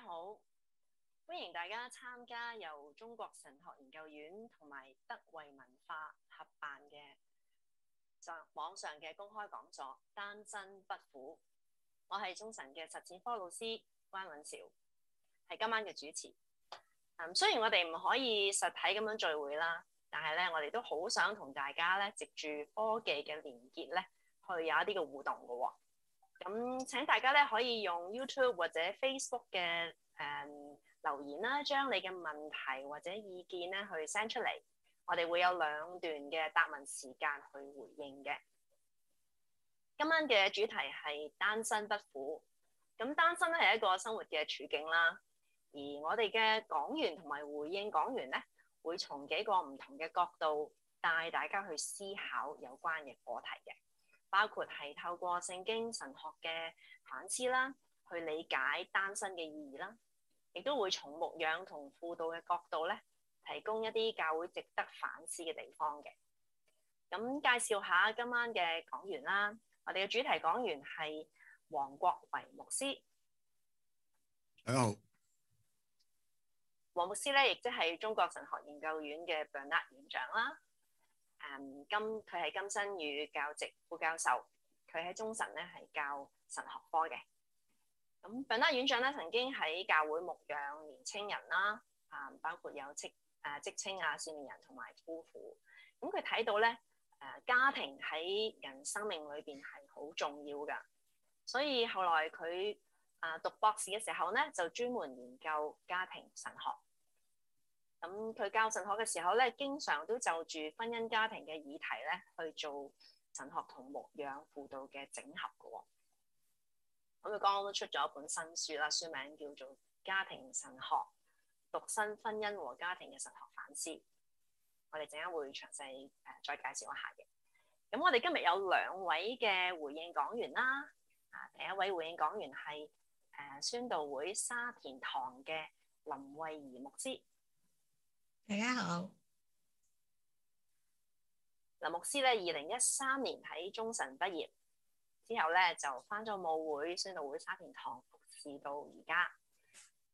大家好，歡迎大家參加由中國神學研究院同埋德慧文化合辦嘅上網上嘅公開講座《單身不苦》。我係中神嘅實踐科老師關韻韶，係今晚嘅主持。嗯，雖然我哋唔可以實體咁樣聚會啦，但係咧我哋都好想同大家咧，藉住科技嘅連結咧，去有一啲嘅互動噶喎、哦。咁請大家咧可以用 YouTube 或者 Facebook 嘅誒、嗯、留言啦，將你嘅問題或者意見咧去 send 出嚟。我哋會有兩段嘅答問時間去回應嘅。今晚嘅主題係單身不苦。咁單身咧係一個生活嘅處境啦，而我哋嘅講員同埋回應講員咧，會從幾個唔同嘅角度帶大家去思考有關嘅課題嘅。包括係透過聖經神學嘅反思啦，去理解單身嘅意義啦，亦都會從牧養同輔導嘅角度咧，提供一啲教會值得反思嘅地方嘅。咁介紹下今晚嘅講員啦，我哋嘅主題講員係黃國維牧師。Hello，黃牧師咧，亦即係中國神學研究院嘅 Barnett 院長啦。誒，嗯、今佢係金新宇教席副教授，佢喺中神咧係教神學科嘅。咁國維院長咧曾經喺教會牧養年青人啦，啊、嗯，包括有職誒職青啊、少年人同埋夫婦。咁佢睇到咧誒、呃、家庭喺人生命裏邊係好重要㗎，所以後來佢啊、呃、讀博士嘅時候咧就專門研究家庭神學。咁佢教神學嘅時候咧，經常都就住婚姻家庭嘅議題咧去做神學同牧養輔導嘅整合嘅，哦。咁佢剛剛都出咗一本新書啦，書名叫做《家庭神學：獨身、婚姻和家庭嘅神學反思》。我哋陣間會詳細誒再介紹一下嘅。咁我哋今日有兩位嘅回應講員啦。啊，第一位回應講員係誒宣道會沙田堂嘅林慧儀牧師。大家好，林牧師咧，二零一三年喺中神畢業之後咧，就翻咗母會宣道會沙田堂服侍到而家。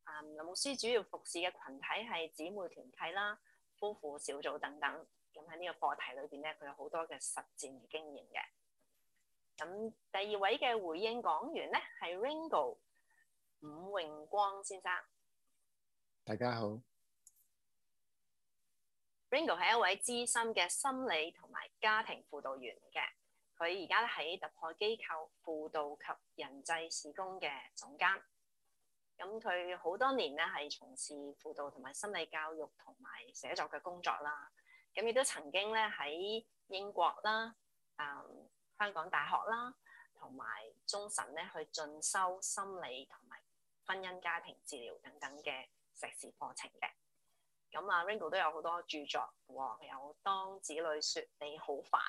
啊，林牧師主要服侍嘅群體係姊妹團契啦、夫婦小組等等。咁喺呢個課題裏邊咧，佢有好多嘅實戰經驗嘅。咁第二位嘅回應講員咧係 Ringo 伍詠光先生。大家好。Ringo 係一位資深嘅心理同埋家庭輔導員嘅，佢而家咧喺突破機構輔導及人際事工嘅總監。咁佢好多年咧係從事輔導同埋心理教育同埋寫作嘅工作啦。咁亦都曾經咧喺英國啦、誒、嗯、香港大學啦同埋中神咧去進修心理同埋婚姻家庭治療等等嘅碩士課程嘅。咁啊，Ringo 都有好多著作，有、哦、當子女說你好煩，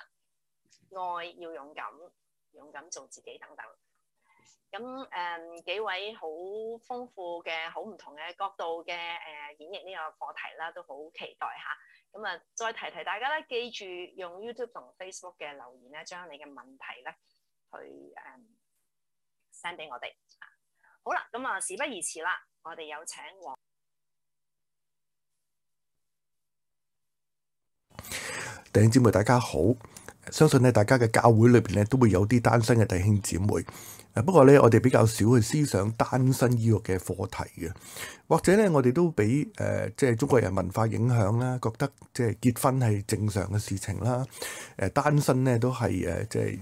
愛要勇敢，勇敢做自己等等。咁誒、嗯、幾位好豐富嘅，好唔同嘅角度嘅誒、呃、演繹呢個課題啦，都好期待下。咁啊，再提提大家咧，記住用 YouTube 同 Facebook 嘅留言咧，將你嘅問題咧去誒 send 俾我哋。好啦，咁啊，事不宜遲啦，我哋有請黃。弟兄姊妹大家好，相信咧大家嘅教會裏邊咧都會有啲單身嘅弟兄姊妹。誒、啊、不過咧，我哋比較少去思想單身依個嘅課題嘅，或者咧我哋都俾誒、呃、即係中國人文化影響啦，覺得即係結婚係正常嘅事情啦。誒、呃、單身咧都係誒、呃、即係。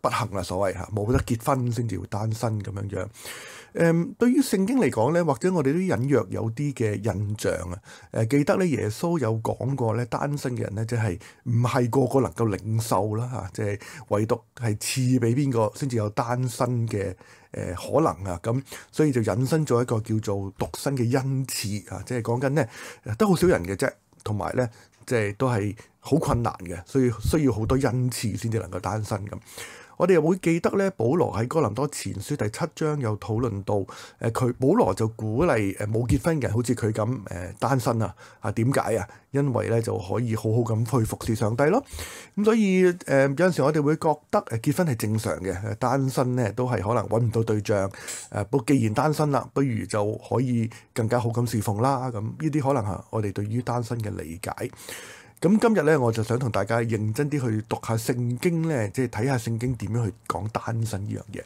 不幸啦，所謂嚇，冇得結婚先至會單身咁樣樣。誒、嗯，對於聖經嚟講咧，或者我哋都隱約有啲嘅印象啊。誒，記得咧，耶穌有講過咧，單身嘅人咧，即係唔係個個能夠領受啦嚇，即、啊、係、就是、唯獨係賜俾邊個先至有單身嘅誒、啊、可能啊。咁所以就引申咗一個叫做獨身嘅恩賜啊，即係講緊咧都好少人嘅啫，同埋咧。即係都係好困難嘅，所以需要好多恩賜先至能夠單身咁。我哋又會記得咧，保羅喺哥林多前書第七章有討論到，誒、呃、佢保羅就鼓勵誒冇結婚嘅人，好似佢咁誒單身啊，啊點解啊？因為咧就可以好好咁去服侍上帝咯。咁、嗯、所以誒、呃、有陣時我哋會覺得誒、呃、結婚係正常嘅，誒單身咧都係可能揾唔到對象。誒、呃、不，既然單身啦，不如就可以更加好咁侍奉啦。咁呢啲可能係我哋對於單身嘅理解。咁今日咧，我就想同大家認真啲去讀下聖經咧，即係睇下聖經點樣去講單身呢樣嘢。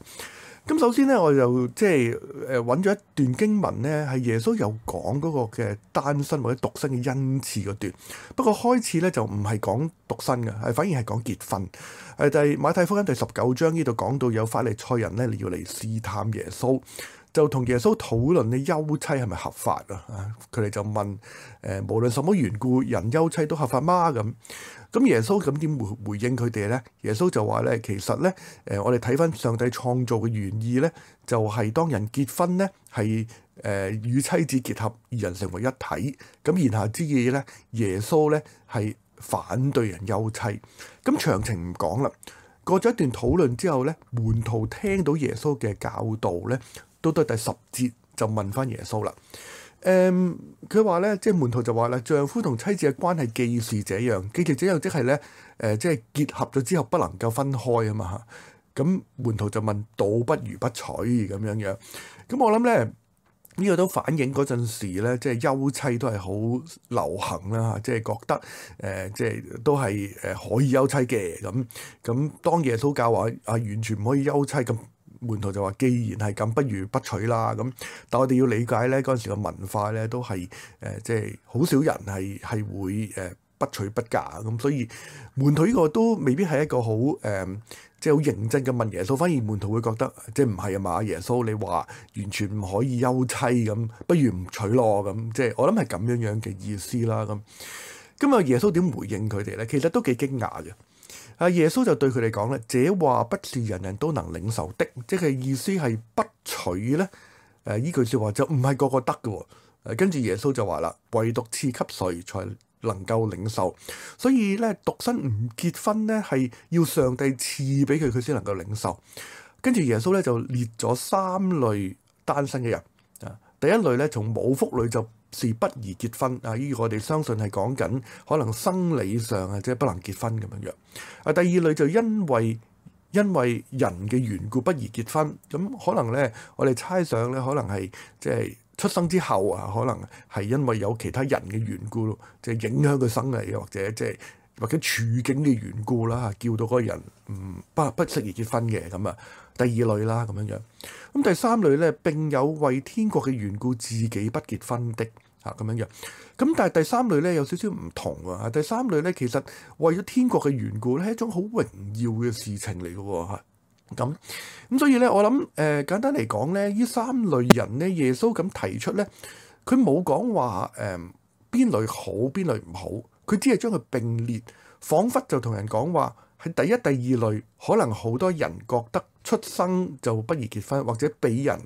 咁首先咧，我就即係誒揾咗一段經文咧，係耶穌有講嗰個嘅單身或者獨身嘅恩賜嗰段。不過開始咧就唔係講獨身嘅，係反而係講結婚。係、呃、第、就係、馬太福音第十九章呢度講到有法利賽人咧要嚟試探耶穌。就同耶穌討論你休妻係咪合法啊？佢哋就問誒、呃，無論什麼緣故，人休妻都合法嗎？咁咁，耶穌咁點回回應佢哋咧？耶穌就話咧，其實咧誒、呃，我哋睇翻上帝創造嘅原意咧，就係、是、當人結婚咧係誒與妻子結合，二人成為一體。」咁言下之意咧，耶穌咧係反對人休妻。咁詳情唔講啦。過咗一段討論之後咧，門徒聽到耶穌嘅教導咧。都到第十節就問翻耶穌啦。誒、嗯，佢話咧，即係門徒就話啦，丈夫同妻子嘅關係既是這樣，既是這樣，即係咧，誒、呃，即係結合咗之後不能夠分開啊嘛。咁、嗯、門徒就問：倒不如不娶咁樣樣。咁、嗯、我諗咧，呢、這個都反映嗰陣時咧，即係休妻都係好流行啦。嚇，即係覺得誒、呃，即係都係誒可以休妻嘅。咁、嗯、咁、嗯，當耶穌教話啊，完全唔可以休妻咁。門徒就話：既然係咁，不如不娶啦。咁，但我哋要理解咧，嗰陣時嘅文化咧，都係誒，即係好少人係係會誒、呃、不娶不嫁咁、嗯。所以門徒呢個都未必係一個好誒、呃，即係好認真嘅問耶穌，反而門徒會覺得即係唔係啊嘛？耶穌，你話完全唔可以休妻咁、嗯，不如唔娶咯咁。即係我諗係咁樣樣嘅意思啦。咁咁啊耶穌點回應佢哋咧？其實都幾驚訝嘅。啊！耶穌就對佢哋講咧，這話不是人人都能領受的，即係意思係不取咧。誒，依句説話就唔係個個得嘅。誒，跟住耶穌就話啦，唯獨賜給誰才能夠領受，所以咧獨身唔結婚咧係要上帝賜俾佢，佢先能夠領受。跟住耶穌咧就列咗三類單身嘅人啊，第一類咧從母腹裏就是不宜結婚啊！呢個我哋相信係講緊可能生理上啊，即係不能結婚咁樣樣。啊，第二類就因為因為人嘅緣故不宜結婚，咁可能咧，我哋猜想咧，可能係即係出生之後啊，可能係因為有其他人嘅緣故，即係影響佢生理，或者即係或者處境嘅緣故啦，叫到嗰個人唔不不適宜結婚嘅咁啊。第二類啦，咁樣樣。咁第三類咧，並有為天國嘅緣故自己不結婚的。咁樣樣，咁但係第三類呢，有少少唔同喎。第三類呢，其實為咗天國嘅緣故呢，係一種好榮耀嘅事情嚟嘅喎。咁咁所以呢，我諗誒、呃、簡單嚟講呢，呢三類人呢，耶穌咁提出呢，佢冇講話誒邊類好邊類唔好，佢只係將佢並列，仿佛就同人講話係第一、第二類，可能好多人覺得出生就不宜結婚或者俾人。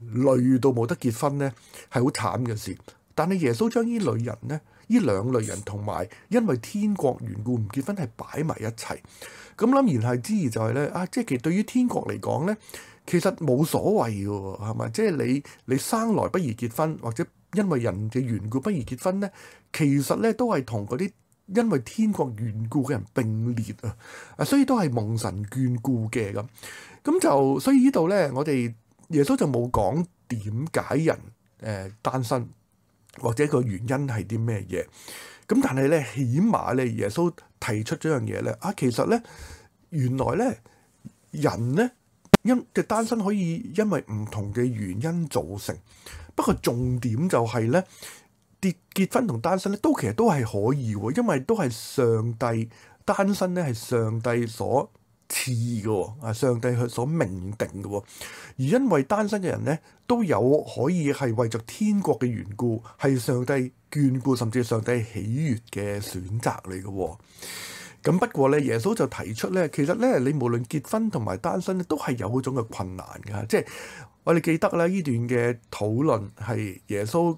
累到冇得結婚呢係好慘嘅事。但係耶穌將呢類人呢，呢兩類人同埋因為天國緣故唔結婚係擺埋一齊。咁諗然係之而就係咧，啊，即係其實對於天國嚟講呢，其實冇所謂嘅，係咪？即係你你生來不宜結婚，或者因為人嘅緣故不宜結婚呢，其實呢都係同嗰啲因為天國緣故嘅人並列啊，啊，所以都係蒙神眷顧嘅咁。咁、啊、就所以呢度呢，我哋。耶穌就冇講點解人誒單身，或者個原因係啲咩嘢。咁但係咧，起碼咧，耶穌提出咗樣嘢咧，啊，其實咧，原來咧，人咧因嘅單身可以因為唔同嘅原因造成。不過重點就係咧，結結婚同單身咧都其實都係可以喎，因為都係上帝。單身咧係上帝所似嘅啊！上帝去所命定嘅，而因為單身嘅人呢，都有可以係為着天國嘅緣故係上帝眷顧，甚至上帝喜悅嘅選擇嚟嘅。咁不過呢，耶穌就提出呢，其實呢，你無論結婚同埋單身都係有嗰種嘅困難嘅。即係我哋記得咧呢段嘅討論係耶穌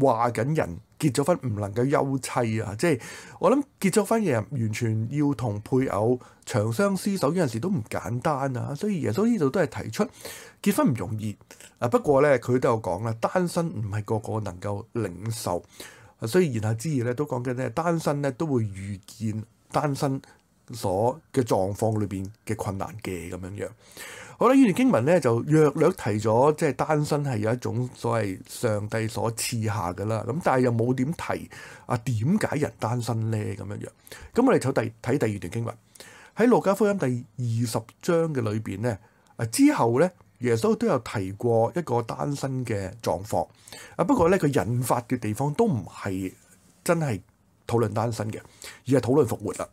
話緊人，結咗婚唔能夠休妻啊，即係我諗結咗婚嘅人完全要同配偶長相廝守，有陣時都唔簡單啊。所以耶穌呢度都係提出結婚唔容易啊。不過呢，佢都有講啦，單身唔係個個能夠領受啊。所以言下之意呢都講緊呢，單身呢都會遇見單身所嘅狀況裏邊嘅困難嘅咁樣樣。好啦，呢段經文咧就略略提咗，即係單身係有一種所謂上帝所賜下嘅啦。咁但係又冇點提啊，點解人單身咧咁樣樣。咁我哋就睇第第二段經文喺《路加福音》第二十章嘅裏邊咧啊，之後咧，耶穌都有提過一個單身嘅狀況啊。不過咧，佢引發嘅地方都唔係真係。討論單身嘅，而係討論復活啦。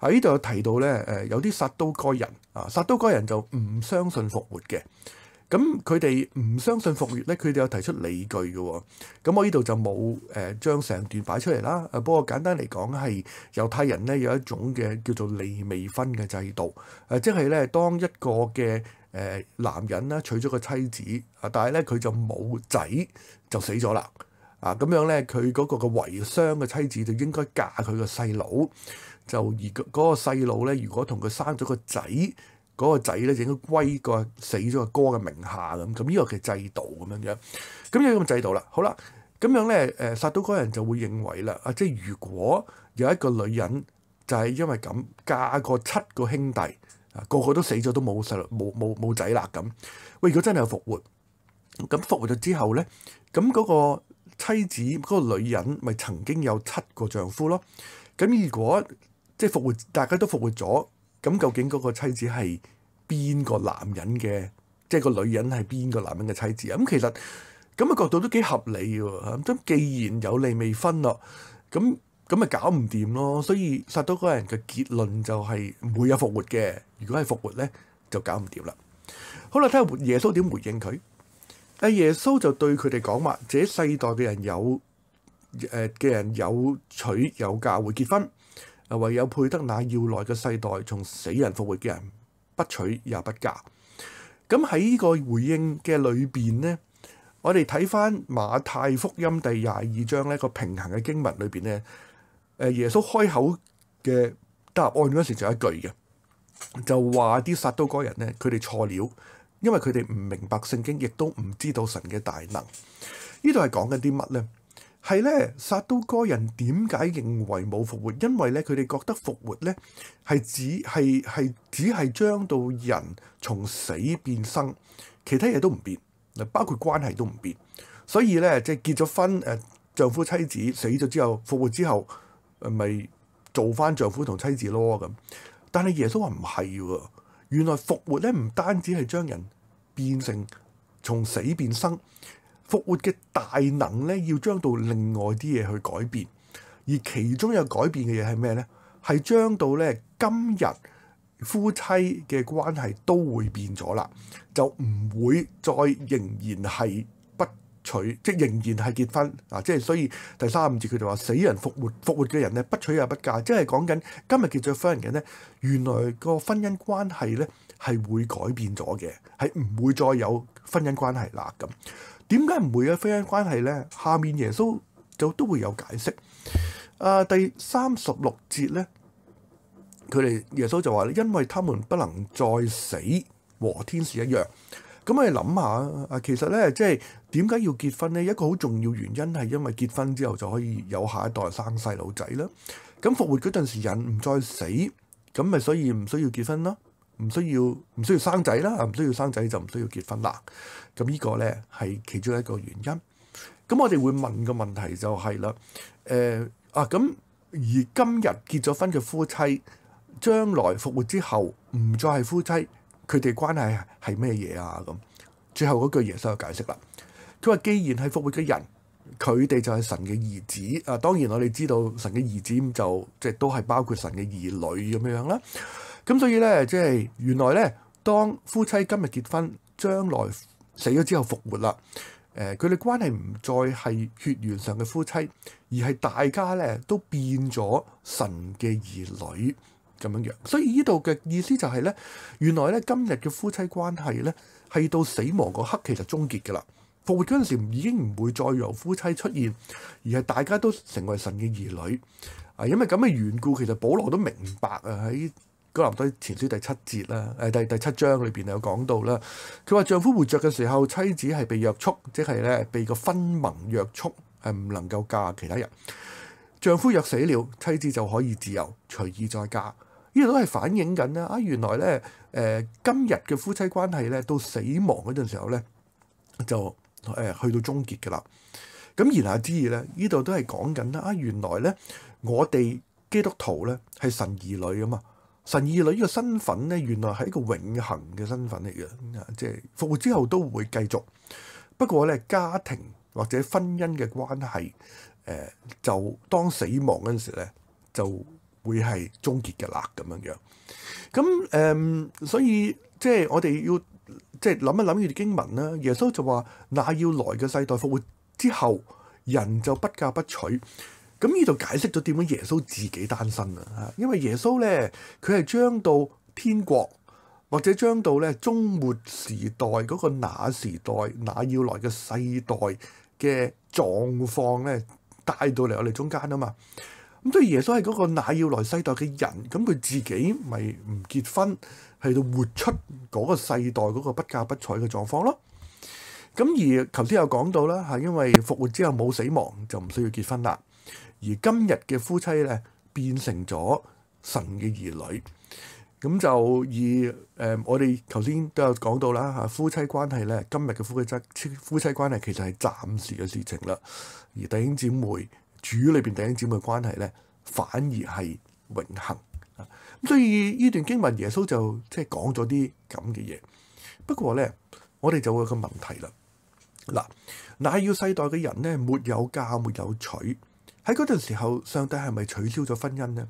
喺呢度有提到咧，誒、呃、有啲撒都該人啊，撒都該人就唔相信復活嘅。咁佢哋唔相信復活咧，佢哋有提出理據嘅。咁我呢度就冇誒將成段擺出嚟啦。不、啊、過簡單嚟講，係猶太人咧有一種嘅叫做離未婚嘅制度，誒、啊、即係咧當一個嘅誒、呃、男人啦娶咗個妻子，啊但係咧佢就冇仔就死咗啦。啊，咁樣咧，佢嗰個嘅遺孀嘅妻子就應該嫁佢個細佬，就而嗰個細佬咧，如果同佢生咗個仔，嗰、嗰個仔咧就應該歸個死咗嘅哥嘅名下咁。咁呢個嘅制度咁樣樣，咁有咁制度啦。好啦，咁樣咧，誒撒都該人就會認為啦，啊，即係如果有一個女人就係、係、因為咁嫁過七個兄弟啊，個個都死咗都冇細路冇冇冇仔啦咁。喂，如果真係有復活咁復活咗之後咧，咁嗰、嗰個。妻子嗰個女人咪曾經有七個丈夫咯，咁如果即係復活，大家都復活咗，咁究竟嗰個妻子係邊個男人嘅？即係個女人係邊個男人嘅妻子啊？咁其實咁嘅角度都幾合理喎。咁既然有利未婚咯，咁咁咪搞唔掂咯。所以撒都該人嘅結論就係唔會有復活嘅。如果係復活咧，就搞唔掂啦。好啦，睇下耶穌點回應佢。阿耶穌就對佢哋講話：這世代嘅人有誒嘅、呃、人有娶有嫁，會結婚，唯有配得那要來嘅世代，從死人復活嘅人，不娶也不嫁。咁喺呢個回應嘅裏邊呢，我哋睇返馬太福音第廿二章呢個平行嘅經文裏邊呢，耶穌開口嘅答案嗰時就一句嘅，就話啲撒都該人呢，佢哋錯了。因為佢哋唔明白聖經，亦都唔知道神嘅大能。呢度係講緊啲乜呢？係呢，撒都該人點解認為冇復活？因為呢，佢哋覺得復活呢，係只係係只係將到人從死變生，其他嘢都唔變。嗱，包括關係都唔變。所以呢，即係結咗婚，誒丈夫妻子死咗之後復活之後，咪做翻丈夫同妻子咯，咁。但係耶穌話唔係喎。原來復活咧，唔單止係將人變成從死變生，復活嘅大能咧，要將到另外啲嘢去改變，而其中有改變嘅嘢係咩咧？係將到咧今日夫妻嘅關係都會變咗啦，就唔會再仍然係娶即仍然係結婚啊！即所以第三十五節佢就話死人復活，復活嘅人呢，不娶也不嫁，即係講緊今日結咗婚嘅人呢，原來個婚姻關係呢係會改變咗嘅，係唔會再有婚姻關係啦。咁點解唔會有婚姻關係呢？下面耶穌就都會有解釋。啊，第三十六節呢，佢哋耶穌就話呢，因為他們不能再死，和天使一樣。咁我哋諗下啊！其實咧，即係點解要結婚呢？一個好重要原因係因為結婚之後就可以有下一代生細路仔啦。咁復活嗰陣時人唔再死，咁咪所以唔需要結婚咯，唔需要唔需要生仔啦，唔需要生仔就唔需要結婚啦。咁呢個呢，係其中一個原因。咁我哋會問個問題就係啦，誒、呃、啊咁而今日結咗婚嘅夫妻，將來復活之後唔再係夫妻。佢哋關係係咩嘢啊？咁最後嗰句耶穌有解釋啦。佢話：既然係復活嘅人，佢哋就係神嘅兒子。啊，當然我哋知道神嘅兒子就即係都係包括神嘅兒女咁樣啦。咁所以呢，即係原來呢，當夫妻今日結婚，將來死咗之後復活啦。誒、呃，佢哋關係唔再係血緣上嘅夫妻，而係大家呢都變咗神嘅兒女，咁樣樣，所以呢度嘅意思就係呢，原來呢，今日嘅夫妻關係呢，係到死亡嗰刻其實終結㗎啦。復活嗰陣時已經唔會再有夫妻出現，而係大家都成為神嘅兒女。啊，因為咁嘅緣故，其實保羅都明白啊，喺哥林多前書第七節啦，誒、呃、第第七章裏邊有講到啦。佢話丈夫活着嘅時候，妻子係被約束，即係呢，被個婚盟約束，係唔能夠嫁其他人。丈夫若死了，妻子就可以自由，隨意再嫁。呢度都係反映緊咧，啊，原來咧，誒、呃，今日嘅夫妻關係咧，到死亡嗰陣時候咧，就誒、呃、去到終結噶啦。咁言下之意咧，呢度都係講緊咧，啊，原來咧，我哋基督徒咧係神兒女啊嘛，神兒女呢個身份咧，原來係一個永恆嘅身份嚟嘅，即係復活之後都會繼續。不過咧，家庭或者婚姻嘅關係，誒、呃，就當死亡嗰陣時咧，就。就會係終結嘅啦，咁樣樣，咁、嗯、誒，所以即係我哋要即係諗一諗呢啲經文啦。耶穌就話，那要來嘅世代復活之後，人就不嫁不娶。咁呢度解釋咗點樣耶穌自己單身啊。因為耶穌咧，佢係將到天國或者將到咧終末時代嗰、那個那時代、那要來嘅世代嘅狀況咧，帶到嚟我哋中間啊嘛。咁所以耶穌係嗰個乃要來世代嘅人，咁佢自己咪唔結婚，係度活出嗰個世代嗰個不嫁不娶嘅狀況咯。咁而頭先有講到啦，嚇，因為復活之後冇死亡，就唔需要結婚啦。而今日嘅夫妻咧，變成咗神嘅兒女。咁、嗯、就以誒、呃，我哋頭先都有講到啦，嚇，夫妻關係咧，今日嘅夫妻真夫妻關係其實係暫時嘅事情啦。而弟兄姊妹，主裏邊弟兄姊妹關係咧，反而係榮幸永恆啊！咁所以呢段經文耶穌就即係講咗啲咁嘅嘢。不過咧，我哋就會有個問題啦。嗱，乃要世代嘅人咧，沒有嫁沒有娶，喺嗰陣時候，上帝係咪取消咗婚姻呢？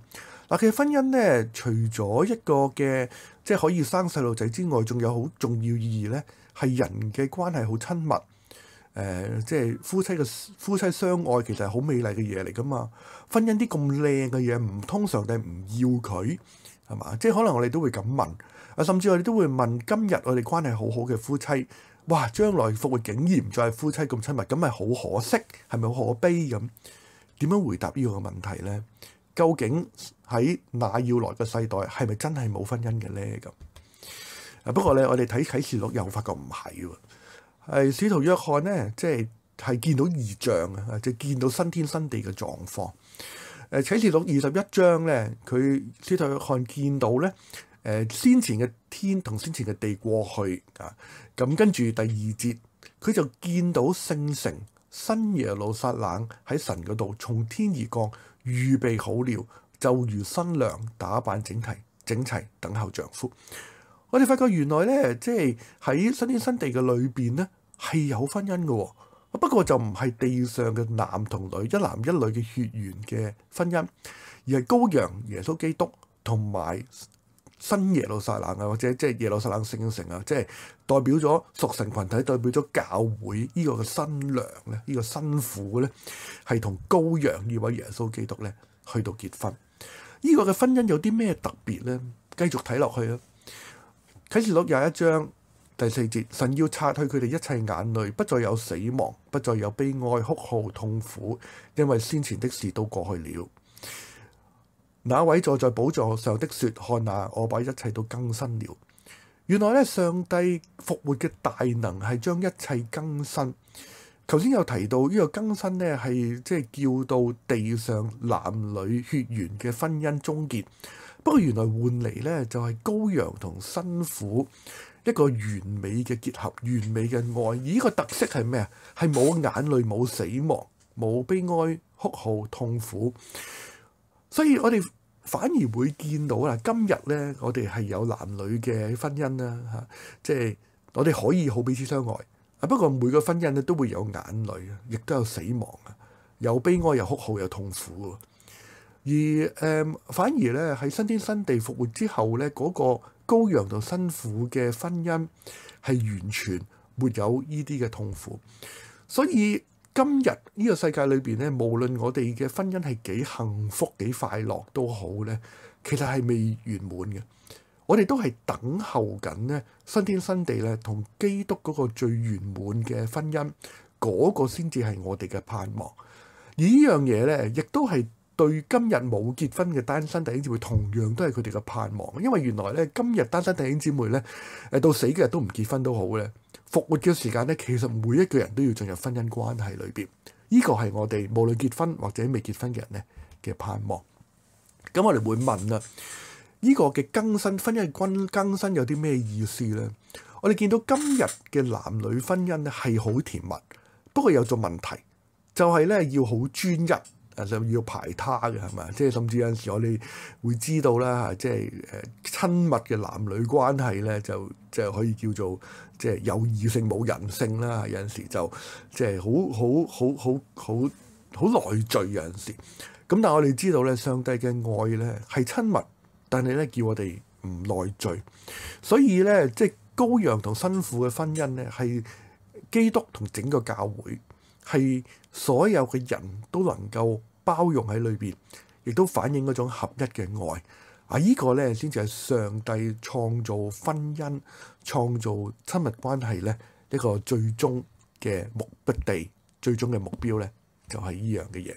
嗱，其實婚姻咧，除咗一個嘅即係可以生細路仔之外，仲有好重要意義咧，係人嘅關係好親密。誒、呃，即係夫妻嘅夫妻相愛，其實係好美麗嘅嘢嚟噶嘛。婚姻啲咁靚嘅嘢，唔通常哋唔要佢，係嘛？即係可能我哋都會咁問、啊，甚至我哋都會問：今日我哋關係好好嘅夫妻，哇！將來復活竟然唔再係夫妻咁親密，咁咪好可惜，係咪好可悲咁？點樣，樣回答呢個問題呢？究竟喺那要來嘅世代，係咪真係冇婚姻嘅呢？咁不過呢，我哋睇啟示錄又發覺唔係喎。誒、使徒約翰呢，即係係見到異象啊，即係見到新天新地嘅狀況。誒啟示錄二十一章咧，佢使徒約翰見到咧，誒先前嘅天同先前嘅地過去啊，咁跟住第二節，佢就見到聖城新耶路撒冷喺神嗰度從天而降，預備好了，就如新娘打扮整齊、整齊等候丈夫。我哋發覺原來咧，即係喺新天新地嘅裏邊咧。係有婚姻嘅、哦，不過就唔係地上嘅男同女一男一女嘅血緣嘅婚姻，而係羔羊耶穌基督同埋新耶路撒冷啊，或者即係耶路撒冷聖城啊，即、就、係、是、代表咗屬神群體，代表咗教會呢個嘅新娘咧，這個、呢個新婦咧，係同羔羊呢位耶穌基督咧去到結婚。呢、這個嘅婚姻有啲咩特別咧？繼續睇落去啊，《啟示錄》廿一章。第四節，神要擦去佢哋一切眼淚，不再有死亡，不再有悲哀、哭號、痛苦，因為先前的事都過去了。那位坐在寶座上的說：看哪，我把一切都更新了。原來呢，上帝復活嘅大能係將一切更新。頭先有提到呢個更新呢，係即係叫到地上男女血緣嘅婚姻終結。不過原來換嚟呢，就係羔羊同新婦，一個完美嘅結合，完美嘅愛。而呢個特色係咩啊？係冇眼淚、冇死亡、冇悲哀、哭號、痛苦。所以我哋反而會見到啊，今日呢，我哋係有男女嘅婚姻啦，嚇、啊，即係我哋可以好彼此相愛。啊，不過每個婚姻呢都會有眼淚，亦都有死亡啊，有悲哀、有哭號、有痛苦。而誒、呃，反而呢，喺新天新地復活之後呢，嗰、那個。高揚到辛苦嘅婚姻係完全沒有呢啲嘅痛苦，所以今日呢個世界裏邊咧，無論我哋嘅婚姻係幾幸福幾快樂都好呢，其實係未圓滿嘅。我哋都係等候緊呢新天新地咧同基督嗰個最圓滿嘅婚姻，嗰個先至係我哋嘅盼望。而呢樣嘢呢，亦都係。對今日冇結婚嘅單身弟兄姊妹，同樣都係佢哋嘅盼望，因為原來呢今日單身弟兄姊妹呢，誒到死嘅日都唔結婚都好呢復活嘅時間呢，其實每一個人都要進入婚姻關係裏邊，呢、這個係我哋無論結婚或者未結婚嘅人呢嘅盼望。咁、嗯、我哋會問啦，呢、這個嘅更新婚姻嘅，更新有啲咩意思呢？我哋見到今日嘅男女婚姻呢係好甜蜜，不過有個問題，就係、是、呢要好專一。啊！就要排他嘅係咪？即係甚至有陣時我哋會知道啦，嚇！即係誒親密嘅男女關係咧，就即係可以叫做即係有異性冇人性啦。有陣時就即係好好好好好好內聚有陣時。咁但係我哋知道咧，上帝嘅愛咧係親密，但係咧叫我哋唔內聚。所以咧，即係羔羊同新婦嘅婚姻咧，係基督同整個教會。係所有嘅人都能夠包容喺裏邊，亦都反映嗰種合一嘅愛。啊，依、呢個呢，先至係上帝創造婚姻、創造親密關係呢一個最終嘅目的地、最終嘅目標呢，就係、是、依樣嘅嘢。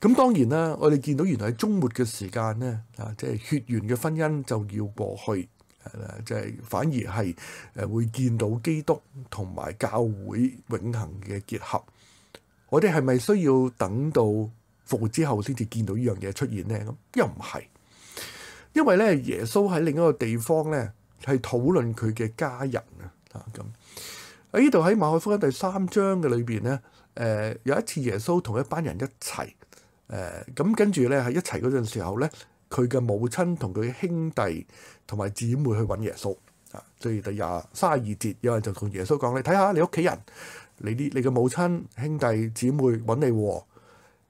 咁、嗯、當然啦，我哋見到原來喺終末嘅時間呢，啊，即係血緣嘅婚姻就要過去。係啦，即係反而係誒會見到基督同埋教會永恆嘅結合。我哋係咪需要等到復活之後先至見到呢樣嘢出現呢？咁又唔係，因為咧耶穌喺另一個地方咧係討論佢嘅家人啊。嚇咁喺呢度喺馬可福音嘅第三章嘅裏邊呢，誒有一次耶穌同一班人一齊誒咁跟住咧喺一齊嗰陣時候咧，佢嘅母親同佢兄弟，同埋姊妹去揾耶穌啊！所以第廿三十二節，有人就同耶穌講：看看你睇下你屋企人，你啲你嘅母親、兄弟、姊妹揾你。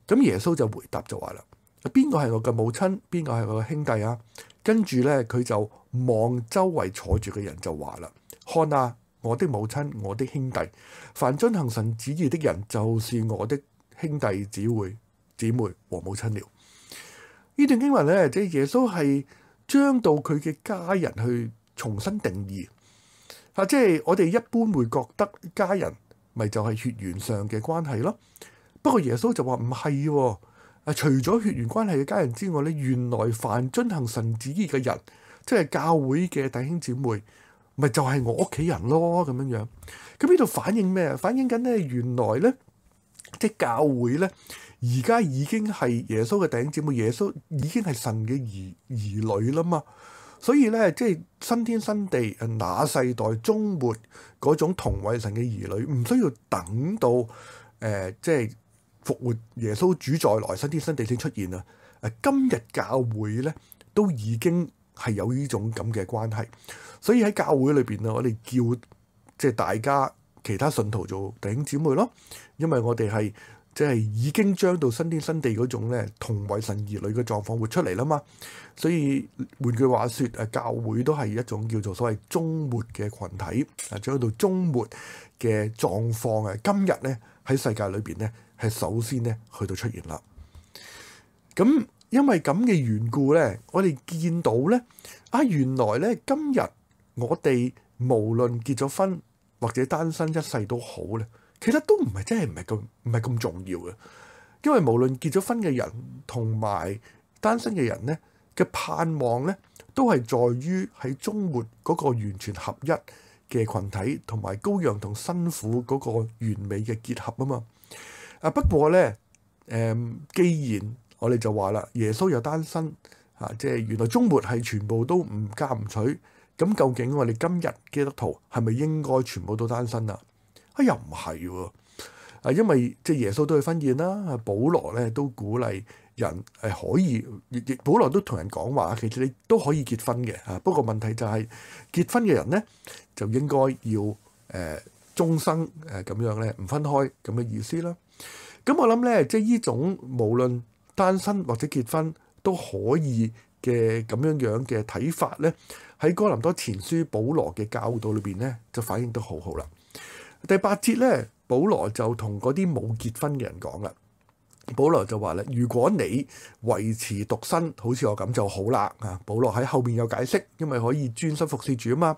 咁耶穌就回答就話啦：邊個係我嘅母親？邊個係我嘅兄弟啊？跟住呢，佢就望周圍坐住嘅人就話啦：看啊，我的母親，我的兄弟，凡遵行神旨意的人，就是我的兄弟姊妹、姊妹和母親了。呢段經文呢，即耶穌係。將到佢嘅家人去重新定義，嚇，即係我哋一般會覺得家人咪就係血緣上嘅關係咯。不過耶穌就話唔係喎，啊，除咗血緣關係嘅家人之外咧，原來凡遵行神旨意嘅人，即係教會嘅弟兄姊妹，咪就係我屋企人咯，咁樣樣。咁呢度反映咩啊？反映緊咧，原來咧，即係教會咧。而家已經係耶穌嘅弟兄姊妹，耶穌已經係神嘅兒兒女啦嘛。所以呢，即係新天新地，那世代終末嗰種同為神嘅兒女，唔需要等到誒、呃、即係復活耶穌主再來，新天新地先出現啊、呃！今日教會呢，都已經係有呢種咁嘅關係，所以喺教會裏邊啊，我哋叫即係大家其他信徒做弟兄姊妹咯，因為我哋係。即係已經將到新天新地嗰種咧同為神兒女嘅狀況活出嚟啦嘛，所以換句話説，誒教會都係一種叫做所謂終末嘅群體，啊將到終末嘅狀況誒，今日咧喺世界裏邊咧係首先咧去到出現啦。咁因為咁嘅緣故咧，我哋見到咧啊，原來咧今日我哋無論結咗婚或者單身一世都好咧。其實都唔係真係唔係咁唔係咁重要嘅，因為無論結咗婚嘅人同埋單身嘅人呢嘅盼望呢都係在於喺終末嗰個完全合一嘅群體，同埋羔羊同新婦嗰個完美嘅結合啊嘛。啊，不過呢，誒、嗯，既然我哋就話啦，耶穌又單身吓、啊，即係原來終末係全部都唔嫁唔娶，咁究竟我哋今日基督徒係咪應該全部都單身啊？啊！又唔係喎，啊，因為即係耶穌都去婚宴啦。保羅咧都鼓勵人係可以，亦保羅都同人講話，其實你都可以結婚嘅嚇，不過問題就係結婚嘅人咧就應該要誒終生誒咁樣咧唔分開咁嘅意思啦。咁我諗咧，即係呢種無論單身或者結婚都可以嘅咁樣樣嘅睇法咧，喺哥林多前書保羅嘅教導裏邊咧就反映得好好啦。第八節咧，保羅就同嗰啲冇結婚嘅人講啦。保羅就話咧：如果你維持獨身，好似我咁就好啦。啊，保羅喺後面有解釋，因為可以專心服侍主啊嘛。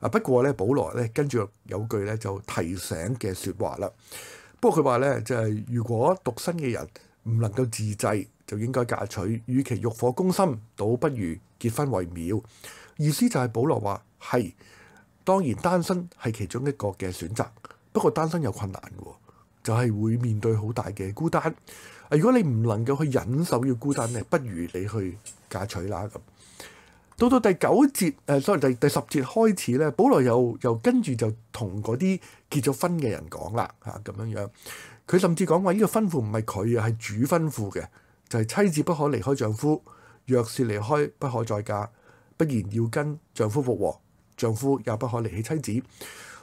啊不過咧，保羅咧跟住有句咧就提醒嘅説話啦。不過佢話咧就係、是：如果獨身嘅人唔能夠自制，就應該嫁娶。與其欲火攻心，倒不如結婚為妙。意思就係保羅話係。當然單身係其中一個嘅選擇，不過單身有困難嘅，就係、是、會面對好大嘅孤單。如果你唔能夠去忍受要孤單咧，不如你去嫁娶啦咁。到到第九節，誒，sorry，第第十節開始咧，保羅又又跟住就同嗰啲結咗婚嘅人講啦，嚇咁樣樣。佢甚至講話，呢個吩咐唔係佢啊，係主吩咐嘅，就係、是、妻子不可離開丈夫，若是離開，不可再嫁，不然要跟丈夫復和。丈夫也不可離棄妻子，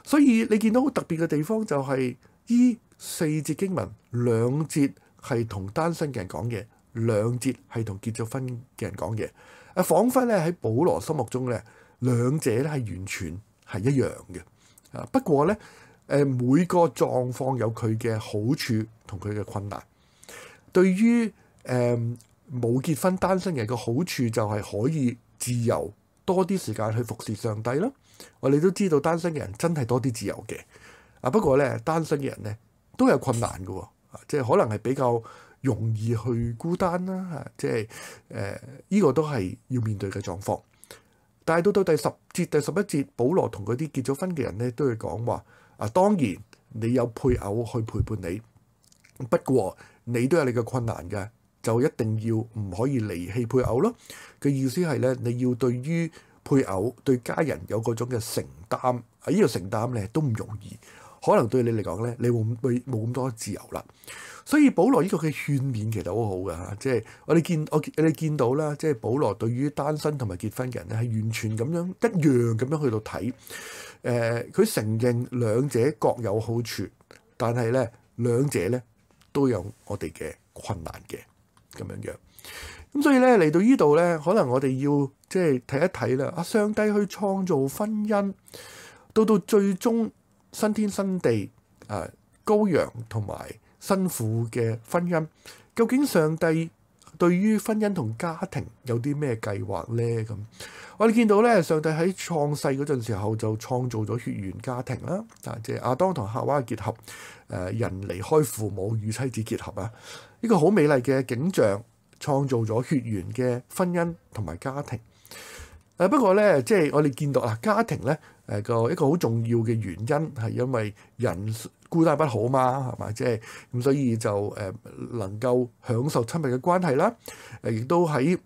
所以你見到好特別嘅地方就係、是、依四節經文，兩節係同單身嘅人講嘅，兩節係同結咗婚嘅人講嘅，啊，彷彿咧喺保羅心目中咧，兩者咧係完全係一樣嘅。啊，不過咧，誒、呃、每個狀況有佢嘅好處同佢嘅困難。對於誒冇結婚單身嘅人嘅好處就係可以自由。多啲時間去服侍上帝咯。我哋都知道單身嘅人真係多啲自由嘅。啊，不過咧，單身嘅人咧都有困難㗎、哦啊，即係可能係比較容易去孤單啦。啊、即係誒，依、呃呢個都係要面對嘅狀況。但係到到第十節、第十一節，保羅同嗰啲結咗婚嘅人咧都會講話啊，當然你有配偶去陪伴你，不過你都有你嘅困難嘅。就一定要唔可以離棄配偶咯嘅意思係咧，你要對於配偶對家人有嗰種嘅承擔。喺、這、呢個承擔咧都唔容易，可能對你嚟講咧你冇冇冇咁多自由啦。所以保羅呢個嘅勸勉其實好好㗎吓，即係我哋見我你見到啦，即係保羅對於單身同埋結婚嘅人咧係完全咁樣一樣咁樣去到睇誒。佢、呃、承認兩者各有好處，但係咧兩者咧都有我哋嘅困難嘅。咁樣樣，咁所以咧嚟到呢度咧，可能我哋要即係睇一睇啦。阿上帝去創造婚姻，到到最終新天新地，誒、呃、羔羊同埋新婦嘅婚姻，究竟上帝對於婚姻同家庭有啲咩計劃咧？咁我哋見到咧，上帝喺創世嗰陣時候就創造咗血緣家庭啦、呃，即係亞當同夏娃結合，誒、呃、人離開父母與妻子結合啊！呢個好美麗嘅景象，創造咗血緣嘅婚姻同埋家庭。誒不過咧，即係我哋見到嗱，家庭咧，誒個一個好重要嘅原因係因為人孤單不好嘛，係咪？即係咁，所以就誒能夠享受親密嘅關係啦。誒亦都喺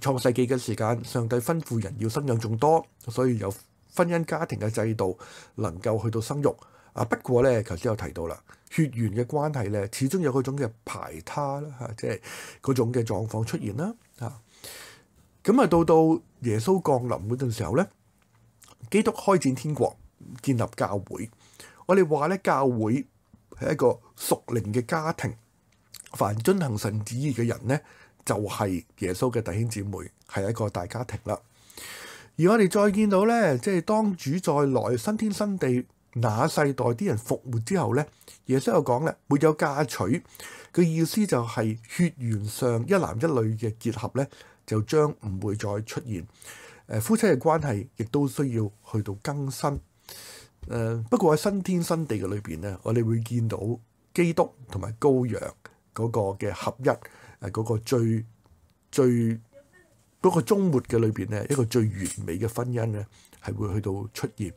創世紀嘅時間，上帝吩咐人要生養眾多，所以有婚姻家庭嘅制度能夠去到生育。啊不過呢，頭先有提到啦，血緣嘅關係呢，始終有嗰種嘅排他啦嚇、啊，即係嗰種嘅狀況出現啦嚇。咁啊，啊，到到耶穌降臨嗰陣時候呢，基督開展天國，建立教會。我哋話呢，教會係一個屬靈嘅家庭，凡遵行神旨意嘅人呢，就係、是、耶穌嘅弟兄姊妹，係一個大家庭啦。而我哋再見到呢，即係當主再來，新天新地。那世代啲人復活之後呢，耶穌又講咧，沒有嫁娶嘅意思就係血緣上一男一女嘅結合呢，就將唔會再出現。誒、呃，夫妻嘅關係亦都需要去到更新。誒、呃，不過喺新天新地嘅裏邊呢，我哋會見到基督同埋羔羊嗰個嘅合一，誒、呃、嗰、那個最最嗰、那個終末嘅裏邊呢，一個最完美嘅婚姻呢，係會去到出現，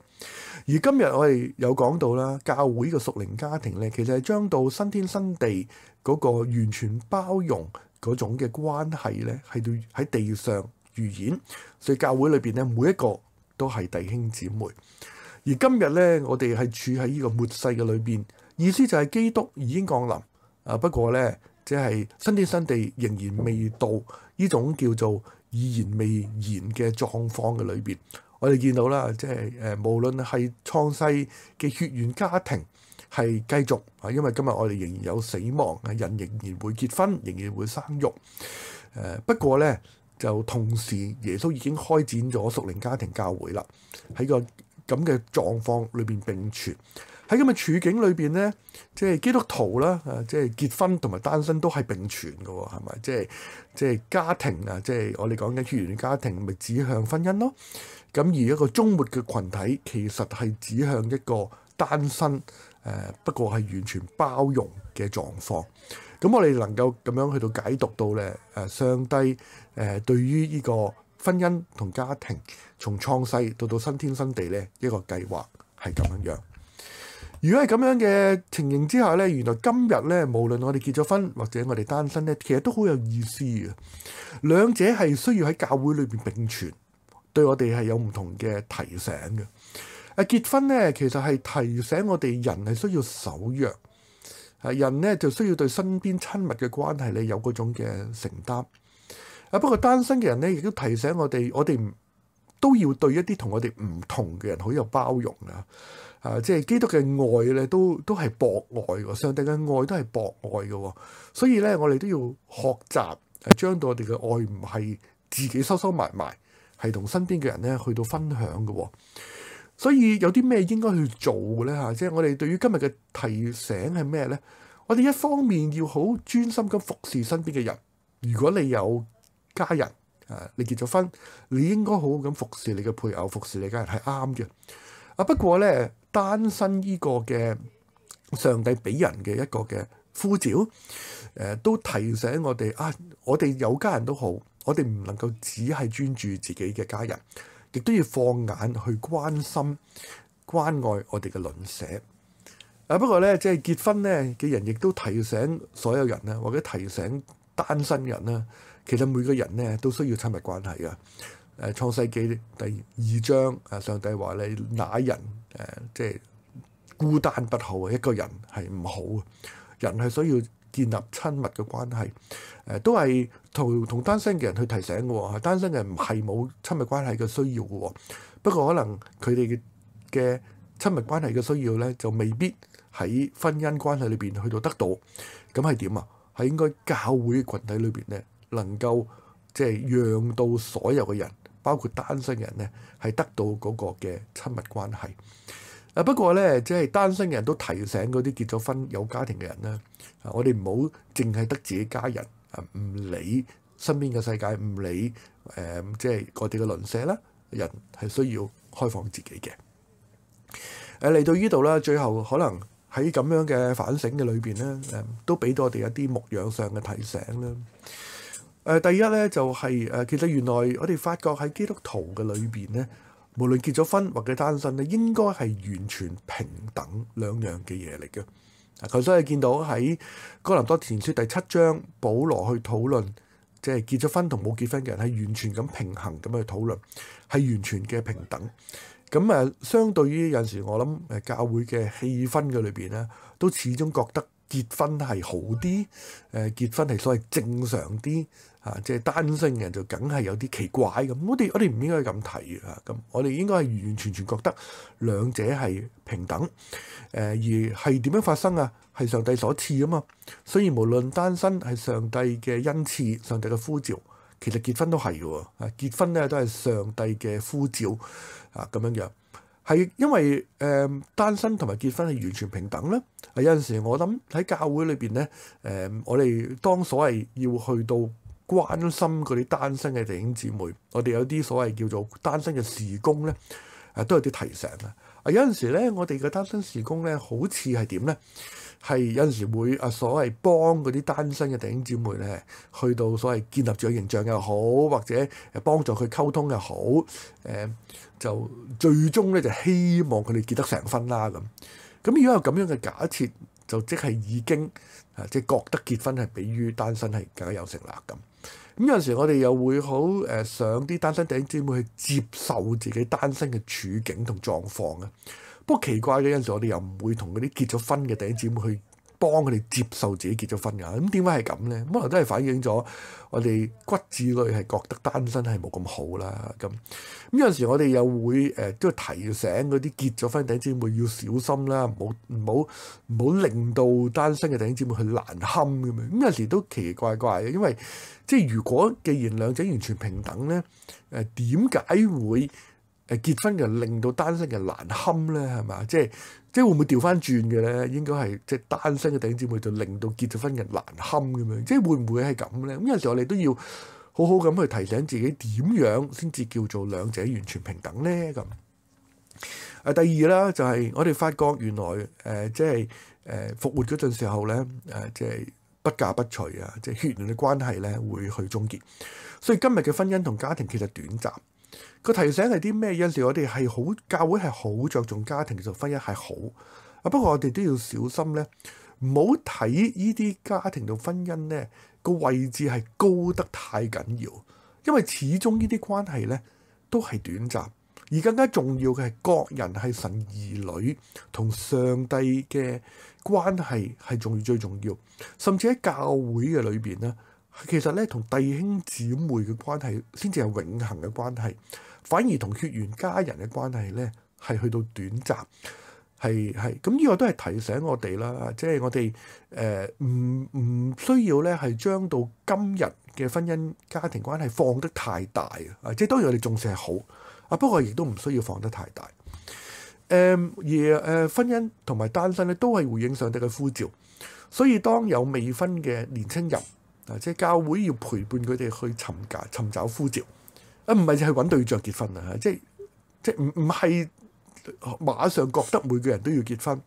而今日我哋有講到啦，教會嘅屬靈家庭呢，其實係將到新天新地嗰個完全包容嗰種嘅關係呢，係對喺地上預演，所以教會裏邊呢，每一個都係弟兄姊妹。而今日呢，我哋係處喺呢個末世嘅裏邊，意思就係基督已經降臨啊，不過呢，即係新天新地仍然未到呢種叫做已然未然嘅狀況嘅裏邊。我哋見到啦，即係誒，無論係創世嘅血緣家庭係繼續啊，因為今日我哋仍然有死亡啊，人仍然會結婚，仍然會生育誒、啊。不過咧，就同時耶穌已經開展咗屬靈家庭教會啦，喺個咁嘅狀況裏邊並存，喺咁嘅處境裏邊咧，即係基督徒啦啊，即係結婚同埋單身都係並存㗎喎、哦，係咪？即係即係家庭啊，即係我哋講緊血緣家庭，咪指向婚姻咯。咁而一個終末嘅群體其實係指向一個單身，誒、呃、不過係完全包容嘅狀況。咁我哋能夠咁樣去到解讀到呢，誒、呃、上帝誒、呃、對於呢個婚姻同家庭，從創世到到新天新地呢，一個計劃係咁樣樣。如果係咁樣嘅情形之下呢，原來今日呢，無論我哋結咗婚或者我哋單身呢，其實都好有意思嘅。兩者係需要喺教會裏邊並存。對我哋係有唔同嘅提醒嘅，誒、啊、結婚咧，其實係提醒我哋人係需要守約，誒、啊、人咧就需要對身邊親密嘅關係，咧有嗰種嘅承擔。啊，不過單身嘅人咧，亦都提醒我哋，我哋都要對一啲同我哋唔同嘅人好有包容啊！啊，即係基督嘅愛咧，都都係博愛嘅，上帝嘅愛都係博愛嘅，哦，所以咧我哋都要學習，啊、將到我哋嘅愛唔係自己收收埋埋。係同身邊嘅人咧去到分享嘅、哦，所以有啲咩應該去做嘅咧？嚇、啊，即係我哋對於今日嘅提醒係咩咧？我哋一方面要好專心咁服侍身邊嘅人。如果你有家人，啊，你結咗婚，你應該好好咁服侍你嘅配偶，服侍你家人係啱嘅。啊，不過咧，單身呢個嘅上帝俾人嘅一個嘅呼召，誒、啊，都提醒我哋啊，我哋有家人都好。我哋唔能夠只係專注自己嘅家人，亦都要放眼去關心、關愛我哋嘅鄰舍。啊，不過咧，即係結婚咧嘅人，亦都提醒所有人啦，或者提醒單身人啦，其實每個人咧都需要親密關係嘅。誒、啊，創世紀第二章，誒上帝話你哪人，誒即係孤單不好啊，一個人係唔好啊，人係需要。建立親密嘅關係，誒都係同同單身嘅人去提醒嘅喎，單身嘅人唔係冇親密關係嘅需要嘅喎，不過可能佢哋嘅親密關係嘅需要咧就未必喺婚姻關係裏邊去到得到，咁係點啊？係應該教會羣體裏邊咧能夠即係讓到所有嘅人，包括單身嘅人咧，係得到嗰個嘅親密關係。啊、不過咧，即係單身嘅人都提醒嗰啲結咗婚有家庭嘅人咧，啊！我哋唔好淨係得自己家人啊，唔理身邊嘅世界，唔理誒、呃，即係我哋嘅鄰舍啦。人係需要開放自己嘅。誒、啊、嚟到呢度啦，最後可能喺咁樣嘅反省嘅裏邊咧，誒、啊、都俾到我哋一啲牧養上嘅提醒啦。誒、啊，第一咧就係、是、誒、啊，其實原來我哋發覺喺基督徒嘅裏邊咧，無論結咗婚或者單身咧，應該係完全平等兩樣嘅嘢嚟嘅。嗱，頭先你見到喺哥林多前書第七章，保羅去討論，即係結咗婚同冇結婚嘅人係完全咁平衡咁去討論，係完全嘅平等。咁啊，相對於有陣時我諗誒教會嘅氣氛嘅裏邊咧，都始終覺得結婚係好啲，誒結婚係所謂正常啲。啊！即係單身人就梗係有啲奇怪咁，我哋我哋唔應該咁睇，啊。咁我哋應該係完完全全覺得兩者係平等誒、呃，而係點樣發生啊？係上帝所賜啊嘛。所以無論單身係上帝嘅恩賜、上帝嘅呼召，其實結婚都係嘅喎啊。結婚咧都係上帝嘅呼召啊，咁樣樣係因為誒、呃、單身同埋結婚係完全平等咧、啊。有陣時我諗喺教會裏邊咧誒，我哋當所謂要去到。關心嗰啲單身嘅弟兄姊妹，我哋有啲所謂叫做單身嘅事工咧，誒、啊、都有啲提醒啦。啊有陣時咧，我哋嘅單身事工咧，好似係點咧？係有陣時會啊所謂幫嗰啲單身嘅弟兄姊妹咧，去到所謂建立咗形象又好，或者誒幫助佢溝通又好，誒、呃、就最終咧就希望佢哋結得成婚啦咁。咁如果有咁樣嘅假設，就即係已經啊即係、就是、覺得結婚係比於單身係更加有成啦咁。咁、嗯、有陣時我哋又會好誒、呃，想啲單身弟兄姊妹去接受自己單身嘅處境同狀況嘅。不過奇怪嘅有陣時，我哋又唔會同嗰啲結咗婚嘅弟兄姊妹去幫佢哋接受自己結咗婚㗎，咁點解係咁咧？可能都係反映咗我哋骨子裏係覺得單身係冇咁好啦。咁咁有陣時我哋又會誒都、呃、提醒嗰啲結咗婚嘅弟兄姊妹要小心啦，唔好唔好唔好令到單身嘅弟兄姊妹去難堪咁樣。咁、嗯、有時都奇奇怪怪嘅，因為即係如果既然兩者完全平等咧，誒點解會誒結婚嘅令到單身嘅難堪咧？係咪？即係。即係會唔會調翻轉嘅咧？應該係即係單身嘅弟兄姊妹就令到結咗婚嘅人難堪咁樣。即係會唔會係咁咧？咁有陣時我哋都要好好咁去提醒自己點樣先至叫做兩者完全平等咧咁。誒、啊、第二啦，就係、是、我哋發覺原來誒、呃、即係誒、呃、復活嗰陣時候咧誒、呃、即係不嫁不娶啊，即係血緣嘅關係咧會去終結。所以今日嘅婚姻同家庭其實短暫。個提醒係啲咩？有陣時我哋係好教會係好着重家庭同婚姻係好啊。不過我哋都要小心咧，唔好睇呢啲家庭同婚姻咧個位置係高得太緊要，因為始終呢啲關係咧都係短暫，而更加重要嘅係各人係神兒女同上帝嘅關係係重要，最重要。甚至喺教會嘅裏邊咧，其實咧同弟兄姊妹嘅關係先至係永恆嘅關係。反而同血緣家人嘅關係呢，係去到短暫，係係咁呢個都係提醒我哋啦，即係我哋誒唔唔需要呢係將到今日嘅婚姻家庭關係放得太大啊！即係當然我哋重視係好啊，不過亦都唔需要放得太大。誒、嗯、而誒婚姻同埋單身咧，都係回應上帝嘅呼召，所以當有未婚嘅年輕人啊，即係教會要陪伴佢哋去尋找尋找呼召。啊，唔係就係揾對象結婚啦、啊，即係即係唔唔係馬上覺得每個人都要結婚，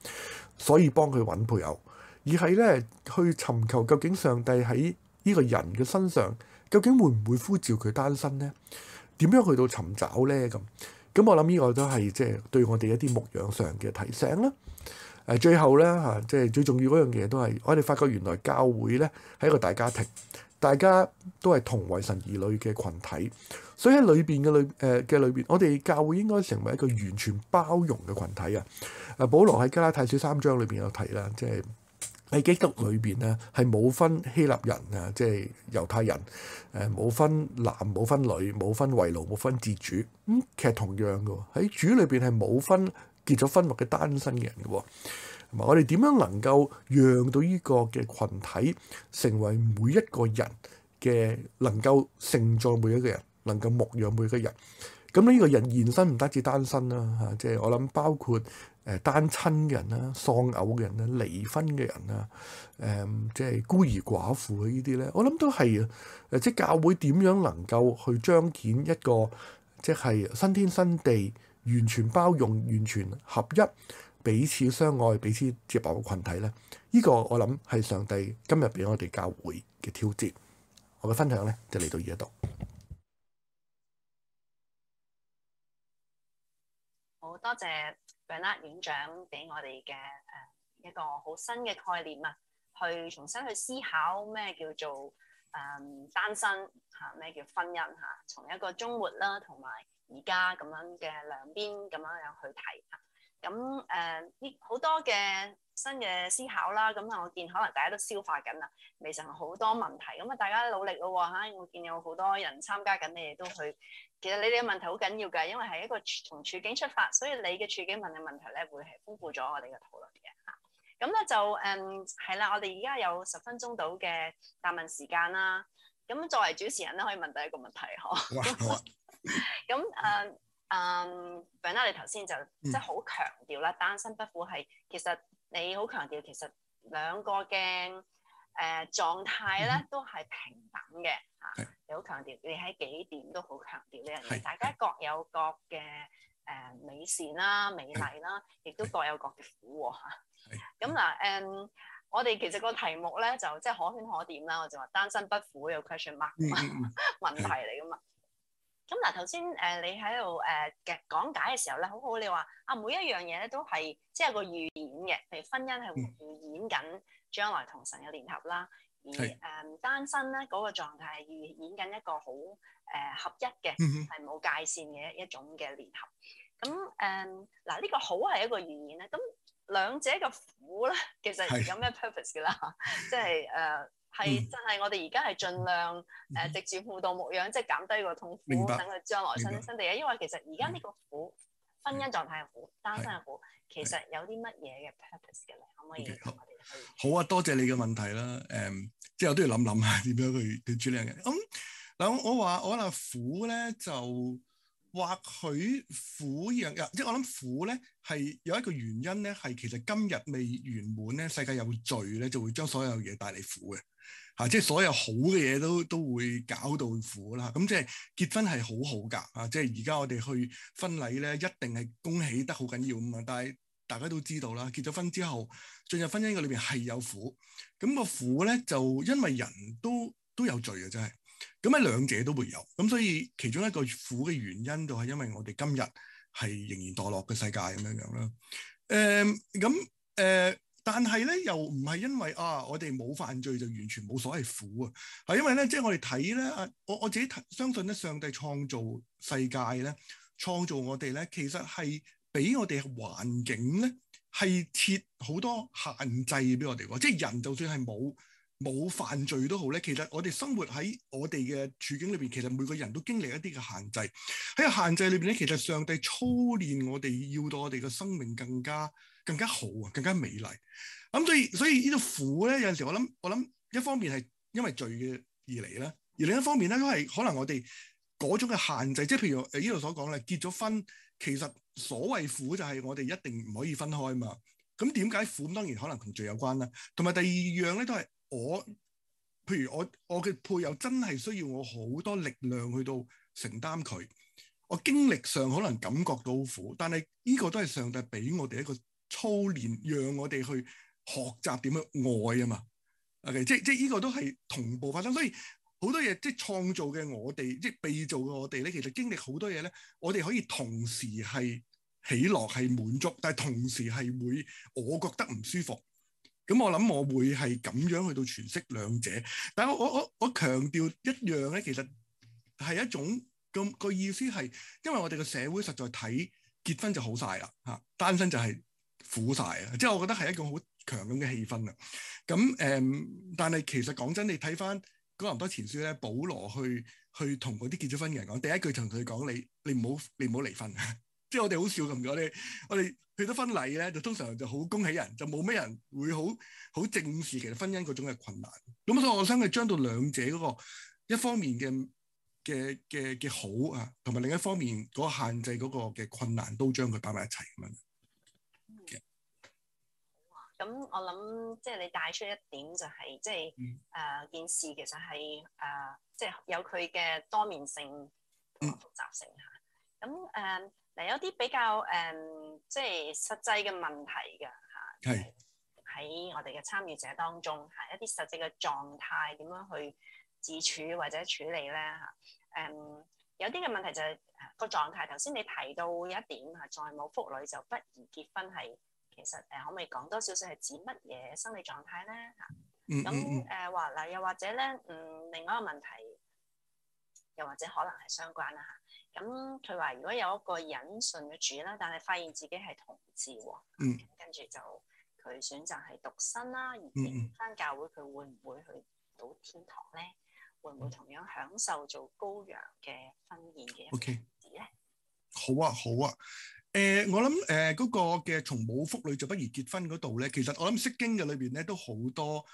所以幫佢揾配偶，而係咧去尋求究竟上帝喺呢個人嘅身上究竟會唔會呼召佢單身呢？點樣去到尋找呢？咁咁，我諗呢個都係即係對我哋一啲牧養上嘅提醒啦。誒、啊，最後呢，嚇、啊，即、就、係、是、最重要嗰樣嘢都係我哋發覺原來教會呢係一個大家庭，大家都係同為神兒女嘅群體。所以喺裏邊嘅裏誒嘅裏邊，我哋教會應該成為一個完全包容嘅群體啊！誒、啊，保羅喺加拉太書三章裏邊有提啦，即係喺基督裏邊呢係冇分希臘人啊，即係猶太人誒，冇、呃、分男冇分女，冇分為奴冇分自主。咁其實同樣嘅喎，喺主裏邊係冇分結咗婚或嘅單身嘅人嘅喎、嗯。我哋點樣能夠讓到呢個嘅群體成為每一個人嘅能夠承載每一個人？能夠牧養每個人，咁呢個人延伸唔單止單身啦，吓、啊，即係我諗包括誒單親嘅人啦、喪偶嘅人啦、離婚嘅人啦，誒、啊嗯、即係孤兒寡婦啊。呢啲咧，我諗都係誒即係教會點樣能夠去彰顯一個即係新天新地完全包容、完全合一、彼此相愛、彼此接納嘅群體咧？呢、這個我諗係上帝今日俾我哋教會嘅挑戰。我嘅分享咧就嚟到呢家度。多謝 Vanad n 院長俾我哋嘅誒一個好新嘅概念啊，去重新去思考咩叫做誒、呃、單身嚇，咩、啊、叫婚姻嚇、啊，從一個終末啦，同埋而家咁樣嘅兩邊咁樣樣去睇嚇。咁、啊、誒，啲、啊、好多嘅新嘅思考啦。咁啊，我見可能大家都消化緊啦，未成好多問題。咁啊，大家努力咯嚇、啊。我見有好多人參加緊，你哋都去。其實你哋嘅問題好緊要㗎，因為係一個從處境出發，所以你嘅處境問嘅問題咧，會係豐富咗我哋嘅討論嘅嚇。咁咧就誒係、嗯、啦，我哋而家有十分鐘到嘅答問時間啦。咁作為主持人咧，可以問第一個問題呵。咁誒嗯，Ben 啦，你頭先就即係好強調啦，就是嗯、單身不苦係其實你好強調，其實兩個嘅誒狀態咧都係平等嘅嚇。嗯嗯好強調，你喺幾點都好強調呢樣嘢。家的大家各有各嘅誒美善啦、美麗啦，亦都各有各嘅苦喎。咁 嗱，誒、嗯，我哋其實個題目咧就即係、就是、可圈可點啦。我就話單身不苦有 question mark 問題嚟噶嘛。咁嗱、嗯，頭先誒你喺度誒嘅講解嘅時候咧，好好你話啊，每一樣嘢咧都係即係有個預演嘅，譬如婚姻係會預演緊將來同神嘅聯合啦。而誒、呃、單身咧嗰，那個狀態係演緊一個好誒、呃、合一嘅，係冇 界線嘅一一種嘅聯合。咁誒嗱呢個好係一個原因咧。咁兩者嘅苦咧，其實有咩 purpose 㗎啦？即係誒係真係我哋而家係盡量誒藉住輔導牧養，即係減低個痛苦，等佢將來新天地。白因為其實而家呢個苦。婚姻狀態好，單身又好，的其實有啲乜嘢嘅 purpose 嘅咧？可唔 Okay, 可以同我。好啊，多謝你嘅問題啦。誒、嗯，即係我都要諗諗下點樣去對住呢樣嘢咁，嗱、嗯？我話我嗱苦咧，就或許苦一樣嘢，即係我諗苦咧係有一個原因咧，係其實今日未圓滿咧，世界有罪咧，就會將所有嘢帶嚟苦嘅。啊！即、就、係、是、所有好嘅嘢都都會搞到苦啦。咁即係結婚係好好㗎。啊！即係而家我哋去婚禮咧，一定係恭喜得好緊要咁嘛。但係大家都知道啦，結咗婚之後進入婚姻個裏邊係有苦。咁、啊嗯那個苦咧就因為人都都有罪嘅真係。咁、啊、喺、嗯、兩者都會有。咁、啊、所以其中一個苦嘅原因就係因為我哋今日係仍然墮落嘅世界咁樣樣啦。誒咁誒。嗯啊但係咧，又唔係因為啊，我哋冇犯罪就完全冇所謂苦啊，係因為咧，即係我哋睇咧，啊，我我自己相信咧，上帝創造世界咧，創造我哋咧，其實係俾我哋環境咧，係設好多限制俾我哋啊。即係人就算係冇冇犯罪都好咧，其實我哋生活喺我哋嘅處境裏邊，其實每個人都經歷一啲嘅限制。喺個限制裏邊咧，其實上帝操練我哋，要到我哋嘅生命更加。更加好啊，更加美麗。咁、嗯、所以所以呢度苦咧，有陣時我諗我諗一方面係因為罪嘅而嚟啦，而另一方面咧都係可能我哋嗰種嘅限制，即係譬如呢度所講咧，結咗婚其實所謂苦就係我哋一定唔可以分開嘛。咁點解苦？當然可能同罪有關啦，啊。同埋第二樣咧都係我，譬如我我嘅配偶真係需要我好多力量去到承擔佢，我經歷上可能感覺到苦，但係呢個都係上帝俾我哋一個。操練讓我哋去學習點樣愛啊嘛，OK，即即呢個都係同步發生，所以好多嘢即創造嘅我哋，即被造嘅我哋咧，其實經歷好多嘢咧，我哋可以同時係喜樂係滿足，但係同時係會我覺得唔舒服。咁我諗我會係咁樣去到詮釋兩者，但係我我我強調一樣咧，其實係一種咁個,個意思係，因為我哋個社會實在睇結婚就好晒啦，嚇單身就係、是。苦晒，啊！即係我覺得係一個好強咁嘅氣氛啊。咁誒、嗯，但係其實講真，你睇翻《哥林多前書》咧，保羅去去同嗰啲結咗婚嘅人講，第一句就同佢講：你你唔好你唔好離婚。 即係我哋好笑。咁咗你我哋去咗婚禮咧，就通常就好恭喜人，就冇咩人會好好正視其實婚姻嗰種嘅困難。咁所以我想係將到兩者嗰個一方面嘅嘅嘅嘅好啊，同埋另一方面嗰限制嗰個嘅困難，都將佢擺埋一齊咁樣。啊。咁我諗，即係你帶出一點就係、是，即係誒、呃、件事其實係誒、呃，即係有佢嘅多面性同複雜性嚇。咁誒嗱，呃、有啲比較誒、呃，即係實際嘅問題㗎嚇。係、啊、喺、就是、我哋嘅參與者當中嚇、啊，一啲實際嘅狀態點樣去自處或者處理咧嚇。誒、啊、有啲嘅問題就係個狀態，頭先你提到有一點嚇、啊，在冇福女就不如結婚係。其實誒，可唔可以講多少少係指乜嘢生理狀態咧？吓、嗯，咁誒話嗱，又或者咧，嗯，另外一個問題，又或者可能係相關啦、啊、吓。咁佢話，如果有一個人信咗主啦，但係發現自己係同志，嗯，跟住就佢選擇係獨身啦，而翻教會，佢會唔會去到天堂咧？嗯、會唔會同樣享受做羔羊嘅婚宴嘅日子咧？好啊，好啊。誒、呃，我諗誒，嗰、呃那個嘅從母腹女就不如結婚嗰度咧，其實我諗釋經嘅裏邊咧都好多，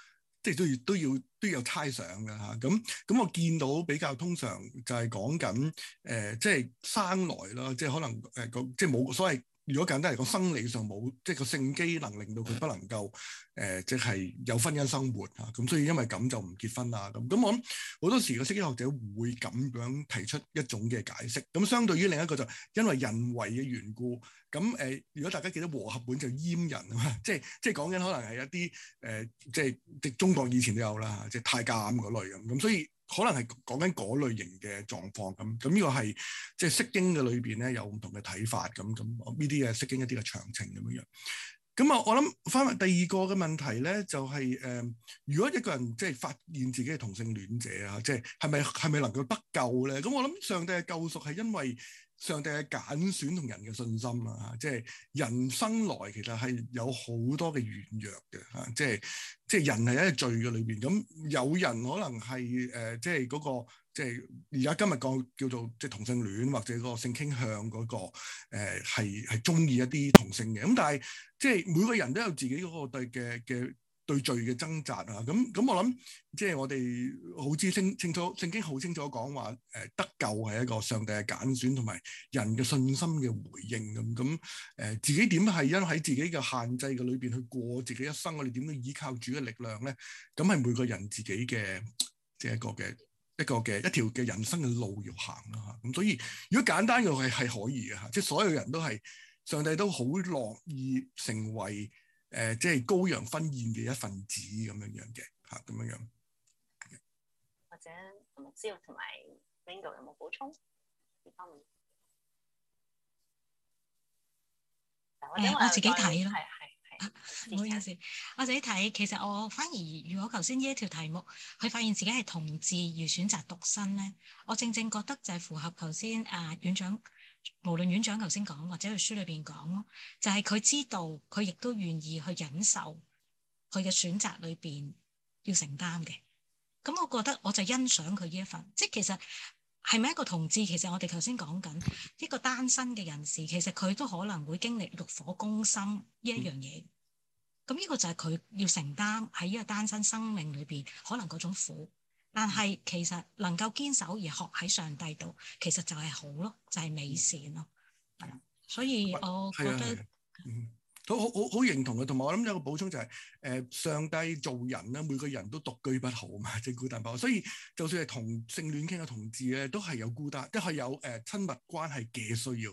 即係都要都要都要有猜想噶吓。咁、啊、咁我見到比較通常就係講緊誒，即係生來啦，即係可能誒、呃，即係冇所謂。如果簡單嚟講，生理上冇即係個性機能令到佢不能夠誒、呃，即係有婚姻生活嚇，咁、啊、所以因為咁就唔結婚啦咁。咁我諗好多時個釋經學者會咁樣提出一種嘅解釋。咁相對於另一個就因為人為嘅緣故。咁誒，如果大家記得和合本就閹人啊嘛，即係即係講緊可能係一啲誒、呃，即係即中國以前都有啦，即係太監嗰類咁，咁所以可能係講緊嗰類型嘅狀況咁。咁呢個係即係《釋經》嘅裏邊咧有唔同嘅睇法咁。咁呢啲嘅《釋經》一啲嘅詳情咁樣樣。咁啊，我諗翻第二個嘅問題咧，就係、是、誒、呃，如果一個人即係發現自己係同性戀者啊，即係係咪係咪能夠得救咧？咁我諗上帝嘅救贖係因為。上帝嘅揀選同人嘅信心啊，即係人生來其實係有好多嘅軟弱嘅嚇、啊，即係即係人係喺個罪嘅裏邊，咁有人可能係誒、呃，即係嗰、嗰個即係而家今日講叫做即係同性戀或者個性傾向嗰、嗰個誒，係係鍾意一啲同性嘅，咁但係即係每個人都有自己嗰個對嘅嘅。對罪嘅掙扎啊，咁咁我諗，即係我哋好知清清楚，聖經好清楚講話，誒、呃、得救係一個上帝嘅揀選，同埋人嘅信心嘅回應咁。咁誒、呃、自己點係因喺自己嘅限制嘅裏邊去過自己一生，我哋點樣依靠主嘅力量咧？咁係每個人自己嘅即係一個嘅一個嘅一條嘅人生嘅路要行啦嚇。咁、嗯、所以如果簡單嘅話係可以嘅嚇，即係所有人都係上帝都好樂意成為。誒、呃，即係羔羊婚宴嘅一份子咁樣樣嘅，吓咁樣樣。或者阿木子同埋 Mango 有冇補充？我自己睇咯。係係係。唔好意思，我自己睇。其實我反而如果頭先呢一條題目，佢發現自己係同志而選擇獨身咧，我正正覺得就係符合頭先啊院長。無論院長頭先講，或者佢書裏邊講咯，就係、是、佢知道，佢亦都願意去忍受佢嘅選擇裏邊要承擔嘅。咁我覺得我就欣賞佢呢一份，即係其實係咪一個同志？其實我哋頭先講緊一個單身嘅人士，其實佢都可能會經歷慾火攻心呢一樣嘢。咁呢個就係佢要承擔喺呢個單身生命裏邊可能嗰種苦。但係其實能夠堅守而學喺上帝度，其實就係好咯，就係、是、美善咯。所以我覺得，啊啊啊、嗯，好好好認同嘅。同埋我諗有個補充就係、是，誒、呃，上帝造人咧，每個人都獨居不好嘛，即係孤單不好。所以就算係同性戀傾嘅同志咧，都係有孤單，都係有誒親、呃、密關係嘅需要。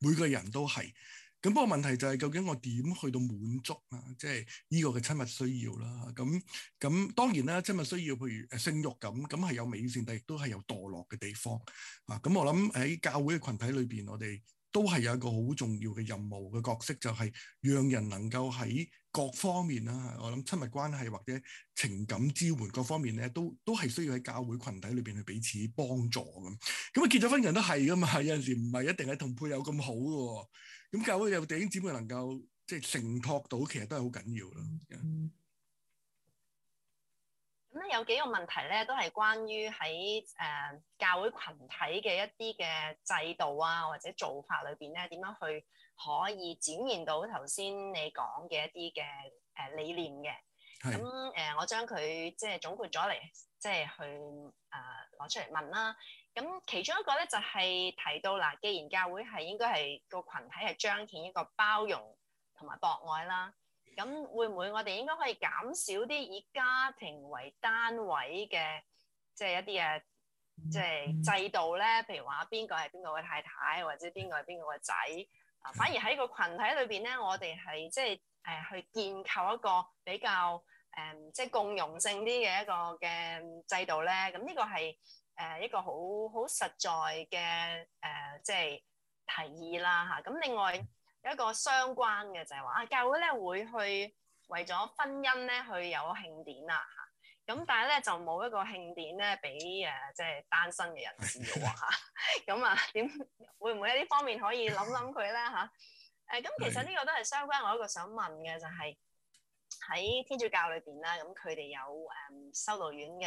每個人都係。咁不過問題就係究竟我點去到滿足啊？即係呢個嘅親密需要啦。咁咁當然啦，親密需要譬如誒、啊、性慾咁，咁係有美善，但亦都係有墮落嘅地方啊。咁我諗喺教會嘅群體裏邊，我哋都係有一個好重要嘅任務嘅角色，就係、是、讓人能夠喺各方面啦。我諗親密關係或者情感支援各方面咧，都都係需要喺教會群體裏邊去彼此幫助嘅。咁啊，結咗婚人都係㗎嘛，有陣時唔係一定係同配偶咁好嘅喎。咁教會又點點會能夠即係承托到，其實都係好緊要咯。咁咧、嗯、有幾個問題咧，都係關於喺誒教會群體嘅一啲嘅制度啊，或者做法裏邊咧，點樣去可以展現到頭先你講嘅一啲嘅誒理念嘅。咁誒是、呃，我將佢即係總括咗嚟，即係去誒攞、呃、出嚟問啦。咁其中一個咧就係提到啦，既然教會係應該係個群體係彰顯一個包容同埋博愛啦，咁會唔會我哋應該可以減少啲以家庭為單位嘅，即係一啲嘅，即係制度咧？譬如話邊個係邊個嘅太太，或者邊個係邊個嘅仔，反而喺個群體裏邊咧，我哋係即係誒去建構一個比較誒即係共融性啲嘅一個嘅制度咧。咁呢個係。誒一個好好實在嘅誒、呃，即係提議啦嚇。咁另外有一個相關嘅就係話啊，教會咧會去為咗婚姻咧去有慶典啊嚇。咁但係咧就冇一個慶典咧俾誒即係單身嘅人士喎嚇。咁啊，點會唔會喺呢方面可以諗諗佢咧嚇？誒咁、 啊、其實呢個都係相關我一個想問嘅就係、係、喺天主教裏邊咧，咁佢哋有誒修道院嘅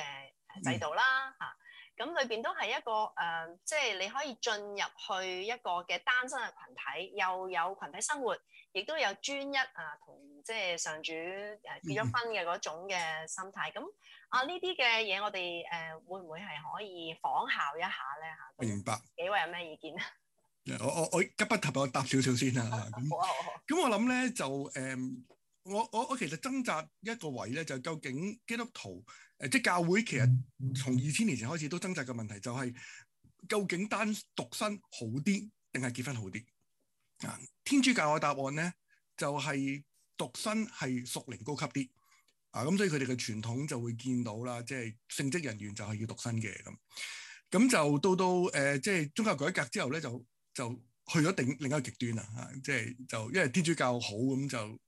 制度啦嚇。嗯咁裏邊都係一個誒、呃，即係你可以進入去一個嘅單身嘅群體，又有群體生活，亦都有專一啊，同即係上主誒、啊、結咗婚嘅嗰種嘅心態。咁、嗯、啊，呢啲嘅嘢，我哋誒會唔會係可以仿效一下咧嚇？啊、明白。幾位有咩意見啊？我我我急不及我，我答少少先啊。咁 好，咁我諗咧就誒。嗯我我我其實掙扎一個位咧，就是、究竟基督徒誒、呃，即係教會其實從二千年前開始都掙扎嘅問題、就是，就係究竟單獨身好啲定係結婚好啲啊？天主教嘅答案咧，就係、是、獨身係屬靈高級啲啊，咁所以佢哋嘅傳統就會見到啦，即係聖職人員就係要獨身嘅咁。咁就到到誒、呃，即係宗教改革之後咧，就就去咗頂另一個極端啦吓，即、啊、係就，是、就因為天主教好咁就。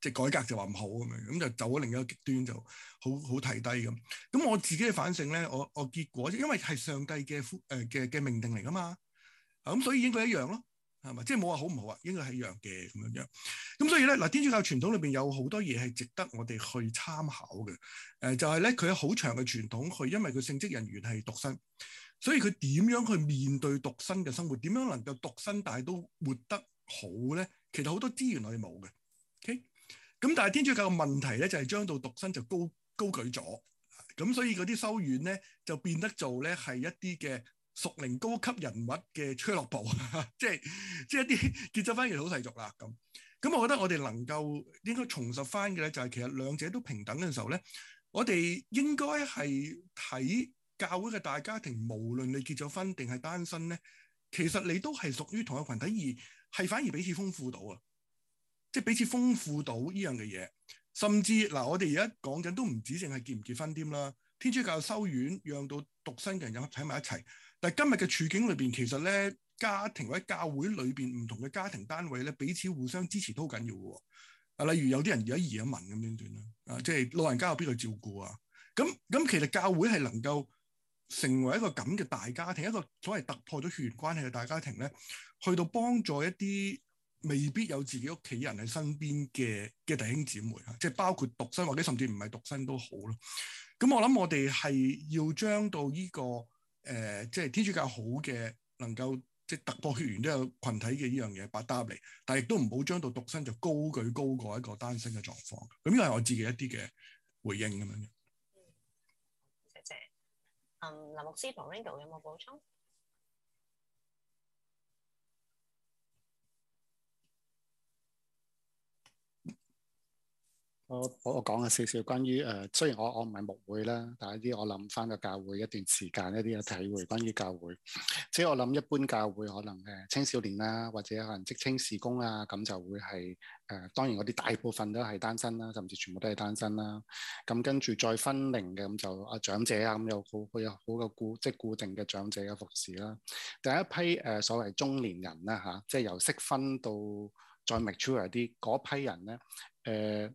即係改革就話唔好咁樣，咁就走咗另一個極端，就好好睇低咁。咁我自己嘅反省咧，我我結果，因為係上帝嘅誒嘅嘅命定嚟㗎嘛，啊、嗯、咁所以應該一樣咯，係咪？即係冇話好唔好啊，應該係一樣嘅咁樣樣。咁所以咧嗱，天主教傳統裏邊有好多嘢係值得我哋去參考嘅。誒、呃、就係、是、咧，佢有好長嘅傳統，佢因為佢聖職人員係獨身，所以佢點樣去面對獨身嘅生活，點樣能夠獨身但係都活得好咧？其實好多資源我哋冇嘅。咁、okay。但係天主教嘅問題咧，就係、是、將到獨身就高高舉咗，咁、嗯、所以嗰啲修院咧就變得做咧係一啲嘅屬靈高級人物嘅俱樂部，即係即係一啲結咗婚而好世俗啦咁。咁、嗯、我覺得我哋能夠應該重拾翻嘅咧，就係、是、其實兩者都平等嘅時候咧，我哋應該係睇教會嘅大家庭，無論你結咗婚定係單身咧，其實你都係屬於同一群體而，而係反而彼此豐富到啊。即係彼此豐富到依樣嘅嘢，甚至嗱，我哋而家講緊都唔止淨係結唔結婚添啦。天主教修院讓到獨身嘅人都喺埋一齊。但係今日嘅處境裏邊，其實咧家庭或者教會裏邊唔同嘅家庭單位咧，彼此互相支持都好緊要嘅、哦。啊，例如有啲人而家移民咁樣段啦，啊，即係老人家有邊個照顧啊？咁咁其實教會係能夠成為一個咁嘅大家庭，一個所謂突破咗血緣關係嘅大家庭咧，去到幫助一啲。未必有自己屋企人喺身邊嘅嘅弟兄姊妹嚇，即係包括獨生或者甚至唔係獨生都好咯。咁、嗯、我諗我哋係要將到呢、這個誒、呃，即係天主教好嘅，能夠即係突破血緣都有群體嘅呢樣嘢，百搭入嚟。但係亦都唔好將到獨生就高舉高過一個單身嘅狀況。咁呢個係我自己一啲嘅回應咁樣嘅。嗯，多謝，謝。嗯，林牧師同 Ringo 有冇補充？我我我講下少少關於誒，雖然我我唔係牧會啦，但係一啲我諗翻個教會一段時間一啲嘅體會，關於教會，即係我諗一般教會可能誒青少年啦，或者可能職青事工啊，咁就會係誒、呃，當然嗰啲大部分都係單身啦，甚至全部都係單身啦。咁跟住再分齡嘅咁就阿、啊、長者啊，咁有好會有好嘅固即係固定嘅長者嘅服侍啦。第一批誒、呃、所謂中年人啦吓、啊，即係由適婚到再 mature 啲嗰批人咧誒。呃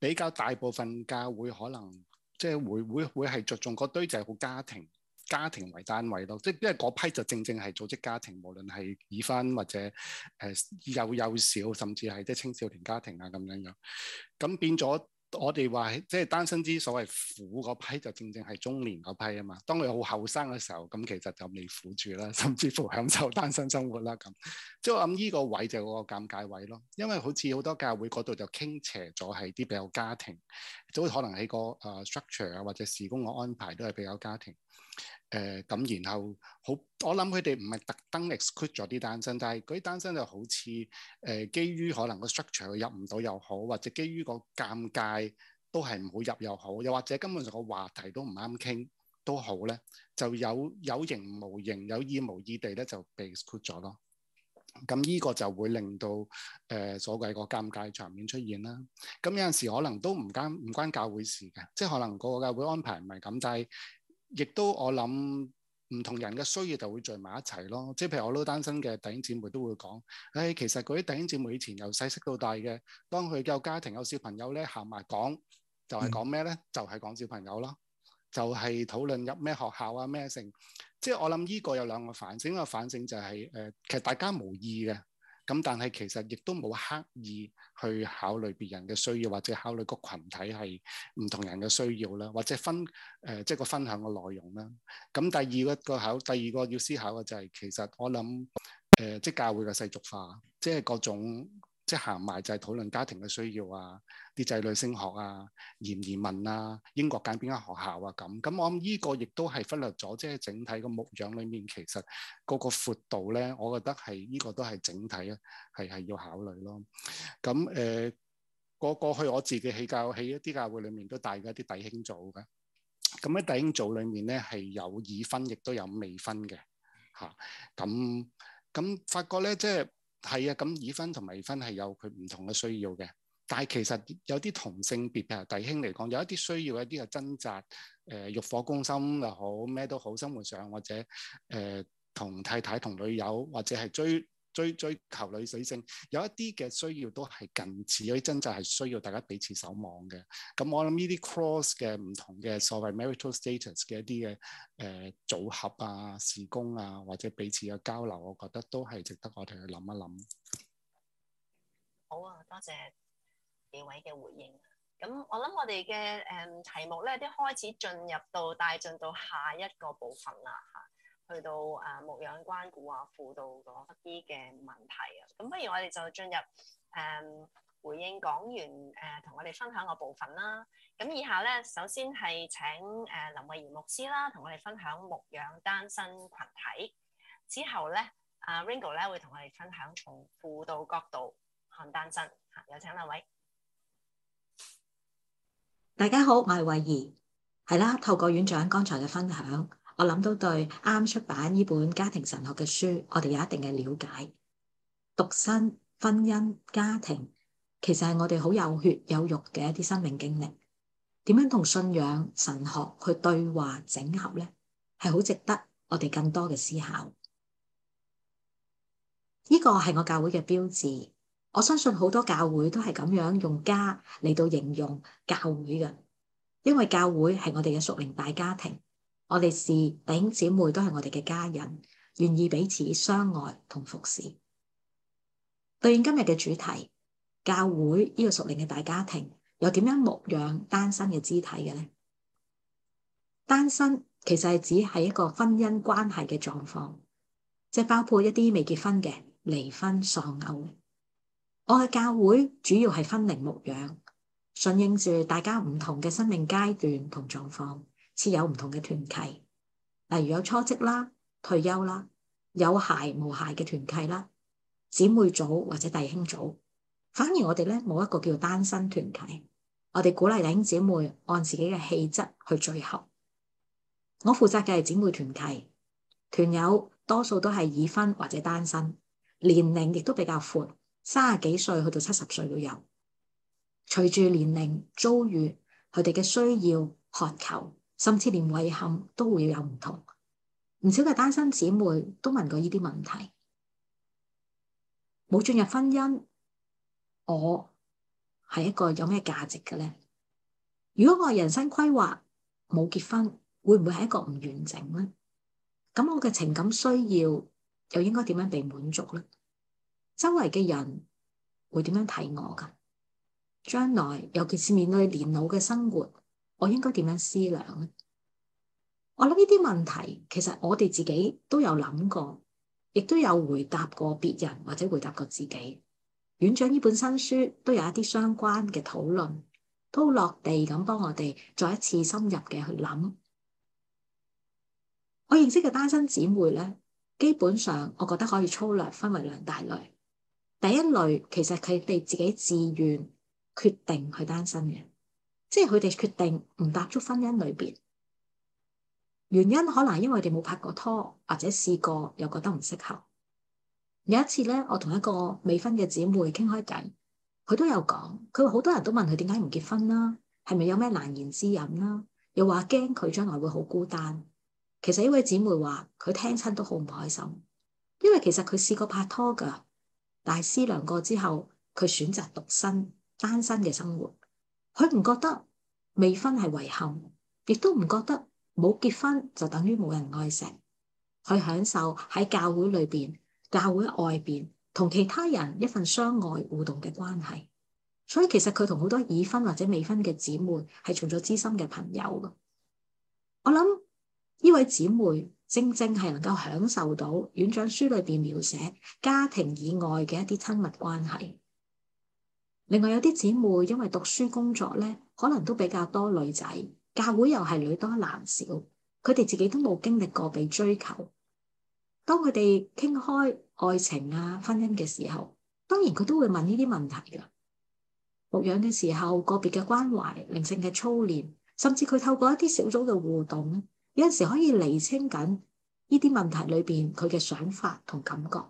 比較大部分教會可能即係會會會係着重嗰堆就係個家庭家庭為單位咯，即係因為嗰批就正正係組織家庭，無論係已婚或者誒、呃、幼幼少，甚至係即係青少年家庭啊咁樣樣，咁變咗。我哋話即係單身之所謂苦嗰批，就正正係中年嗰批啊嘛。當佢好後生嘅時候，咁其實就未苦住啦，甚至乎享受單身生活啦咁。即係我諗呢個位就個尷尬位咯，因為好似好多教會嗰度就傾斜咗係啲比較家庭，都可能喺、個誒、呃、structure 啊或者事工嘅安排都係比較家庭。誒，咁、呃、然後好，我諗佢哋唔係特登 exclude 咗啲單身，但係嗰啲單身就好似誒、呃，基於可能個 structure 入唔到又好，或者基於個尷尬都係唔好入又好，又或者根本上個話題都唔啱傾都好咧，就有有形無形有意無意地咧就被 exclude 咗咯。咁呢個就會令到誒、呃、所謂個尷尬場面出現啦。咁有陣時可能都唔關唔關教會事嘅，即係可能個教會安排唔係咁，但係。亦都我諗唔同人嘅需要就會聚埋一齊咯，即係譬如我都單身嘅弟兄姊妹都會講，誒、哎、其實嗰啲弟兄姊妹以前由細識到大嘅，當佢有家庭有小朋友咧，行埋講就係講咩咧？就係、是、講、就是、小朋友咯，就係討論入咩學校啊咩剩，即係我諗呢個有兩個反省，一個反省就係、是、誒、呃、其實大家無意嘅。咁但係其實亦都冇刻意去考慮別人嘅需要，或者考慮個群體係唔同人嘅需要啦，或者分誒即係個分享嘅內容啦。咁第二個考，第二個要思考嘅就係其實我諗誒，即係教會嘅世俗化，即係各種。即行埋就係討論家庭嘅需要啊，啲仔女升學啊，移唔移民啊，英國揀邊間學校啊咁。咁我諗呢個亦都係忽略咗，即係整體個牧養裏面其實嗰個闊度咧，我覺得係呢、呢個都係整體啊，係係要考慮咯。咁誒過過去我自己喺教喺一啲教會裏面都帶咗一啲弟兄組嘅。咁喺弟兄組裏面咧係有已婚亦都有未婚嘅嚇，咁、啊、咁發覺咧即係。係啊，咁已婚，已婚同未婚係有佢唔同嘅需要嘅，但係其實有啲同性別嘅弟兄嚟講，有一啲需要，一啲嘅掙扎，誒、呃、欲火攻心又好咩都好，生活上或者誒同、呃、太太、同女友或者係追。追追求女水性，有一啲嘅需要都係近似，有啲真就係需要大家彼此守望嘅。咁我諗呢啲 cross 嘅唔同嘅所謂 marital status 嘅一啲嘅誒組合啊、事工啊，或者彼此嘅交流，我覺得都係值得我哋去諗一諗。好啊，多謝幾位嘅回應。咁我諗我哋嘅誒題目咧，都開始進入到帶進到下一個部分啦，嚇。去到啊，牧養關顧啊，輔導嗰一啲嘅問題啊，咁不如我哋就進入誒、嗯、回應講員誒同、呃、我哋分享個部分啦。咁以下咧，首先係請誒，林慧儀牧師啦，同我哋分享牧養單身群體。之後咧，阿、啊、Ringo 咧會同我哋分享從輔導角度看單身。吓，有請兩位。大家好，我係慧儀，係啦，透過院長剛才嘅分享。我諗都對啱出版呢本家庭神學嘅書，我哋有一定嘅了解。獨身、婚姻、家庭，其實係我哋好有血有肉嘅一啲生命經歷。點樣同信仰神學去對話整合呢？係好值得我哋更多嘅思考。呢、這個係我教會嘅標誌。我相信好多教會都係咁樣用家嚟到形容教會嘅，因為教會係我哋嘅屬靈大家庭。我哋是弟兄姊妹，都係我哋嘅家人，願意彼此相愛同服侍。對應今日嘅主題，教會呢個屬靈嘅大家庭，又點樣牧養單身嘅肢體嘅呢？單身其實係指係一個婚姻關係嘅狀況，即係包括一啲未結婚嘅、離婚喪偶。我嘅教會主要係分齡牧養，順應住大家唔同嘅生命階段同狀況。設有唔同嘅團契，例如有初職啦、退休啦，有孩無孩嘅團契啦，姊妹組或者弟兄組。反而我哋咧冇一個叫單身團契，我哋鼓勵弟兄姊妹按自己嘅氣質去聚合。我負責嘅係姊妹團契，團友多數都係已婚或者單身，年齡亦都比較闊，三十幾歲去到七十歲都有。隨住年齡遭遇佢哋嘅需要渴求。甚至連遺憾都會有唔同，唔少嘅單身姊妹都問過呢啲問題。冇進入婚姻，我係一個有咩價值嘅咧？如果我人生規劃冇結婚，會唔會係一個唔完整咧？咁我嘅情感需要又應該點樣被滿足咧？周圍嘅人會點樣睇我噶？將來尤其是面對年老嘅生活。我應該點樣思量咧？我諗呢啲問題其實我哋自己都有諗過，亦都有回答過別人或者回答過自己。院長呢本新書都有一啲相關嘅討論，都落地咁幫我哋再一次深入嘅去諗。我認識嘅單身姊妹咧，基本上我覺得可以粗略分為兩大類。第一類其實佢哋自己自願決定去單身嘅。即係佢哋決定唔踏足婚姻裏邊，原因可能因為佢哋冇拍過拖或者試過又覺得唔適合。有一次咧，我同一個未婚嘅姐妹傾開偈，佢都有講，佢話好多人都問佢點解唔結婚啦、啊，係咪有咩難言之隱啦、啊？又話驚佢將來會好孤單。其實呢位姐妹話佢聽親都好唔開心，因為其實佢試過拍拖噶，但係思量過之後，佢選擇獨身單身嘅生活。佢唔覺得未婚係遺憾，亦都唔覺得冇結婚就等於冇人愛錫，佢享受喺教會裏邊、教會外邊同其他人一份相愛互動嘅關係。所以其實佢同好多已婚或者未婚嘅姊妹係成咗知心嘅朋友噶。我諗呢位姊妹正正係能夠享受到院長書裏邊描寫家庭以外嘅一啲親密關係。另外有啲姊妹，因為讀書工作咧，可能都比較多女仔，教會又係女多男少，佢哋自己都冇經歷過被追求。當佢哋傾開愛情啊、婚姻嘅時候，當然佢都會問呢啲問題㗎。牧養嘅時候，個別嘅關懷、靈性嘅操練，甚至佢透過一啲小組嘅互動，有陣時可以釐清緊呢啲問題裏邊佢嘅想法同感覺。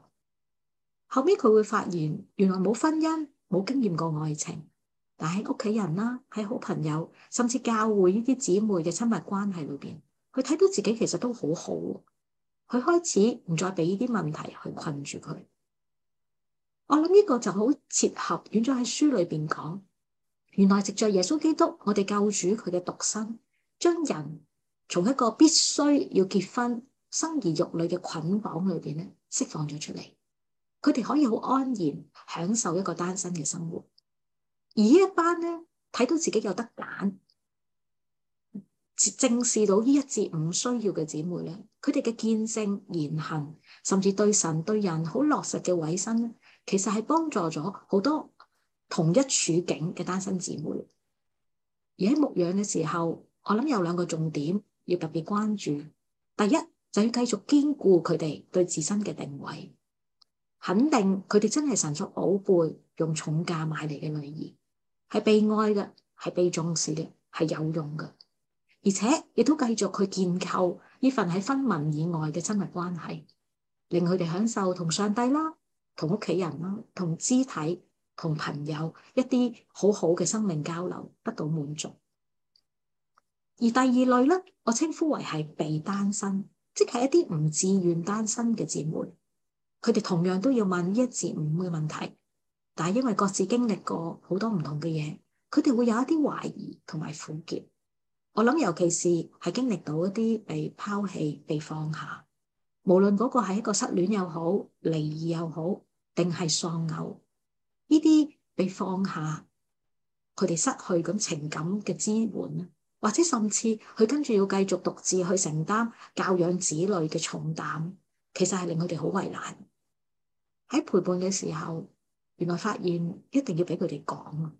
後面佢會發現原來冇婚姻。冇經驗過愛情，但係屋企人啦，喺好朋友，甚至教會呢啲姊妹嘅親密關係裏邊，佢睇到自己其實都好好，佢開始唔再俾呢啲問題去困住佢。我諗呢個就好切合，遠在喺書裏邊講，原來藉著耶穌基督，我哋救主佢嘅獨身，將人從一個必須要結婚生兒育女嘅捆綁裏邊咧釋放咗出嚟。佢哋可以好安然享受一個單身嘅生活，而一呢一班咧睇到自己有得揀，正視到呢一至五需要嘅姊妹咧，佢哋嘅見證言行，甚至對神對人好落實嘅委身咧，其實係幫助咗好多同一處境嘅單身姊妹。而喺牧養嘅時候，我諗有兩個重點要特別關注，第一，就要繼續堅固佢哋對自身嘅定位。肯定佢哋真係神所寶貝，用重價買嚟嘅女兒，係被愛嘅，係被重視嘅，係有用嘅，而且亦都繼續去建構呢份喺婚姻以外嘅親密關係，令佢哋享受同上帝啦、同屋企人啦、同肢體、同朋友一啲好好嘅生命交流，得到滿足。而第二類咧，我稱呼為係被單身，即係一啲唔自願單身嘅姊妹。佢哋同樣都要問一至五嘅問題，但係因為各自經歷過好多唔同嘅嘢，佢哋會有一啲懷疑同埋苦澀。我諗尤其是係經歷到一啲被拋棄、被放下，無論嗰個係一個失戀又好、離異又好，定係喪偶，呢啲被放下，佢哋失去咁情感嘅支援，或者甚至佢跟住要繼續獨自去承擔教養子女嘅重擔，其實係令佢哋好為難。喺陪伴嘅時候，原來發現一定要俾佢哋講啊！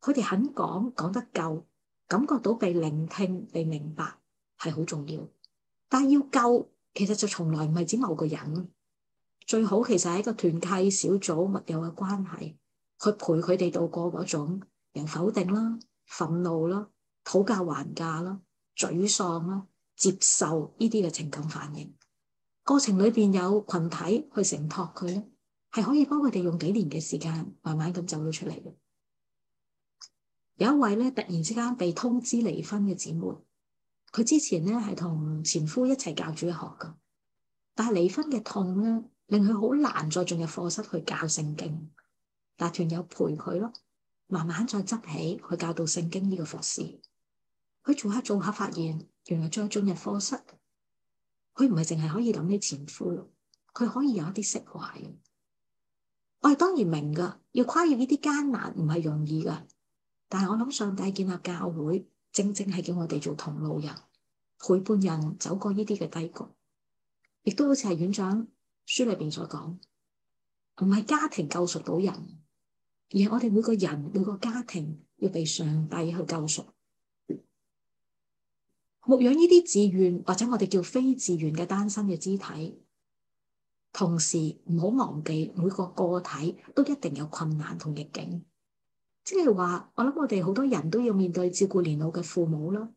佢哋肯講，講得夠，感覺到被聆聽、被明白係好重要。但要救，其實就從來唔係只某個人。最好其實係一個團契小組、密友嘅關係，去陪佢哋度過嗰種人否定啦、憤怒啦、討價還價啦、沮喪啦、接受呢啲嘅情感反應，過程裏邊有群體去承托佢咧。係可以幫佢哋用幾年嘅時間，慢慢咁走咗出嚟嘅。有一位咧，突然之間被通知離婚嘅姊妹，佢之前咧係同前夫一齊教主日學㗎，但係離婚嘅痛咧，令佢好難再進入課室去教聖經。但係團友陪佢咯，慢慢再執起去教導聖經呢個課事。佢做下做下發現，原來再進入課室，佢唔係淨係可以諗起前夫咯，佢可以有一啲釋懷嘅。我哋當然明噶，要跨越呢啲艱難唔係容易噶，但係我諗上帝建立教會，正正係叫我哋做同路人，陪伴人走過呢啲嘅低谷，亦都好似係院長書裏邊所講，唔係家庭救贖到人，而係我哋每個人每個家庭要被上帝去救贖，牧養呢啲自願或者我哋叫非自願嘅單身嘅肢體。同時唔好忘記每個個體都一定有困難同逆境，即係話我諗我哋好多人都要面對照顧年老嘅父母咯，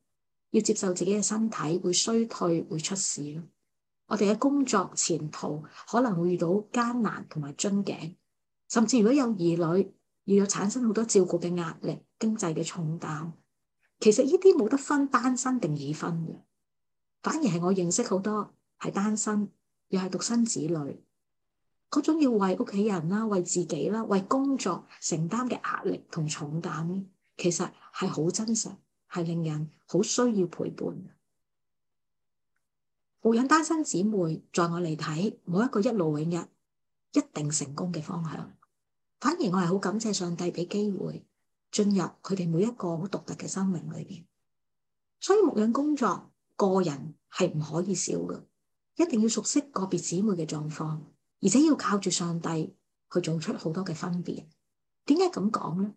要接受自己嘅身體會衰退會出事咯，我哋嘅工作前途可能會遇到艱難同埋樽頸，甚至如果有兒女，要有產生好多照顧嘅壓力、經濟嘅重擔。其實呢啲冇得分單身定已婚嘅，反而係我認識好多係單身。又係獨生子女，嗰種要為屋企人啦、為自己啦、為工作承擔嘅壓力同重擔，其實係好真實，係令人好需要陪伴。牧養單身姊妹，在我嚟睇，冇一個一路永日一定成功嘅方向，反而我係好感謝上帝俾機會進入佢哋每一個好獨特嘅生命裏邊。所以牧養工作個人係唔可以少㗎。一定要熟悉個別姊妹嘅狀況，而且要靠住上帝去做出好多嘅分辨。點解咁講呢？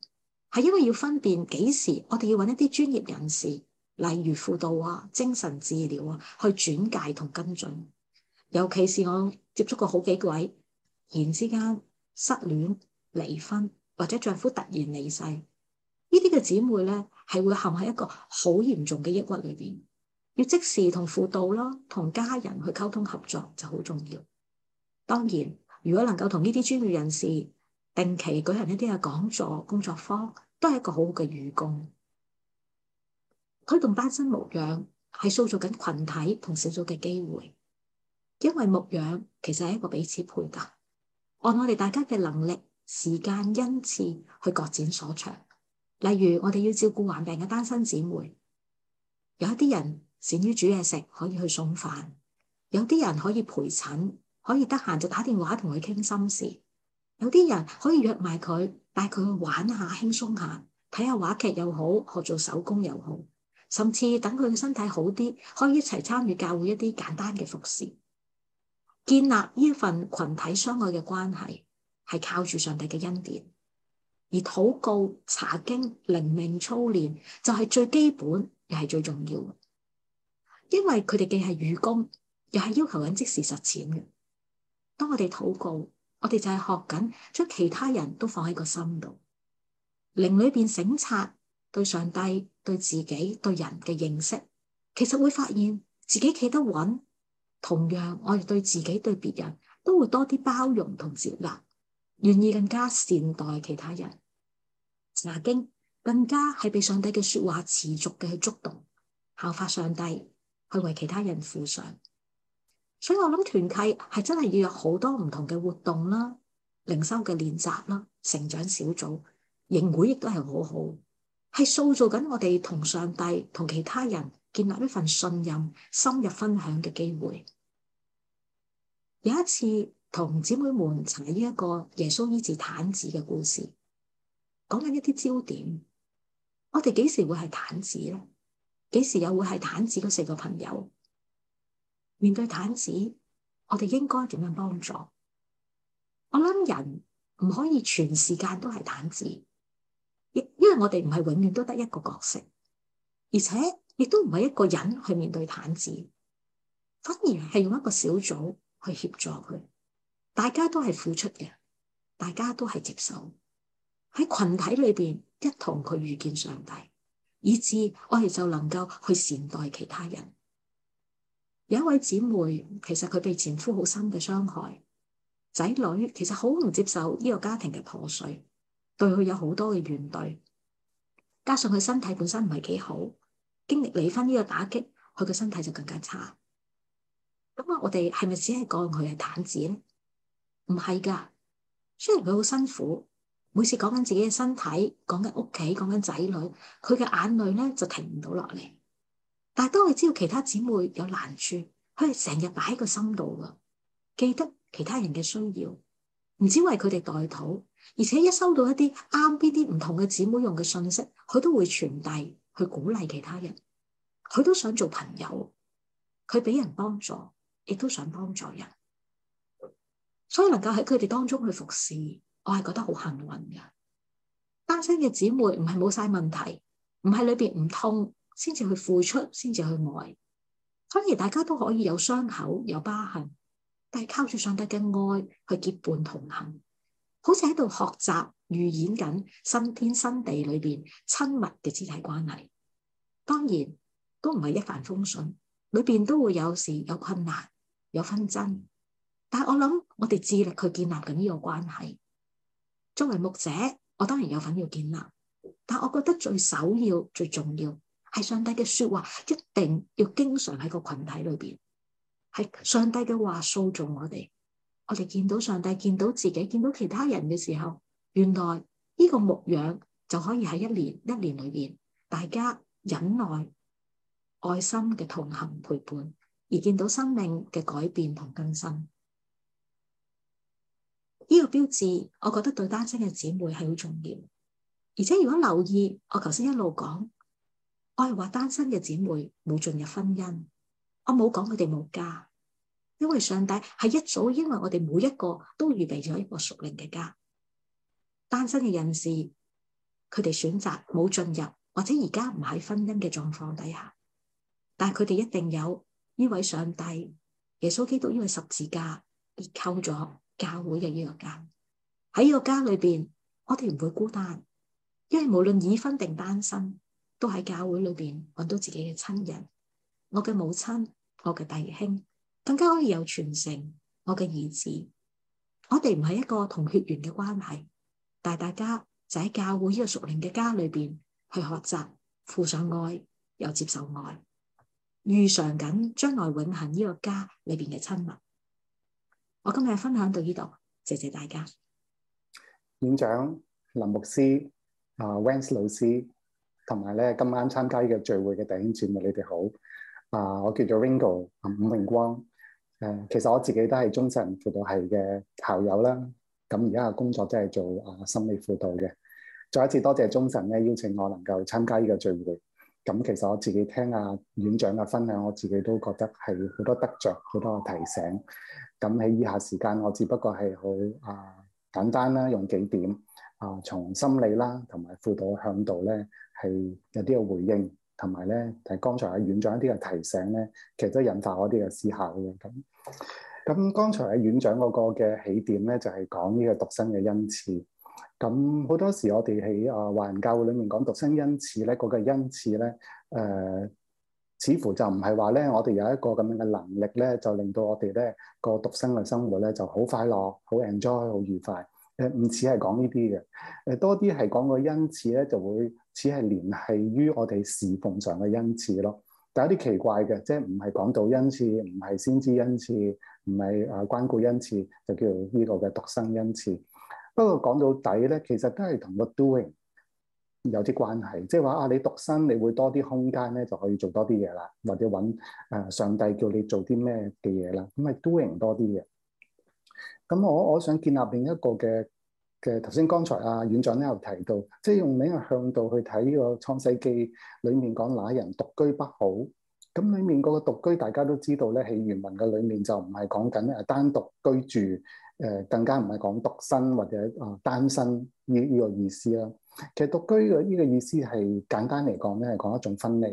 係因為要分辨幾時，我哋要揾一啲專業人士，例如輔導啊、精神治療啊，去轉介同跟進。尤其是我接觸過好幾個位，然之間失戀、離婚或者丈夫突然離世，姐呢啲嘅姊妹咧，係會陷喺一個好嚴重嘅抑鬱裏邊。要即時同輔導咯，同家人去溝通合作就好重要。當然，如果能夠同呢啲專業人士定期舉行一啲嘅講座、工作坊，都係一個好好嘅寓工推動單身牧養，係塑造緊群體同小組嘅機會。因為牧養其實係一個彼此配搭，按我哋大家嘅能力、時間、恩賜去各展所長。例如，我哋要照顧患病嘅單身姊妹，有一啲人，善於煮嘢食，可以去送飯；有啲人可以陪診，可以得閒就打電話同佢傾心事；有啲人可以約埋佢，帶佢去玩下、輕鬆下，睇下話劇又好，學做手工又好。甚至等佢嘅身體好啲，可以一齊參與教會一啲簡單嘅服侍。建立呢一份群體相愛嘅關係，係靠住上帝嘅恩典，而禱告、查經、靈命操練就係最基本，又係最重要。因為佢哋既係預工，又係要求緊即時實踐嘅。當我哋禱告，我哋就係學緊將其他人都放喺個心度，靈裏邊省察對上帝、對自己、對人嘅認識，其實會發現自己企得穩。同樣，我哋對自己對別人都會多啲包容同接納，願意更加善待其他人。查經更加係被上帝嘅説話持續嘅去觸動，效法上帝。去為其他人付上，所以我諗團契係真係要有好多唔同嘅活動啦、靈修嘅練習啦、成長小組、營會，亦都係好好，係塑造緊我哋同上帝、同其他人建立一份信任、深入分享嘅機會。有一次同姊妹們睇一個耶穌醫治癱子嘅故事，講緊一啲焦點，我哋幾時會係癱子咧？幾時又會係癱子嗰四個朋友，面對癱子，我哋應該點樣幫助？我諗人唔可以全時間都係癱子，亦因為我哋唔係永遠都得一個角色，而且亦都唔係一個人去面對癱子，反而係用一個小組去協助佢，大家都係付出嘅，大家都係接受，喺群體裏邊一同佢遇見上帝。以至我哋就能夠去善待其他人。有一位姊妹，其實佢被前夫好深嘅傷害，仔女其實好唔接受呢個家庭嘅破碎，對佢有好多嘅怨懟，加上佢身體本身唔係幾好，經歷離婚呢個打擊，佢個身體就更加差。咁啊，我哋係咪只係講佢係攤子咧？唔係㗎，雖然佢好辛苦。每次講緊自己嘅身體，講緊屋企，講緊仔女，佢嘅眼淚咧就停唔到落嚟。但係當佢知道其他姊妹有難處，佢係成日擺喺個心度㗎，記得其他人嘅需要，唔止為佢哋代禱，而且一收到一啲啱呢啲唔同嘅姊妹用嘅信息，佢都會傳遞去鼓勵其他人。佢都想做朋友，佢俾人幫助，亦都想幫助人，所以能夠喺佢哋當中去服侍。我係覺得好幸運嘅，單身嘅姊妹唔係冇晒問題，唔係裏邊唔痛先至去付出，先至去愛。當然大家都可以有傷口、有疤痕，但係靠住上帝嘅愛去結伴同行，好似喺度學習預演緊新天新地裏邊親密嘅肢體關係。當然都唔係一帆風順，裏邊都會有事、有困難、有紛爭。但係我諗，我哋致力去建立緊呢個關係。作為牧者，我當然有份要建立，但我覺得最首要、最重要係上帝嘅說話，一定要經常喺個群體裏邊，係上帝嘅話塑造我哋。我哋見到上帝，見到自己，見到其他人嘅時候，原來呢個牧養就可以喺一年一年裏邊，大家忍耐、愛心嘅同行陪伴，而見到生命嘅改變同更新。呢個標誌，我覺得對單身嘅姊妹係好重要。而且如果留意，我頭先一路講，我係話單身嘅姊妹冇進入婚姻，我冇講佢哋冇家，因為上帝係一早因為我哋每一個都預備咗一個屬靈嘅家。單身嘅人士，佢哋選擇冇進入，或者而家唔喺婚姻嘅狀況底下，但係佢哋一定有呢位上帝、耶穌基督呢位十字架結構咗。教會嘅呢個家，喺呢個家裏邊，我哋唔會孤單，因為無論已婚定單身，都喺教會裏邊揾到自己嘅親人。我嘅母親，我嘅弟兄，更加可以有傳承。我嘅兒子，我哋唔係一個同血緣嘅關係，但大家就喺教會呢個屬靈嘅家裏邊去學習，付上愛又接受愛，預嘗緊將來永恆呢個家裏邊嘅親密。我今日分享到呢度，謝謝大家。院長，林牧師啊，Wens 老師同埋咧今晚參加呢個聚會嘅弟兄姊妹，你哋好啊！我叫做 Ringo，伍詠光。誒、啊，其實我自己都係中神輔導系嘅校友啦。咁而家嘅工作都係做啊心理輔導嘅。再一次多謝中神咧邀請我能夠參加呢個聚會。咁、啊、其實我自己聽阿院長嘅分享，我自己都覺得係好多得着，好多嘅提醒。咁喺以下時間，我只不過係去啊簡單啦，用幾點啊、呃、從心理啦同埋輔導向度咧，係有啲嘅回應，同埋咧，就係、剛才阿院長一啲嘅提醒咧，其實都引發我啲嘅思考嘅咁。咁剛才阿院長嗰個嘅起點咧，就係、係、講呢個獨身嘅恩賜。咁好多時我哋喺啊華人教會裡面講獨身恩賜咧，嗰、嗰個恩賜咧誒。呃似乎就唔係話咧，我哋有一個咁樣嘅能力咧，就令到我哋咧個獨身嘅生活咧就好快樂、好 enjoy、好愉快。誒唔似係講呢啲嘅，誒多啲係講個恩賜咧，就會似係聯繫於我哋侍奉上嘅恩賜咯。但有啲奇怪嘅，即係唔係講到恩賜，唔係先知恩賜，唔係啊關顧恩賜，就叫做呢個嘅獨身恩賜。不過講到底咧，其實都係同我對有啲關係，即係話啊，你獨身你會多啲空間咧，就可以做多啲嘢啦，或者揾誒、呃、上帝叫你做啲咩嘅嘢啦，咁咪 doing 多啲嘅。咁我我想建立另一個嘅嘅頭先剛才啊，院長咧又提到，即係用另一向度去睇呢個《創世記》裡面講哪人獨居不好。咁裡面嗰個獨居大家都知道咧，喺原文嘅裡面就唔係講緊誒單獨居住，誒、呃、更加唔係講獨身或者啊、呃、單身呢呢、這個意思啦。其實獨居嘅呢個意思係簡單嚟講咧，係講一種分離。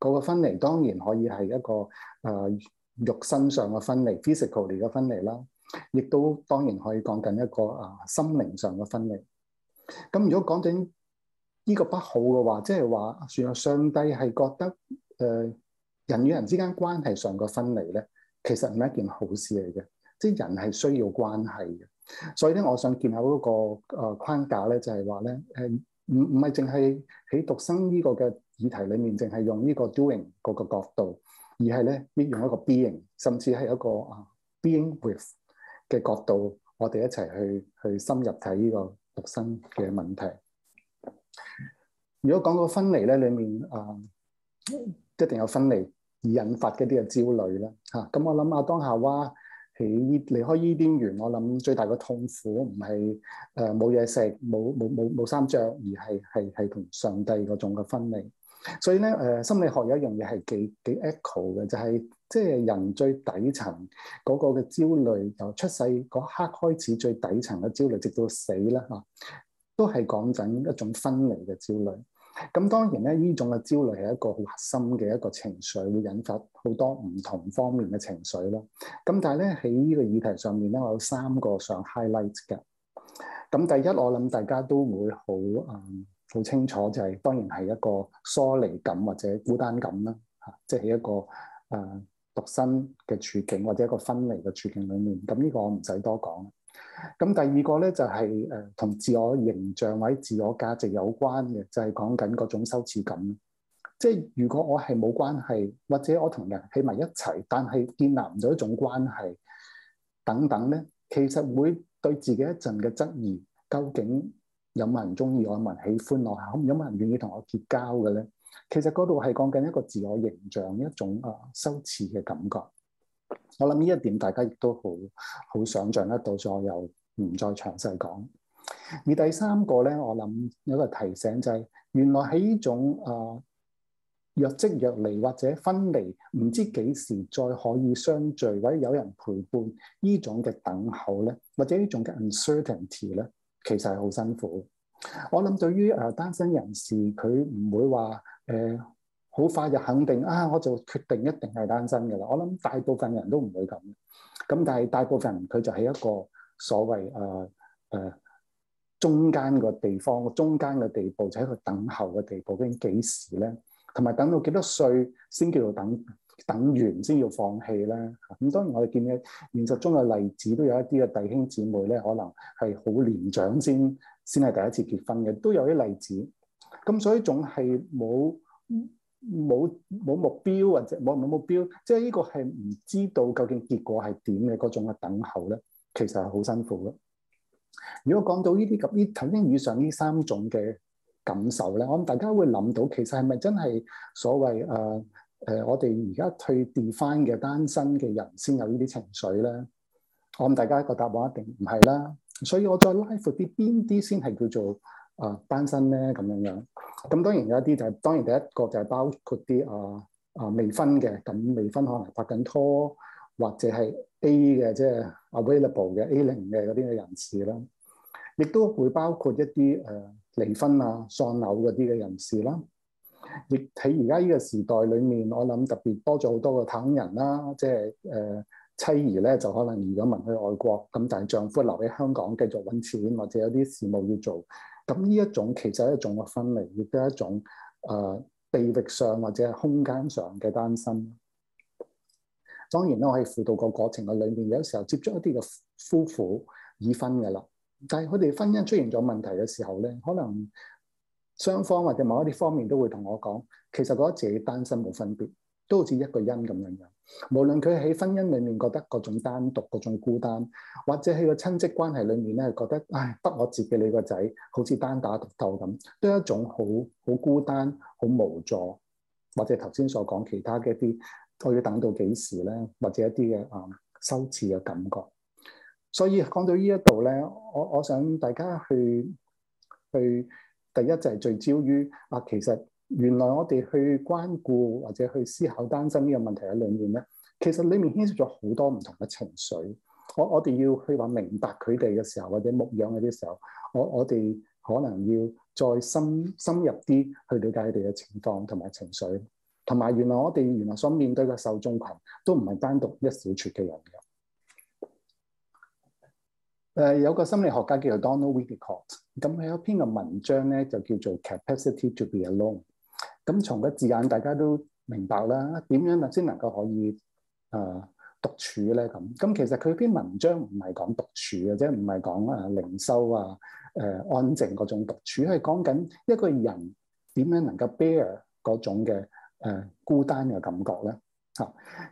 嗰、那個分離當然可以係一個誒、呃、肉身上嘅分離，physical 嚟嘅分離啦。亦都當然可以講緊一個誒、呃、心靈上嘅分離。咁如果講緊呢個不好嘅話，即係話，算係上帝係覺得誒、呃、人與人之間關係上嘅分離咧，其實唔係一件好事嚟嘅。即係人係需要關係嘅。所以咧，我想建立嗰個誒框架咧，就係話咧，誒唔唔係淨係喺獨身呢個嘅議題裏面，淨係用呢個 doing 嗰個角度，而係咧用一個 being，甚至係一個啊 being with 嘅角度，我哋一齊去去深入睇呢個獨身嘅問題。如果講到分離咧，裏面誒、呃、一定有分離而引發嘅啲嘅焦慮啦。吓、啊，咁我諗下當下哇～喺依離開伊甸園，我諗最大嘅痛苦唔係誒冇嘢食、冇冇冇冇衫著，而係係係同上帝嗰種嘅分離。所以咧誒、呃，心理學有一樣嘢係幾幾 echo 嘅，就係即係人最底層嗰個嘅焦慮，由出世嗰刻開始，最底層嘅焦慮，直到死啦嚇、啊，都係講緊一種分離嘅焦慮。咁當然咧，呢種嘅焦慮係一個好核心嘅一個情緒，會引發好多唔同方面嘅情緒啦。咁但係咧，喺呢個議題上面咧，我有三個想 highlight 嘅。咁第一，我諗大家都會好啊，好、嗯、清楚就係、是、當然係一個疏離感或者孤單感啦，嚇、啊，即、就、係、是、一個誒、啊、獨身嘅處境或者一個分離嘅處境裡面。咁呢個我唔使多講。咁第二個咧就係誒同自我形象或者自我價值有關嘅，就係講緊嗰種羞恥感。即係如果我係冇關係，或者我同人喺埋一齊，但係建立唔到一種關係等等咧，其實會對自己一陣嘅質疑，究竟有冇人中意我，有冇人喜歡我，有冇人，人願意同我結交嘅咧？其實嗰度係講緊一個自我形象一種啊羞恥嘅感覺。我諗呢一點大家亦都好好想象得到，所以我又唔再詳細講。而第三個咧，我諗有個提醒就係、是，原來喺呢種啊、呃、若即若離或者分離，唔知幾時再可以相聚或者有人陪伴呢種嘅等候咧，或者種呢種嘅 uncertainty 咧，其實係好辛苦。我諗對於誒單身人士，佢唔會話誒。呃好快就肯定啊！我就決定一定係單身嘅啦。我諗大部分人都唔會咁嘅，咁但係大部分人，佢就係一個所謂誒誒、呃呃、中間個地方，中間嘅地步就喺、是、個等候嘅地步，究竟幾時咧？同埋等到幾多歲先叫做等等完先要放棄咧？咁當然我哋見嘅現實中嘅例子都有一啲嘅弟兄姊妹咧，可能係好年長先先係第一次結婚嘅，都有啲例子。咁所以總係冇。冇冇目標或者冇冇目標，即係呢個係唔知道究竟結果係點嘅嗰種嘅等候咧，其實係好辛苦嘅。如果講到呢啲咁，呢頭先以上呢三種嘅感受咧，我諗大家會諗到，其實係咪真係所謂誒誒，我哋而家去 define 嘅單身嘅人先有呢啲情緒咧？我諗大家個答案一定唔係啦，所以我再拉闊啲，邊啲先係叫做？啊單身咧，咁樣樣，咁當然有一啲就係、是、當然第一個就係包括啲啊啊未婚嘅，咁未婚可能拍緊拖或者係 A 嘅，即、就、係、是、available 嘅 A 零嘅嗰啲嘅人士啦，亦都會包括一啲誒、呃、離婚啊、喪偶嗰啲嘅人士啦。亦喺而家呢個時代裏面，我諗特別多咗好多個㦲人啦、啊，即係誒妻兒咧就可能移咗民去外國，咁但係丈夫留喺香港繼續揾錢或者有啲事務要做。咁呢一種其實係一種嘅分離，亦都係一種誒、呃、地域上或者係空間上嘅單身。當然啦，我喺輔導個過，過程嘅裏面，有時候接觸一啲嘅夫婦已婚嘅啦，但係佢哋婚姻出現咗問題嘅時候咧，可能雙方或者某一啲方面都會同我講，其實覺得自己單身冇分別。都好似一個因咁樣樣，無論佢喺婚姻裏面覺得各種單獨、各種孤單，或者喺個親戚關係裏面咧覺得，唉，得我接嘅你個仔好似單打獨鬥咁，都一種好好孤單、好無助，或者頭先所講其他嘅一啲，我要等到幾時咧，或者一啲嘅啊羞恥嘅感覺。所以講到呢一度咧，我我想大家去去第一就係聚焦於啊，其實。原來我哋去關顧或者去思考單身呢個問題嘅裏面咧，其實裏面牽涉咗好多唔同嘅情緒。我我哋要去話明白佢哋嘅時候，或者牧養佢哋嘅時候，我我哋可能要再深深入啲去了解佢哋嘅情況同埋情緒。同埋原來我哋原來所面對嘅受眾群都唔係單獨一小撮嘅人嘅。誒、呃，有個心理學家叫做 Donald Winnicott，咁佢有一篇嘅文章咧就叫做《Capacity to Be Alone》。咁從個字眼，大家都明白啦。點樣啊，先能夠可以啊、呃、獨處咧？咁咁其實佢篇文章唔係講獨處嘅，即唔係講啊靈修啊、誒、呃、安靜嗰種獨處，係講緊一個人點樣能夠 bear 嗰種嘅誒、呃、孤單嘅感覺咧嚇。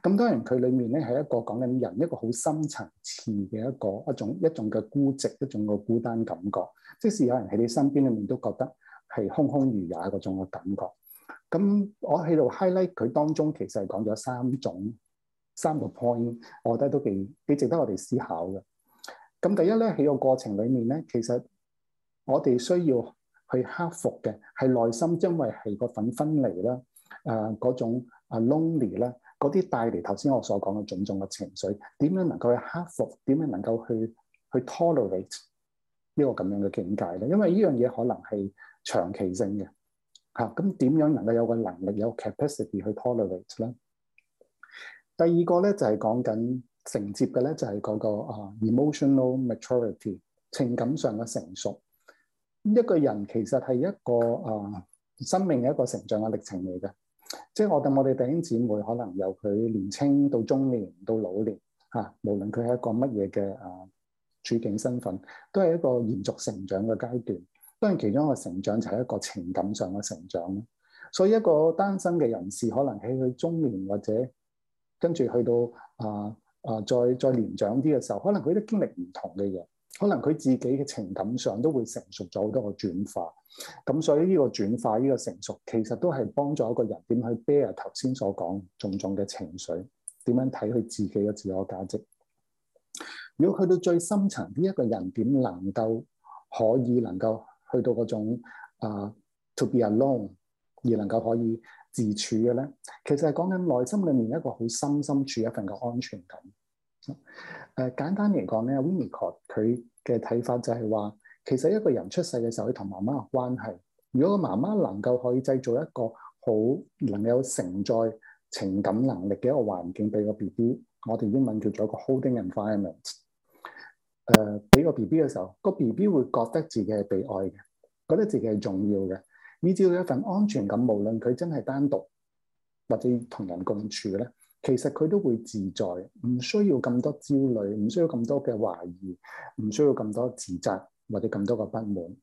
咁、嗯、當然佢裡面咧係一個講緊人一個好深層次嘅一個一種一種嘅孤寂，一種嘅孤，孤單感覺。即使有人喺你身邊裏面，都覺得係空空如也嗰種嘅感覺。咁我喺度 highlight 佢當中，其實係講咗三種三個 point，我覺得都幾幾值得我哋思考嘅。咁第一咧喺個過程裡面咧，其實我哋需要去克服嘅係內心，因為係個份分，分離啦，誒、呃、嗰種啊 lonely 啦，嗰啲帶嚟頭先我所講嘅種種嘅情緒，點樣能夠去克服？點樣能夠去去 tolerate 呢個咁樣嘅境界咧？因為呢樣嘢可能係長期性嘅。嚇，咁點、啊、樣能夠有個能力有 capacity 去 tolerate 咧？第二個咧就係講緊承接嘅咧，就係、是、嗰、就是那個啊、uh, emotional maturity 情感上嘅成熟。一個人其實係一個啊、uh, 生命嘅一個成長嘅歷程嚟嘅，即係我哋我哋弟兄姊妹可能由佢年青到中年到老年嚇、啊，無論佢係一個乜嘢嘅啊處境身份，都係一個延續成長嘅階段。當然，其中一個成長就係一個情感上嘅成長啦。所以一個單身嘅人士，可能喺佢中年或者跟住去到啊啊，再再年長啲嘅時候，可能佢都經歷唔同嘅嘢，可能佢自己嘅情感上都會成熟咗好多個轉化。咁所以呢個轉化，呢個成熟，其實都係幫助一個人點去 bear 頭先所講種種嘅情緒，點樣睇佢自己嘅自我價值。如果去到最深層，呢一個人點能夠可以能夠。去到嗰種啊、uh, to be alone 而能夠可以自處嘅咧，其實係講緊內心裡面一個好深深處一份嘅安全感。誒、呃、簡單嚟講咧，Winnicott 佢嘅睇法就係話，其實一個人出世嘅時候，佢同媽媽嘅關係，如果個媽媽能夠可以製造一個好能夠有承載情感能力嘅一個環境俾個 BB，我哋英文叫做一個 holding environment。誒俾、呃、個 B B 嘅時候，個 B B 會覺得自己係被愛嘅，覺得自己係重要嘅。你知道一份安全感，無論佢真係單獨或者同人共處咧，其實佢都會自在，唔需要咁多焦慮，唔需要咁多嘅懷疑，唔需要咁多自責或者咁多嘅不滿。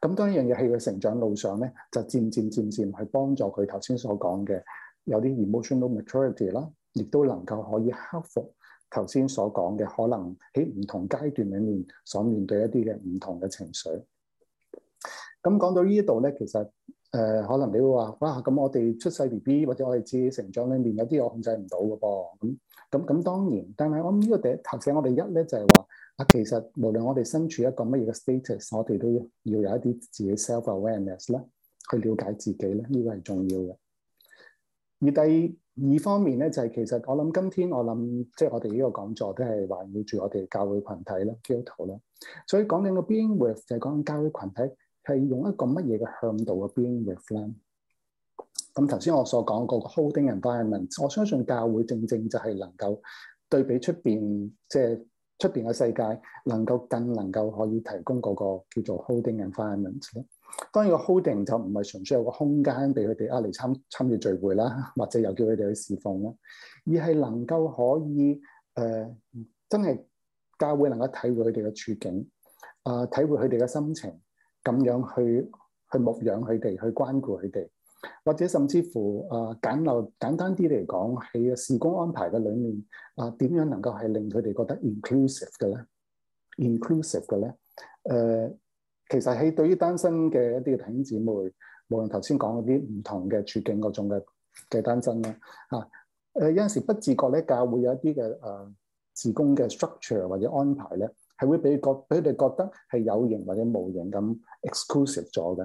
咁當一樣嘢喺佢成長路上咧，就漸漸漸漸去幫助佢頭先所講嘅有啲 emotional maturity 啦，亦都能夠可以克服，頭先所講嘅，可能喺唔同階段裏面所面對一啲嘅唔同嘅情緒。咁講到呢度咧，其實誒、呃、可能你會話哇，咁我哋出世 B B 或者我哋自己成長裏面有啲我控制唔到嘅噃。咁咁咁當然，但係我諗呢個第一提醒我哋一咧就係話啊，其實無論我哋身處一個乜嘢嘅 status，我哋都要有一啲自己 self awareness 咧，aware ness，去了解自己咧，呢、這個係重要嘅。而第二方面咧，就係、是、其實我諗，今天我諗，即、就、係、是、我哋呢個講座都係環繞住我哋教會群體啦基督徒啦。所以講緊個 being with 就係講緊教會群體係用一個乜嘢嘅向度嘅 being with 啦。咁頭先我所講過、那個、holding environment，我相信教會正正就係能夠對比出邊，即係出邊嘅世界，能夠更能夠可以提供嗰個叫做 holding environment 咧。當然個 holding 就唔係純粹有個空間俾佢哋啊嚟參參與聚會啦，或者又叫佢哋去侍奉啦，而係能夠可以誒、呃、真係教會能夠體會佢哋嘅處境啊、呃，體會佢哋嘅心情，咁樣去去牧養佢哋，去關顧佢哋，或者甚至乎誒簡陋簡單啲嚟講喺事工安排嘅裏面啊，點、呃、樣能夠係令佢哋覺得 inclusive 嘅咧？inclusive 嘅咧？誒。呃其實喺對於單身嘅一啲弟兄姊妹，無論頭先講嗰啲唔同嘅處境嗰種嘅嘅單身啦，嚇、啊、誒有陣時不自覺咧，教會有一啲嘅誒事工嘅 structure 或者安排咧，係會俾覺俾佢哋覺得係有形或者無形咁 exclusive 咗嘅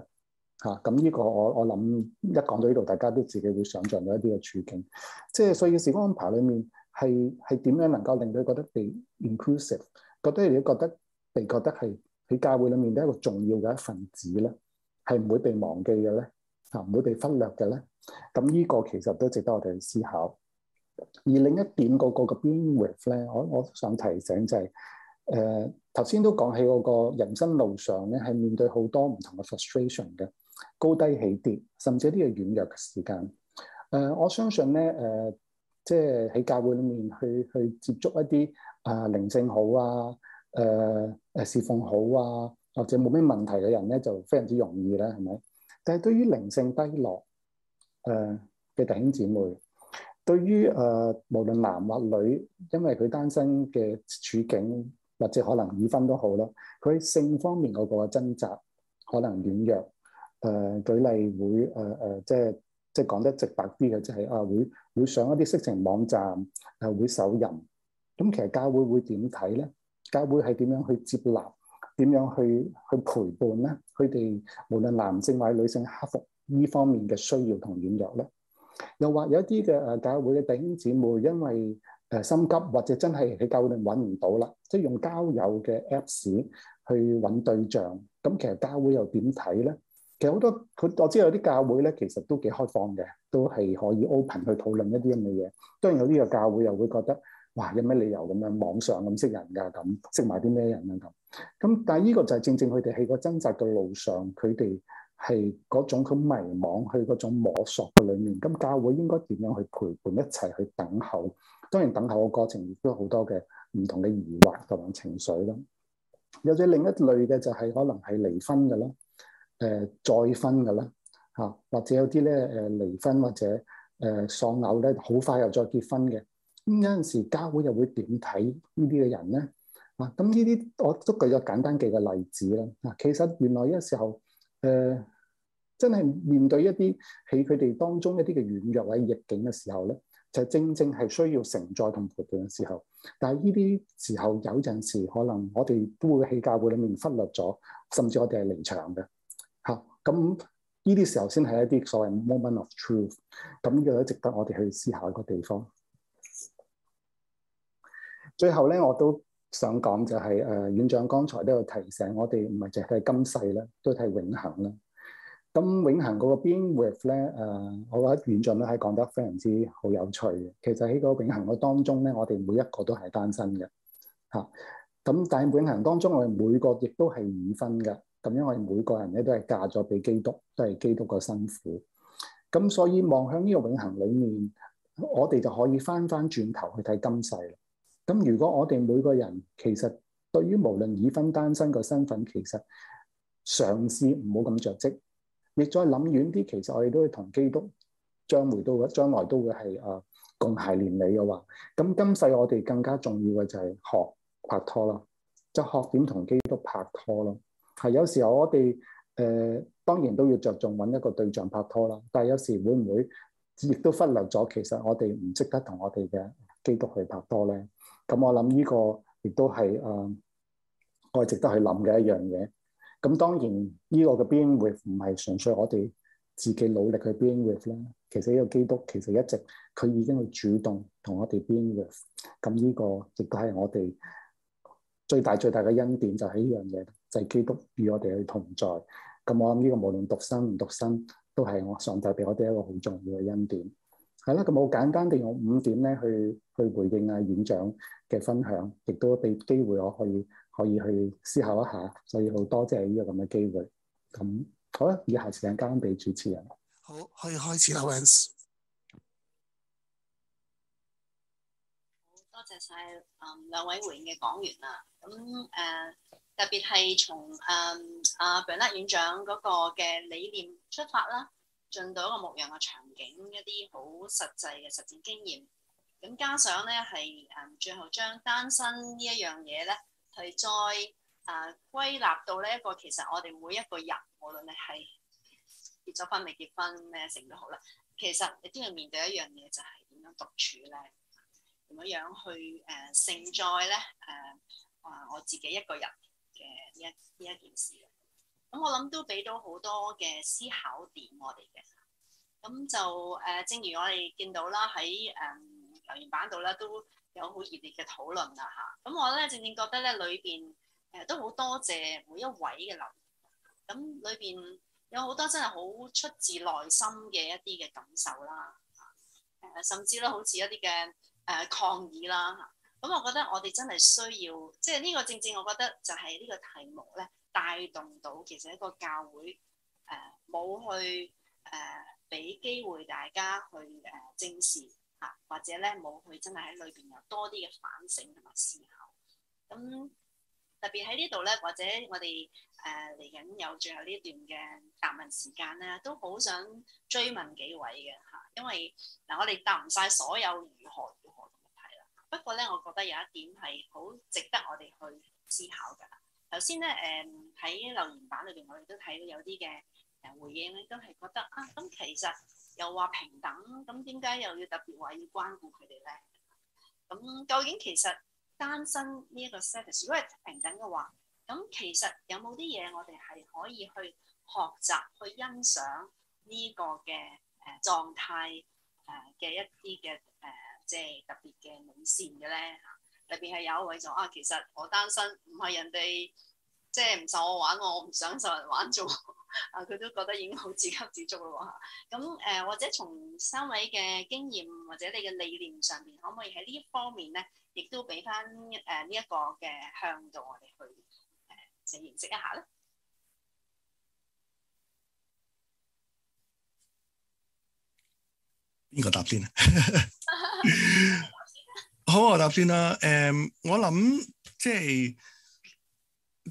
嚇。咁、啊、呢個我我諗一講到呢度，大家都自己會想像到一啲嘅處境，即、就、係、是、所以事工安排裡面係係點樣能夠令到佢覺得被 inclusive，覺得佢覺得被覺得係。喺教會裏面都係一個重要嘅一份子咧，係唔會被忘記嘅咧，嚇、啊、唔會被忽略嘅咧。咁呢個其實都值得我哋去思考。而另一點嗰個嘅 benefit 咧，我我想提醒就係、是，誒頭先都講起我個人生路上咧，係面對好多唔同嘅 frustration 嘅高低起跌，甚至一啲嘅軟弱嘅時間。誒、呃、我相信咧，誒即係喺教會裏面去去接觸一啲啊靈性好啊。誒誒侍奉好啊，或者冇咩問題嘅人咧，就非常之容易啦，係咪？但係對於靈性低落誒嘅、呃、弟兄姊妹，對於誒、呃、無論男或女，因為佢單身嘅處境，或者可能已婚都好啦，佢性方面嗰個掙扎，可能軟弱誒、呃，舉例會誒誒、呃呃，即係即係講得直白啲嘅，就係啊會會上一啲色情網站，誒、啊、會手淫。咁其實教會會點睇咧？教會係點樣去接納、點樣去去陪伴咧？佢哋無論男性或者女性克服依方面嘅需要同軟弱咧，又話有一啲嘅誒教會嘅弟兄姊妹因為誒、呃、心急，或者真係喺教會揾唔到啦，即係用交友嘅 Apps 去揾對象，咁其實教會又點睇咧？其實好多佢我知道有啲教會咧，其實都幾開放嘅，都係可以 open 去討論一啲咁嘅嘢。當然有啲嘅教會又會覺得。哇！有咩理由咁樣網上咁識人噶、啊、咁識埋啲咩人咧咁咁？但係呢個就係正正佢哋喺個掙扎嘅路上，佢哋係嗰種咁迷惘，去嗰種摸索嘅裏面。咁教會應該點樣去陪伴一齊去等候？當然等候嘅過程亦都好多嘅唔同嘅疑惑同情緒啦。有咗另一類嘅就係可能係離婚㗎啦，誒、呃、再婚㗎啦吓，或者有啲咧誒離婚或者誒喪、呃、偶咧好快又再結婚嘅。咁、嗯、有陣時，教會又會點睇呢啲嘅人咧？啊，咁呢啲我都舉咗簡單幾個例子啦。啊，其實原來有時候，誒、呃，真係面對一啲喺佢哋當中一啲嘅軟弱或逆境嘅時候咧，就正正係需要承載同陪伴嘅時候。但係呢啲時候有陣時，可能我哋都會喺教會裡面忽略咗，甚至我哋係離場嘅。嚇、啊，咁呢啲時候先係一啲所謂 moment of truth，咁亦都值得我哋去思考一個地方。最後咧，我都想講就係、是、誒、呃，院長剛才都有提醒我哋，唔係淨係睇今世啦，都睇永恆啦。咁永恆嗰個 being with 咧，誒、呃，我覺得院長咧係講得非常之好有趣嘅。其實喺個永恆嘅當中咧，我哋每一個都係單身嘅吓。咁、啊、但係永恆當中，我哋每個亦都係已婚嘅。咁因為我哋每個人咧都係嫁咗俾基督，都係基督嘅新婦。咁所以望向呢個永恆裏面，我哋就可以翻翻轉頭去睇今世啦。咁如果我哋每個人其實對於無論已婚單身個身份，其實嘗試唔好咁着迹。亦再諗遠啲，其實我哋都會同基督將回到將來都會、呃、係啊共諧連理嘅話，咁今世我哋更加重要嘅就係學拍拖啦，就係學點同基督拍拖咯。係有時候我哋誒、呃、當然都要着重揾一個對象拍拖啦，但係有時會唔會亦都忽略咗，其實我哋唔識得同我哋嘅基督去拍拖咧？咁我諗呢個亦都係誒，uh, 我係值得去諗嘅一樣嘢。咁當然呢、這個嘅 being with 唔係純粹我哋自己努力去 being with 啦，其實呢個基督其實一直佢已經去主動同我哋 being with。咁呢個亦都係我哋最大最大嘅恩典就、這個，就係呢樣嘢，就係基督與我哋去同在。咁我諗呢個無論獨身唔獨身，都係我上帝俾我哋一個好重要嘅恩典。係啦，咁我簡單地用五點咧去去回應啊，院長嘅分享，亦都俾機會我可以可以去思考一下，所以好多謝呢個咁嘅機會。咁好啦，以下時間交俾主持人。好，可以開始啦，Wins。多謝晒嗯兩位回應嘅講員啦。咁、嗯、誒、呃、特別係從嗯阿 Bernard 院長嗰個嘅理念出發啦。進到一個牧養嘅場景，一啲好實際嘅實踐經驗。咁加上咧，係誒最後將單身呢一樣嘢咧，係再誒、呃、歸納到呢一個其實我哋每一個人，無論你係結咗婚未結婚咩成都好啦，其實你都要面對一樣嘢，就係點樣獨處咧，點樣樣去誒承載咧誒話我自己一個人嘅呢一呢一件事。咁我諗都俾到好多嘅思考點我哋嘅，咁就誒、呃，正如我哋見到啦，喺誒、嗯、留言版度咧都有好熱烈嘅討論啦吓。咁、啊、我咧正正覺得咧裏邊誒都好多謝每一位嘅留言，咁、啊、裏邊有好多真係好出自內心嘅一啲嘅感受啦，誒、啊、甚至咧好似一啲嘅誒抗議啦吓。咁、啊、我覺得我哋真係需要，即係呢個正正我覺得就係呢個題目咧。帶動到其實一個教會誒冇、呃、去誒俾、呃、機會大家去誒、呃、正視嚇、啊，或者咧冇去真係喺裏邊有多啲嘅反省同埋思考。咁特別喺呢度咧，或者我哋誒嚟緊有最後呢一段嘅答問時間咧，都好想追問幾位嘅嚇、啊，因為嗱、嗯、我哋答唔晒所有如何如何嘅問題啦。不過咧，我覺得有一點係好值得我哋去思考㗎。頭先咧，誒喺、呃、留言板裏邊，我哋都睇到有啲嘅誒回應咧，都係覺得啊，咁、嗯、其實又話平等，咁點解又要特別話要關顧佢哋咧？咁、嗯、究竟其實單身呢一個 status 如果係平等嘅話，咁、嗯、其實有冇啲嘢我哋係可以去學習去欣賞呢個嘅誒狀態誒嘅一啲嘅誒，即係特別嘅美善嘅咧？裏邊係有，一位就啊，其實我單身，唔係人哋即係唔受我玩，我唔想受人玩做。 」啊，佢都覺得已經好自給自足咯。咁誒、呃，或者從三位嘅經驗或者你嘅理念上邊，可唔可以喺呢一方面咧，亦都俾翻誒呢一個嘅向度我哋去誒認識一下咧？邊個答先啊？ 好，我答先啦。誒、嗯，我諗即係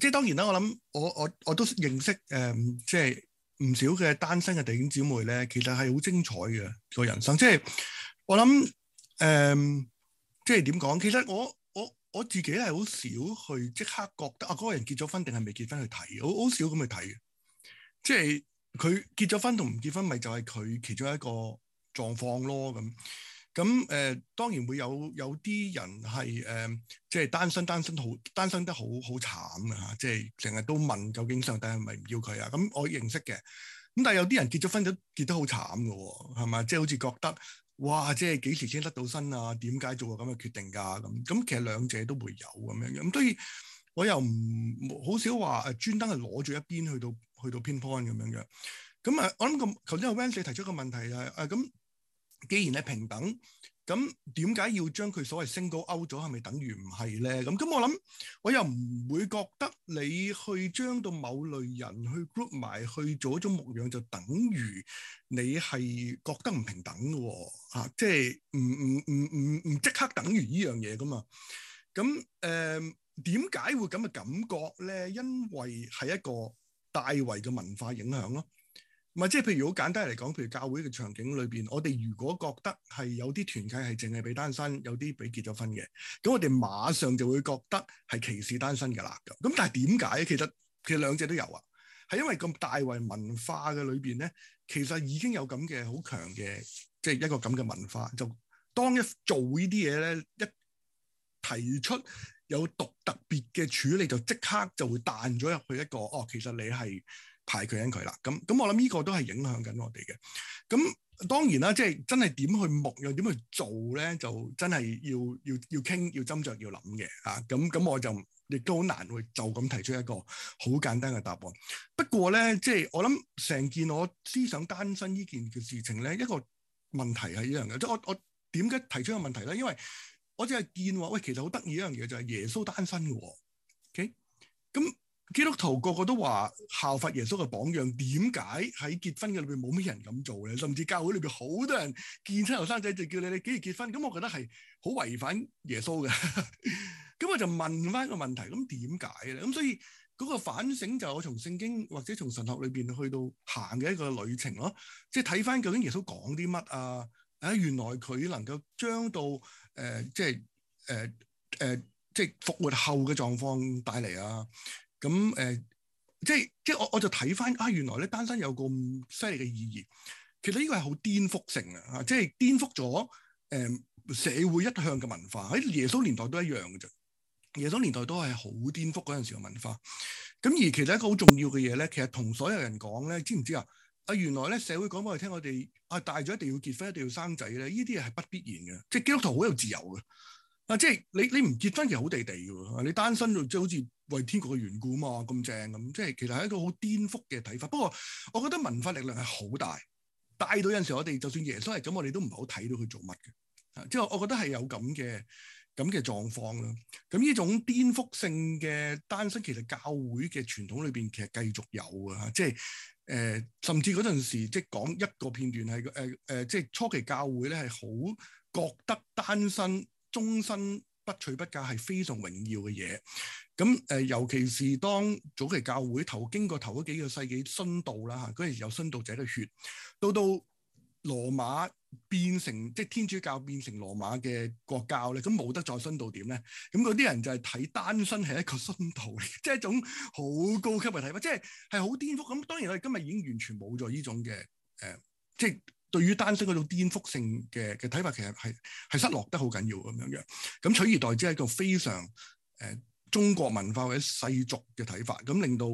即係當然啦。我諗我我我都認識誒、嗯，即係唔少嘅單身嘅弟兄姊妹咧，其實係好精彩嘅，這個人生。即係我諗誒、嗯，即係點講？其實我我我自己係好少去即刻覺得啊，嗰、那個人結咗婚定係未結婚去睇，我好少咁去睇嘅。即係佢結咗婚同唔結婚，咪就係佢其中一個狀況咯咁。咁誒、呃、當然會有有啲人係誒即係單身單身好單身得好好慘嘅，即係成日都問，究竟上帝係咪唔要佢啊？咁我認識嘅咁，但係有啲人結咗婚都結得、哦就是、好慘嘅喎，係咪？即係好似覺得哇！即係幾時先得到身啊？點解做個咁嘅決定㗎、啊？咁咁其實兩者都會有咁樣嘅。咁所以我又唔好少話誒、呃，專登係攞住一邊去到去到偏 point 咁樣嘅。咁啊，我諗個頭先阿 Van Sir 提出個問題啊，誒、嗯、咁。既然係平等，咁點解要將佢所謂 single out 咗？係咪等於唔係咧？咁咁我諗，我又唔會覺得你去將到某類人去 group 埋去做一種牧養，就等於你係覺得唔平等嘅喎、哦？即係唔唔唔唔唔即刻等於呢樣嘢噶嘛？咁誒點解會咁嘅感覺咧？因為係一個大圍嘅文化影響咯。唔係，即係譬如好簡單嚟講，譬如教會嘅場景裏邊，我哋如果覺得係有啲團契，係淨係俾單身，有啲俾結咗婚嘅，咁我哋馬上就會覺得係歧視單身㗎啦。咁，咁但係點解？其實其實兩者都有啊，係因為咁大圍文化嘅裏邊咧，其實已經有咁嘅好強嘅，即係一個咁嘅文化。就當一做呢啲嘢咧，一提出有獨特別嘅處理，就即刻就會彈咗入去一個哦，其實你係。排除緊佢啦，咁咁我諗呢個都係影響緊我哋嘅。咁當然啦，即係真係點去目又點去做咧，就真係要要要傾要斟酌要諗嘅嚇。咁咁我就亦都好難會就咁提出一個好簡單嘅答案。不過咧，即係我諗成件我思想單身呢件嘅事情咧，一個問題係一樣嘅。即係我我點解提出一個問題咧？因為我淨係見話，喂，其實好得意一樣嘢就係耶穌單身嘅哦。OK，咁。基督徒個個都話效法耶穌嘅榜樣，點解喺結婚嘅裏邊冇咩人咁做咧？甚至教會裏邊好多人見親後生仔就叫你哋幾時結婚，咁、嗯、我覺得係好違反耶穌嘅。咁、 嗯、我就問翻一個問題，咁點解咧？咁、嗯、所以嗰、那個反省就係我從聖經或者從神學裏邊去到行嘅一個旅程咯，即係睇翻究竟耶穌講啲乜啊？啊，原來佢能夠將到誒、呃、即係誒誒即係復活後嘅狀況帶嚟啊！咁誒、嗯，即係即係我我就睇翻啊，原來咧單身有咁犀利嘅意義。其實呢個係好顛覆性啊，即係顛覆咗誒、嗯、社會一向嘅文化。喺耶穌年代都一樣嘅啫，耶穌年代都係好顛覆嗰陣時嘅文化。咁、啊、而其實一個好重要嘅嘢咧，其實同所有人講咧，知唔知啊？啊，原來咧社會講俾我哋聽，我哋啊大咗一定要結婚，一定要生仔咧，呢啲嘢係不必然嘅。即係基督徒好有自由嘅。啊，即係你你唔結婚其實好地地嘅喎，你單身就即係好似。為天國嘅緣故嘛，咁正咁，即係其實係一個好顛覆嘅睇法。不過，我覺得文化力量係好大，大到有陣時我哋就算耶穌嚟咁，我哋都唔係好睇到佢做乜嘅、啊。即係我，我覺得係有咁嘅咁嘅狀況咯。咁呢、啊、種顛覆性嘅單身，其實教會嘅傳統裏邊其實繼續有嘅嚇、啊。即係誒、呃，甚至嗰陣時即係講一個片段係誒誒，即係初期教會咧係好覺得單身終身。不娶不嫁係非常榮耀嘅嘢，咁誒、呃、尤其是當早期教會頭經過頭嗰幾個世紀殉道啦嚇，嗰、啊、陣有殉道者嘅血，到到羅馬變成即係天主教變成羅馬嘅國教咧，咁冇得再殉道點咧？咁嗰啲人就係睇單身係一個殉道，即係一種好高級嘅睇法，即係係好顛覆。咁當然我哋今日已經完全冇咗呢種嘅誒、呃、即。對於單身嗰種顛覆性嘅嘅睇法，其實係係失落得好緊要咁樣樣。咁取而代之係一個非常誒、呃、中國文化或者世俗嘅睇法，咁、嗯、令到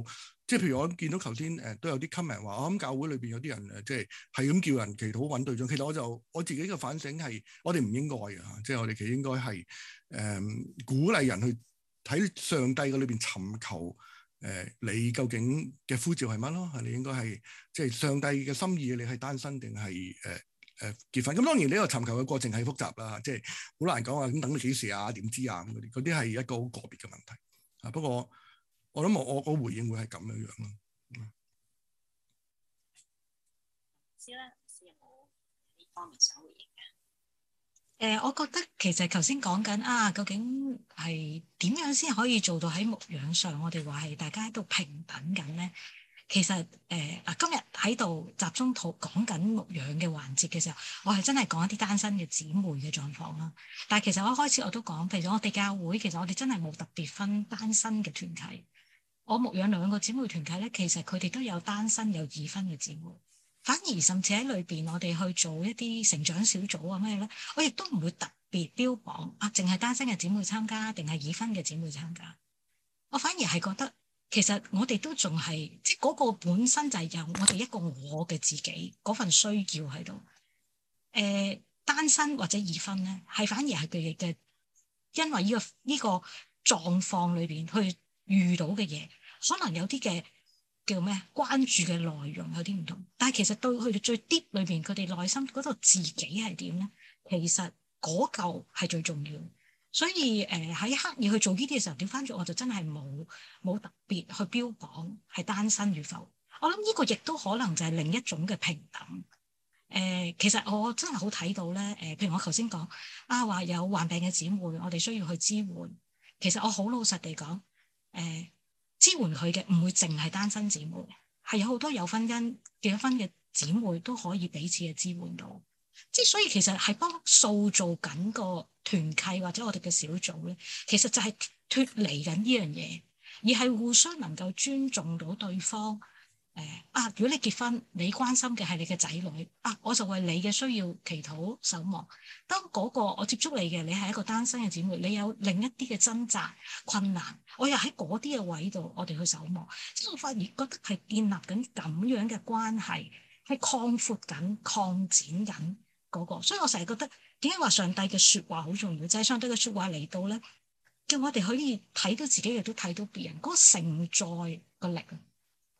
即係譬如我見到頭先誒都有啲 comment 話，我諗教會裏邊有啲人誒即係係咁叫人祈禱揾對象。其實我就我自己嘅反省係，我哋唔應該啊，即係我哋其實應該係誒鼓勵人去喺上帝嘅裏邊尋求。誒、呃，你究竟嘅呼召係乜咯？你應該係即係上帝嘅心意，你係單身定係誒誒結婚？咁當然呢個尋求嘅過程係複雜啦，即係好難講啊！咁、嗯、等你幾時啊？點知啊？嗰啲嗰啲係一個好個別嘅問題啊。不過我諗我我個回應會係咁樣樣咯。唔、嗯、知咧，唔知，知，知有冇呢方面想回應。誒、呃，我覺得其實頭先講緊啊，究竟係點樣先可以做到喺牧養上，我哋話係大家喺度平等緊咧？其實誒，嗱、呃，今日喺度集中討講緊牧養嘅環節嘅時候，我係真係講一啲單身嘅姊妹嘅狀況啦。但係其實我一開始我都講，譬如我哋教會其實我哋真係冇特別分單身嘅團體。我牧養兩個姊妹團體咧，其實佢哋都有單身有已婚嘅姊妹。反而甚至喺裏邊，我哋去做一啲成長小組啊，咩咧？我亦都唔會特別標榜啊，淨係單身嘅姊妹參加，定係已婚嘅姊妹參加。我反而係覺得，其實我哋都仲係即係嗰、那個本身就係有我哋一個我嘅自己嗰份需要喺度。誒、呃，單身或者已婚咧，係反而係佢哋嘅，因為呢、這個呢、這個狀況裏邊去遇到嘅嘢，可能有啲嘅。叫咩？關注嘅內容有啲唔同，但係其實對佢哋最 deep 裏邊，佢哋內心嗰度自己係點咧？其實嗰嚿係最重要。所以誒，喺、呃、刻意去做呢啲嘅時候，調翻轉我就真係冇冇特別去標榜係單身與否。我諗呢個亦都可能就係另一種嘅平等。誒、呃，其實我真係好睇到咧。誒、呃，譬如我頭先講啊，話有患病嘅姊妹，我哋需要去支援。其實我好老實地講，誒、呃。支援佢嘅唔會淨係單身姊妹，係有好多有婚姻結咗婚嘅姊妹都可以彼此嘅支援到，即係所以其實，係幫塑造緊個團契或者我哋嘅小組咧，其實就係脫離緊呢樣嘢，而係互相能夠尊重到對方。誒啊！如果你結婚，你關心嘅係你嘅仔女啊，我就為你嘅需要祈禱守望。當嗰個我接觸你嘅，你係一個單身嘅姊妹，你有另一啲嘅掙扎困難，我又喺嗰啲嘅位度，我哋去守望。即係我反而覺得係建立緊咁樣嘅關係，係擴闊緊、擴展緊嗰個。所以我成日覺得，點解話上帝嘅說話好重要？就係上帝嘅說話嚟到咧，叫我哋可以睇到自己，亦都睇到別人嗰個承載個力啊！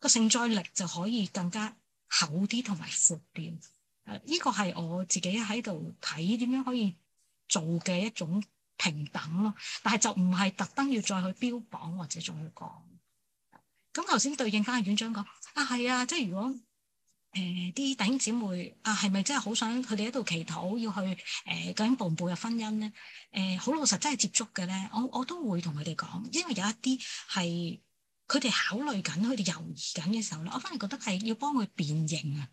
個承載力就可以更加厚啲同埋闊啲，誒，呢個係我自己喺度睇點樣可以做嘅一種平等咯。但係就唔係特登要再去標榜或者仲要講。咁頭先對應翻院長講，啊係啊，即係如果誒啲、呃、弟兄姊妹，啊係咪真係好想佢哋喺度祈禱要去誒究竟步唔步入婚姻咧？誒、呃、好老實，真係接觸嘅咧，我我都會同佢哋講，因為有一啲係。佢哋考慮緊，佢哋猶豫緊嘅時候咧，我反而覺得係要幫佢辨認啊，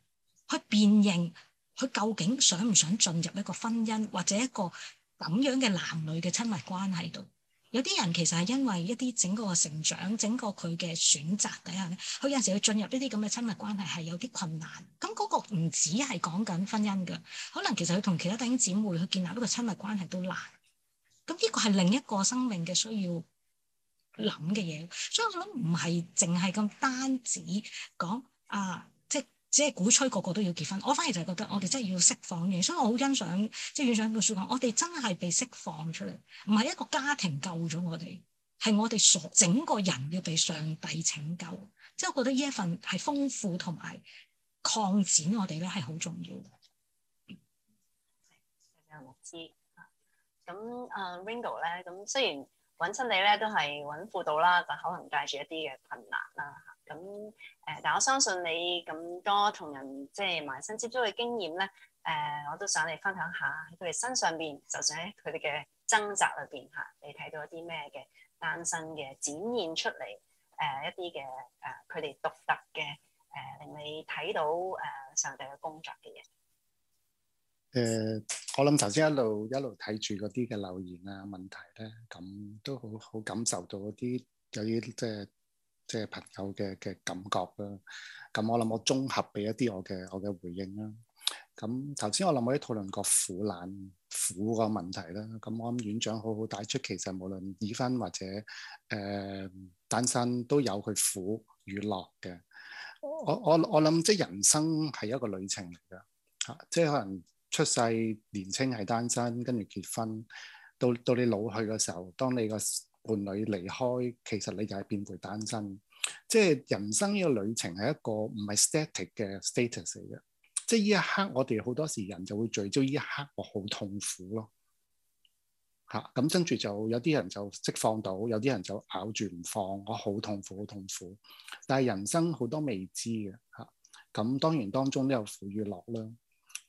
去辨認佢究竟想唔想進入一個婚姻或者一個咁樣嘅男女嘅親密關係度。有啲人其實係因為一啲整個嘅成長、整個佢嘅選擇底下咧，佢有陣時要進入呢啲咁嘅親密關係係有啲困難。咁嗰個唔止係講緊婚姻㗎，可能其實佢同其他弟兄姊妹去建立呢個親密關係都難。咁呢個係另一個生命嘅需要。諗嘅嘢，所以我諗唔係淨係咁單止講啊，即係只係鼓吹個個都要結婚。我反而就係覺得，我哋真係要釋放嘅，所以我好欣賞即係院長本書講，我哋真係被釋放出嚟，唔係一個家庭救咗我哋，係我哋所整個人要被上帝拯救。即係我覺得呢一份係豐富同埋擴展我哋咧係好重要嘅。係、嗯，咁啊，Ringo 咧，咁、嗯嗯嗯、雖然。揾親你咧都係揾輔導啦，就可能帶住一啲嘅困難啦。咁誒、呃，但我相信你咁多同人即係埋身接觸嘅經驗咧，誒、呃，我都想你分享下喺佢哋身上邊，就算喺佢哋嘅掙扎裏邊嚇，你睇到一啲咩嘅單身嘅展現出嚟誒、呃、一啲嘅誒佢哋獨特嘅誒、呃，令你睇到誒、呃、上帝嘅工作嘅嘢。誒、呃，我諗頭先一路一路睇住嗰啲嘅留言啊，問題咧，咁、嗯、都好好感受到啲有啲即係即係朋友嘅嘅感覺啦、啊。咁、嗯、我諗我綜合俾一啲我嘅我嘅回應啦、啊。咁頭先我諗我都討論過苦難苦個問題啦、啊。咁我諗院長好好帶出，其實無論已婚或者誒、呃、單身都有佢苦與樂嘅。我我我諗即係人生係一個旅程嚟噶吓，即係可能。出世年青係單身，跟住結婚，到到你老去嘅時候，當你個伴侶離開，其實你就係變回單身。即係人生呢個旅程係一個唔係 static 嘅 status 嚟嘅。即係呢一刻，我哋好多時人就會聚焦呢一刻，我好痛苦咯。嚇咁跟住就有啲人就釋放到，有啲人就咬住唔放，我好痛苦，好痛苦。但係人生好多未知嘅嚇，咁、啊、當然當中都有苦與樂啦。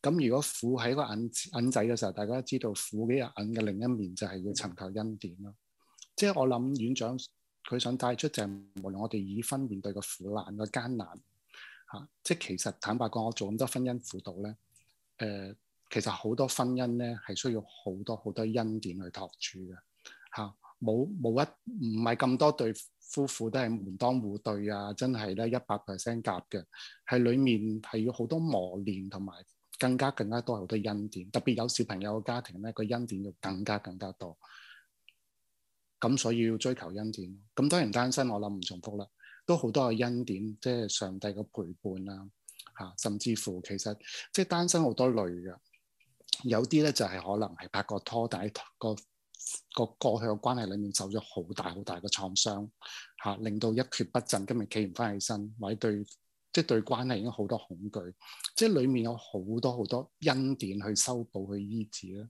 咁如果苦喺個銀銀仔嘅時候，大家都知道苦呢個銀嘅另一面就係要尋求恩典咯。即係我諗院長佢想帶出就係，無論我哋已婚面對個苦難個艱難吓、啊，即係其實坦白講，我做咁多婚姻輔導咧，誒、呃，其實好多婚姻咧係需要好多好多恩典去托住嘅吓。冇、啊、冇一唔係咁多對夫婦都係門當戶對啊，真係咧一百 percent 夾嘅，係裏面係要好多磨練同埋。更加更加多好多恩典，特別有小朋友嘅家庭咧，個恩典要更加更加多。咁所以要追求恩典。咁當然單身，我諗唔重複啦，都好多嘅恩典，即係上帝嘅陪伴啦，嚇、啊，甚至乎其實即係單身好多類嘅，有啲咧就係、是、可能係拍過拖，但係個個,個過去嘅關係裡面受咗好大好大嘅創傷，嚇、啊，令到一蹶不振，今日企唔翻起身，或者對。即係對關係已經好多恐懼，即係裡面有好多好多恩典去修補去醫治啦。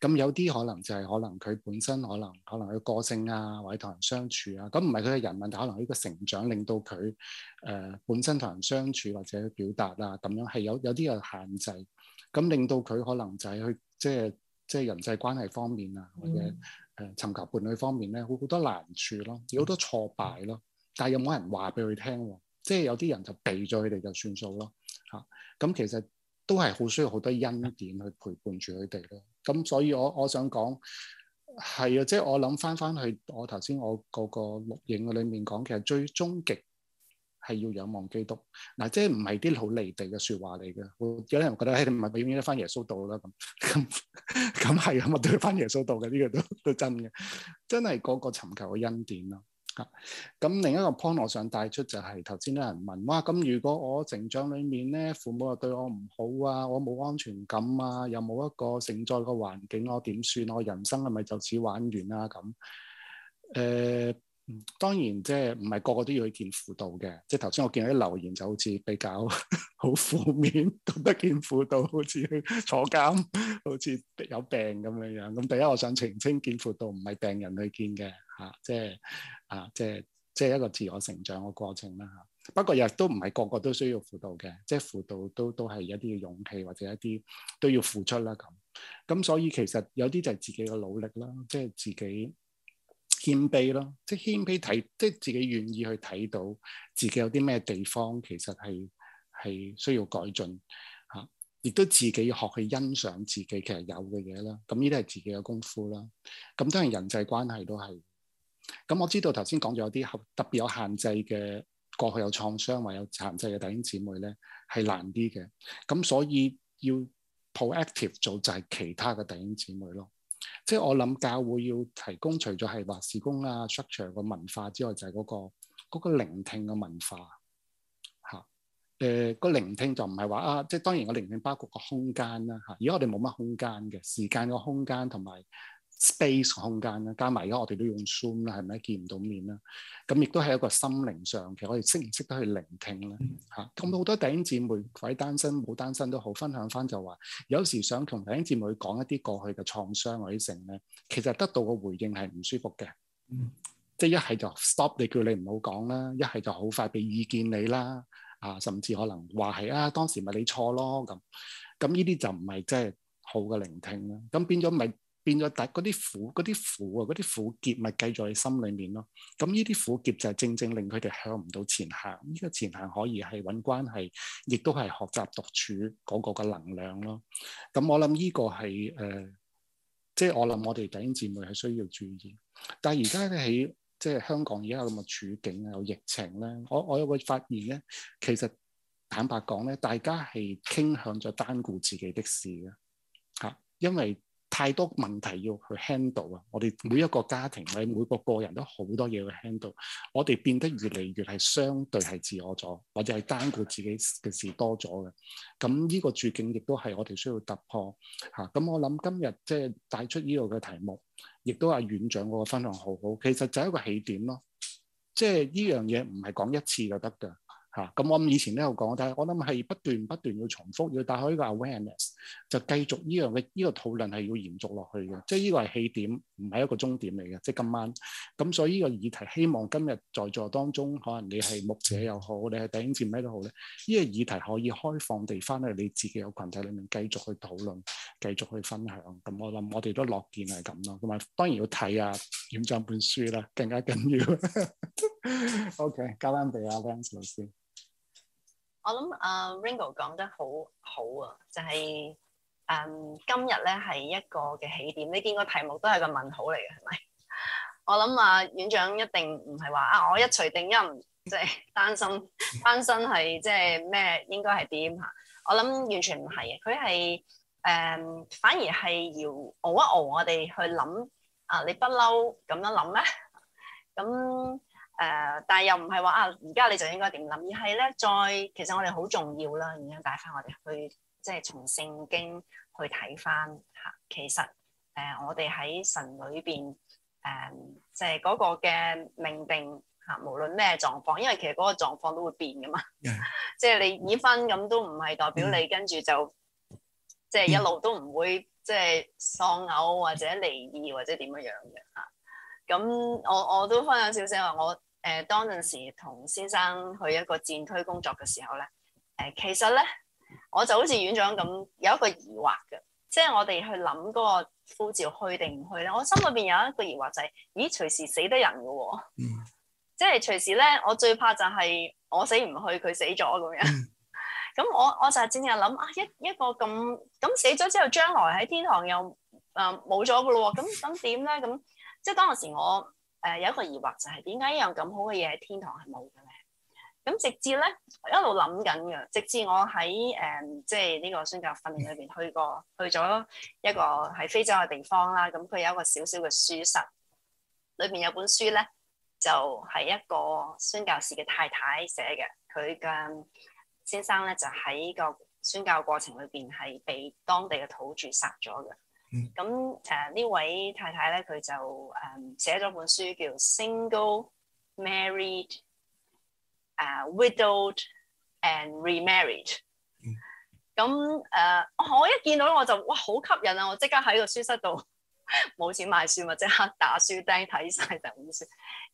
咁有啲可能就係可能佢本身可能可能佢個性啊，或者同人相處啊，咁唔係佢嘅人問題，但可能呢個成長令到佢誒、呃、本身同人相處或者去表達啊咁樣係有有啲嘅限制，咁令到佢可能就係去即係即係人際關係方面啊，或者誒、嗯、尋求伴侶方面咧，會好多難處咯，有好多挫敗咯，嗯、但係有冇人話俾佢聽？即係有啲人就避咗佢哋就算數咯，吓、咁其實都係好需要好多恩典去陪伴住佢哋咯。咁所以我我想講係啊，即係我諗翻翻去我頭先我嗰個錄影裏面講，其實最終極係要仰望基督嗱，即係唔係啲好離地嘅説話嚟嘅。有啲人覺得誒，咪表現得翻耶穌道啦，咁咁咁係啊，我對翻耶穌道嘅呢個都都真嘅，真係嗰個尋求嘅恩典咯。啊，咁另一個 point 我想帶出就係頭先有人問，哇，咁如果我成長裏面咧，父母又對我唔好啊，我冇安全感啊，又冇一個承載個環境，我點算啊？我人生係咪就此玩完啊？咁，誒，當然即係唔係個個都要去見輔導嘅，即係頭先我見到啲留言就好似比較好 負面，覺得見輔導好似去坐監，好似有病咁樣樣。咁，嗯、第一，我想澄清，見輔導唔係病人去見嘅，吓、啊，即係。啊，即係即係一個自我成長嘅過程啦嚇。不過又都唔係個個都需要輔導嘅，即係輔導都都係一啲嘅勇氣或者一啲都要付出啦咁。咁所以其實有啲就係自己嘅努力啦，即係自己謙卑咯，即係謙卑睇，即係自己願意去睇到自己有啲咩地方其實係係需要改進嚇，亦都自己學去欣賞自己其實有嘅嘢啦。咁呢啲係自己嘅功夫啦。咁當然人際關係都係。咁、嗯、我知道頭先講咗有啲特別有限制嘅，過去有創傷或者有限制嘅弟兄姊妹咧係難啲嘅，咁、嗯、所以要 proactive 做就係其他嘅弟兄姊妹咯，即係我諗教會要提供除咗係話事工啊 structure 嘅文化之外，就係、是、嗰、那個、那個聆聽嘅文化吓，誒、啊呃，那個聆聽就唔係話啊，即係當然個聆聽包括個空間啦吓，而、啊、家我哋冇乜空間嘅時間個空間同埋。Space 空間啦，加埋而家我哋都用 zoom 啦，係咪見唔到面啦？咁亦都係一個心靈上嘅。我哋識唔識得去聆聽咧嚇？咁好、mm hmm. 啊、多弟兄姊妹，鬼單身冇單身都好，分享翻就話，有時想同弟兄姊妹講一啲過去嘅創傷或者成咧，其實得到個回應係唔舒服嘅，mm hmm. 即係一係就 stop 你叫你唔好講啦，一係就好快俾意見你啦啊，甚至可能話係啊，當時咪你錯咯咁咁呢啲就唔係即係好嘅聆聽啦，咁變咗咪。變咗，但嗰啲苦、嗰啲苦啊、嗰啲苦澀咪計在心裡面咯。咁呢啲苦澀就係正正令佢哋向唔到前行。呢、呢個前行可以係揾關係，亦都係學習獨處嗰個嘅能量咯。咁我諗呢個係誒，即、呃、係、就是、我諗我哋弟兄姊妹係需要注意。但係而家咧喺即係香港而家咁嘅處境啊，有疫情咧，我我又會發現咧，其實坦白講咧，大家係傾向咗單顧自己的事嘅嚇，因為，太多問題要去 handle 啊！我哋每一個家庭，我哋每個個人都好多嘢去 handle。我哋變得越嚟越係相對係自我咗，或者係單顧自己嘅事多咗嘅。咁呢個處境亦都係我哋需要突破吓。咁我諗今日即係帶出呢度嘅題目，亦都阿院長嗰個分享好好，其實就係一個起點咯。即係呢樣嘢唔係講一次就得㗎。嚇咁，啊、我以前都有講，但係我諗係不斷不斷要重複，要打開呢個 awareness，就繼續呢樣嘅呢個討論係要延續落去嘅。即係呢個係起點，唔係一個終點嚟嘅。即係今晚咁，所以呢個議題希望今日在座當中，可能你係牧者又好，你係頂尖咩都好咧，呢、呢個議題可以開放地返去你自己嘅群體裡面繼續去討論，繼續去分享。咁我諗我哋都樂見係咁咯，同埋當然要睇啊，黃院長本書啦，更加緊要。 OK，交翻俾阿 l a n c e 老師。我諗阿 Ringo 講得好好啊，就係、是、誒、嗯、今日咧係一個嘅起點。你見個題目都係個問號嚟嘅，係咪？我諗啊，院長一定唔係話啊，我一錘定音，即係單身，單身係即係咩？應該係點吓？我諗完全唔係啊，佢係誒反而係要熬一熬我哋去諗啊！你不嬲咁樣諗啦，咁。誒、呃，但係又唔係話啊，而家你就應該點諗？而係咧，再其實我哋好重要啦，已經帶翻我哋去，即係從聖經去睇翻嚇。其實誒、呃，我哋喺神裏邊誒，即係嗰個嘅命定嚇，無論咩狀況，因為其實嗰個狀況都會變噶嘛。嗯、即係你已婚咁，都唔係代表你、嗯、跟住就即係一路都唔會即係喪偶或者離異或者點樣樣嘅嚇。咁、啊、我我都分享少少話我。誒、呃、當陣時同先生去一個戰區工作嘅時候咧，誒、呃、其實咧我就好似院長咁有一個疑惑嘅，即係我哋去諗嗰個呼召去定唔去咧。我心裏邊有一個疑惑就係、是，咦隨時死得人嘅喎、哦，即係隨時咧我最怕就係我死唔去佢死咗咁樣。咁、嗯、 我我就係正係又諗啊一一個咁咁死咗之後，將來喺天堂又啊冇咗嘅咯喎，咁咁點咧？咁即係當陣時我。誒有一個疑惑就係點解一樣咁好嘅嘢喺天堂係冇嘅咧？咁直至咧，我一路諗緊嘅，直至我喺誒即係呢個宣教訓練裏邊去過去咗一個喺非洲嘅地方啦。咁佢有一個小小嘅書室，裏邊有本書咧，就係、是、一個宣教士嘅太太寫嘅。佢嘅先生咧就喺個宣教過程裏邊係被當地嘅土著殺咗嘅。咁誒呢位太太咧，佢就誒、嗯、寫咗本書叫 Single, Married,、uh, Wid 嗯、啊 Widowed and Remarried。咁誒，我一見到我就哇好吸引啊！我即刻喺個書室度冇 錢買書，或即刻打書釘睇晒就本書。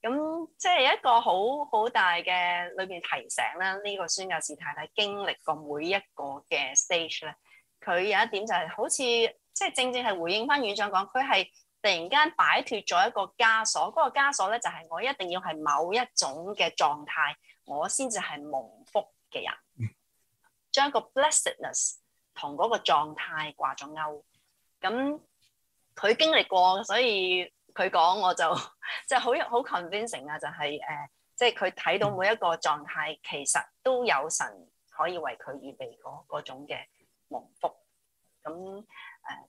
咁即係一個好好大嘅裏邊提醒啦。呢、這個孫教士太太經歷過每一個嘅 stage 咧，佢有一點就係好似。即係正正係回應翻院長講，佢係突然間擺脱咗一個枷鎖，嗰、那個枷鎖咧就係、是、我一定要係某一種嘅狀態，我先至係蒙福嘅人。將個 blessedness 同嗰個狀態掛咗鈎。咁佢經歷過，所以佢講我就即係好好 convincing 啊，就係、是、誒，即係佢睇到每一個狀態，其實都有神可以為佢預備嗰種嘅蒙福。咁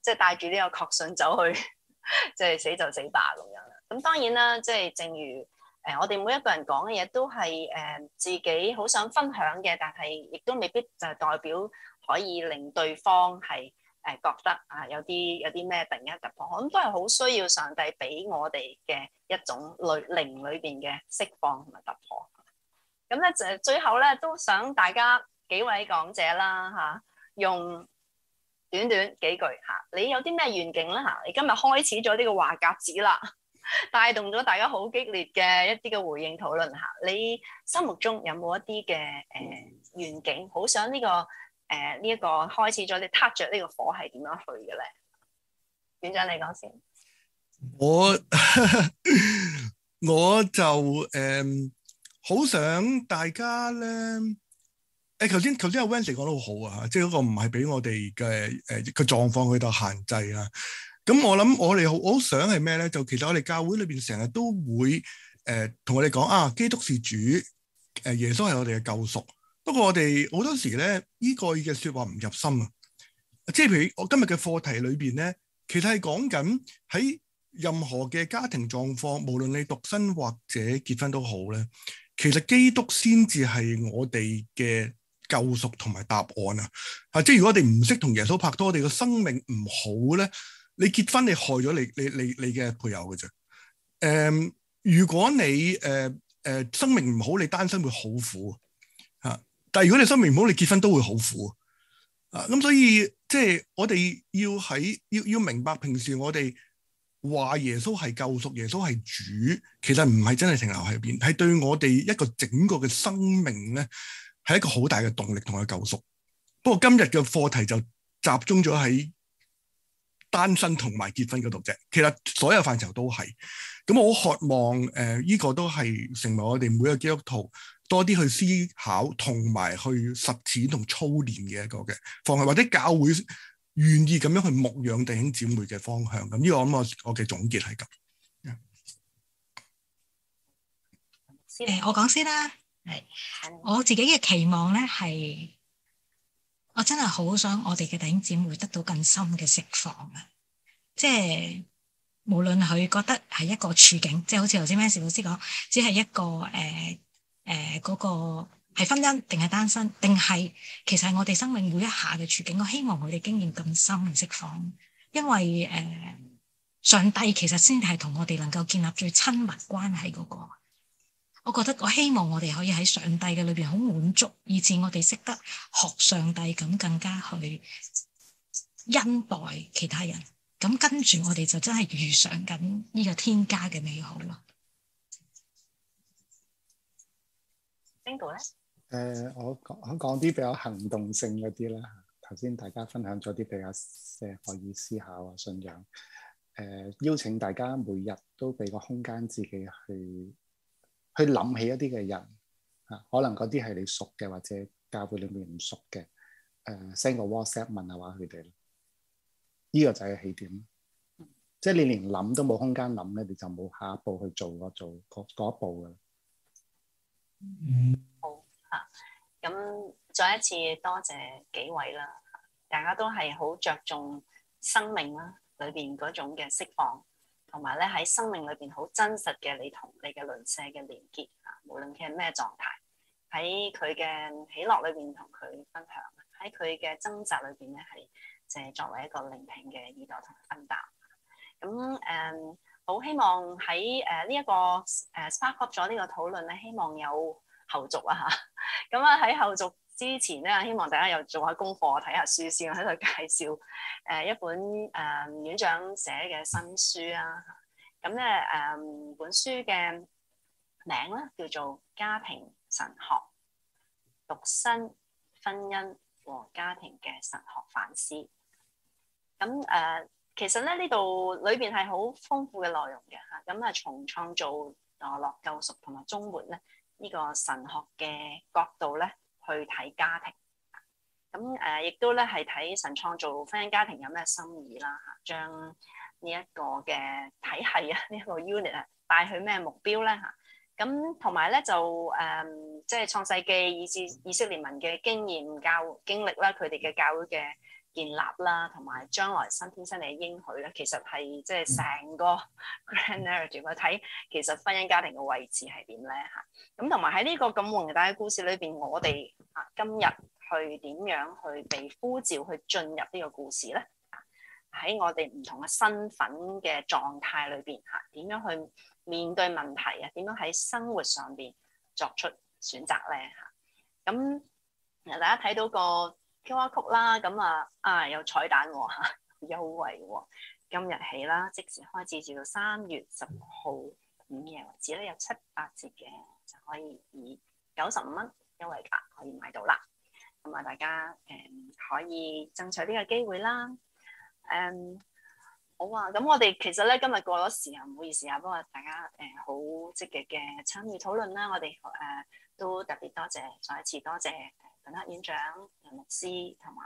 誒，即係帶住呢個確信走去，即 係死就死吧咁樣啦。咁當然啦，即係正如誒，我哋每一個人講嘅嘢都係誒自己好想分享嘅，但係亦都未必就代表可以令對方係誒覺得啊有啲有啲咩突然間突破。我諗都係好需要上帝俾我哋嘅一種裏靈裏邊嘅釋放同埋突破。咁咧就最後咧都想大家幾位講者啦吓，用。短短幾句吓，你有啲咩願景咧吓？你今日開始咗呢個話匣子啦，帶動咗大家好激烈嘅一啲嘅回應討論吓。你心目中有冇一啲嘅誒願景？好想呢、這個誒呢一個開始咗，你撻着呢個火係點樣去嘅咧？院長你講先，我 我就誒好、呃、想大家咧。誒頭先頭先阿 Van 講得好啊，即係嗰個唔係俾我哋嘅誒個狀況去到限制啊。咁、嗯、我諗我哋好，好想係咩咧？就其實我哋教會裏邊成日都會誒同、呃、我哋講啊，基督是主，誒、呃、耶穌係我哋嘅救贖。不過我哋好多時咧，呢個嘅説話唔入心啊。即係譬如我今日嘅課題裏邊咧，其實係講緊喺任何嘅家庭狀況，無論你獨身或者結婚都好咧，其實基督先至係我哋嘅。救贖同埋答案啊！啊，即係如果我哋唔識同耶穌拍拖，我哋個生命唔好咧，你結婚你害咗你你你你嘅配偶㗎啫。誒、嗯，如果你誒誒、呃呃、生命唔好，你單身會好苦啊。但係如果你生命唔好，你結婚都會好苦啊。咁所以即係我哋要喺要要明白，平時我哋話耶穌係救贖，耶穌係主，其實唔係真係停留喺入邊，係對我哋一個整個嘅生命咧。係一個好大嘅動力同埋救贖，不過今日嘅課題就集中咗喺單身同埋結婚嗰度啫。其實所有範疇都係，咁我好渴望誒，呢、呃這個都係成為我哋每一個基督徒多啲去思考同埋去實踐同操練嘅一個嘅方向，或者教會願意咁樣去牧養弟兄姊妹嘅方向。咁呢個我我我嘅總結係咁。嗯、誒，我講先啦。係我自己嘅期望咧，係我真係好想我哋嘅弟兄姊妹得到更深嘅釋放啊！即係無論佢覺得係一個處境，即係好似頭先 Vanessa 老師講，只係一個誒誒嗰個係婚姻定係單身，定係其實係我哋生命每一下嘅處境。我希望佢哋經驗更深嘅釋放，因為誒、呃、上帝其實先係同我哋能夠建立最親密關係嗰、嗰個。我覺得我希望我哋可以喺上帝嘅裏邊好滿足，以至我哋識得學上帝咁更加去恩待其他人。咁跟住我哋就真係遇上緊呢個天家嘅美好啦。邊度咧？誒，我講講啲比較行動性嗰啲啦。頭先大家分享咗啲比較即係可以思考啊信仰。誒、嗯，邀請大家每日都俾個空間自己去。去諗起一啲嘅人，嚇、啊，可能嗰啲係你熟嘅，或者教會裏面唔熟嘅，誒、呃、send 個 WhatsApp 問下話佢哋咯。依、呢個就係起點，嗯、即係你連諗都冇空間諗咧，你就冇下一步去做、嗰個、做嗰一步嘅。嗯。好嚇，咁、啊、再一次多謝幾位啦，大家都係好着重生命啦裏邊嗰種嘅釋放。同埋咧，喺生命裏邊好真實嘅你同你嘅鄰舍嘅連結啊，無論佢係咩狀態，喺佢嘅喜樂裏邊同佢分享，喺佢嘅掙扎裏邊咧，係就係作為一個聆聽嘅耳朵同佢分擔。咁誒好希望喺誒、呃這個呃、呢一個誒 spark up 咗呢個討論咧，希望有後續啊吓，咁啊喺後續。之前咧，希望大家又做下功課，睇下書先喺度介紹誒、呃、一本誒、呃、院長寫嘅新書啊。咁咧誒本書嘅名咧叫做《家庭神學：獨身、婚姻和家庭嘅神學反思》。咁誒、呃、其實咧呢度裏邊係好豐富嘅內容嘅嚇。咁啊從創造、墮落、救贖同埋終末咧呢個神學嘅角度咧。去睇家庭，咁誒亦都咧係睇神創造婚姻家庭有咩心意啦嚇，將呢一個嘅體系啊，呢、這、一個 unit 帶去咩目標咧嚇，咁同埋咧就誒，即係創世記以至以色列文嘅經驗教經歷啦，佢哋嘅教會嘅。建立啦，同埋將來新天新地嘅應許咧，其實係即係成個 grand narrative 去睇其實婚姻家庭嘅位置係點咧嚇？咁同埋喺呢個咁宏大嘅故事裏邊，我哋嚇今日去點樣去被呼召去進入呢個故事咧？喺我哋唔同嘅身份嘅狀態裏邊嚇，點樣去面對問題啊？點樣喺生活上邊作出選擇咧嚇？咁嗱大家睇到個 Q R Code 啦，咁啊啊有彩蛋喎、哦，優 惠喎、哦，今日起啦，即時開始至到三月十六號午夜為止咧，有七八折嘅，就可以以九十五蚊優惠價可以買到啦。咁啊，大家誒、嗯、可以爭取呢個機會啦。誒、嗯，好啊，咁我哋其實咧今日過咗時啊，唔好意思啊，不過大家誒好積極嘅參與討論啦，我哋誒、嗯、都特別多謝，再一次多謝。黃院長、林牧師同埋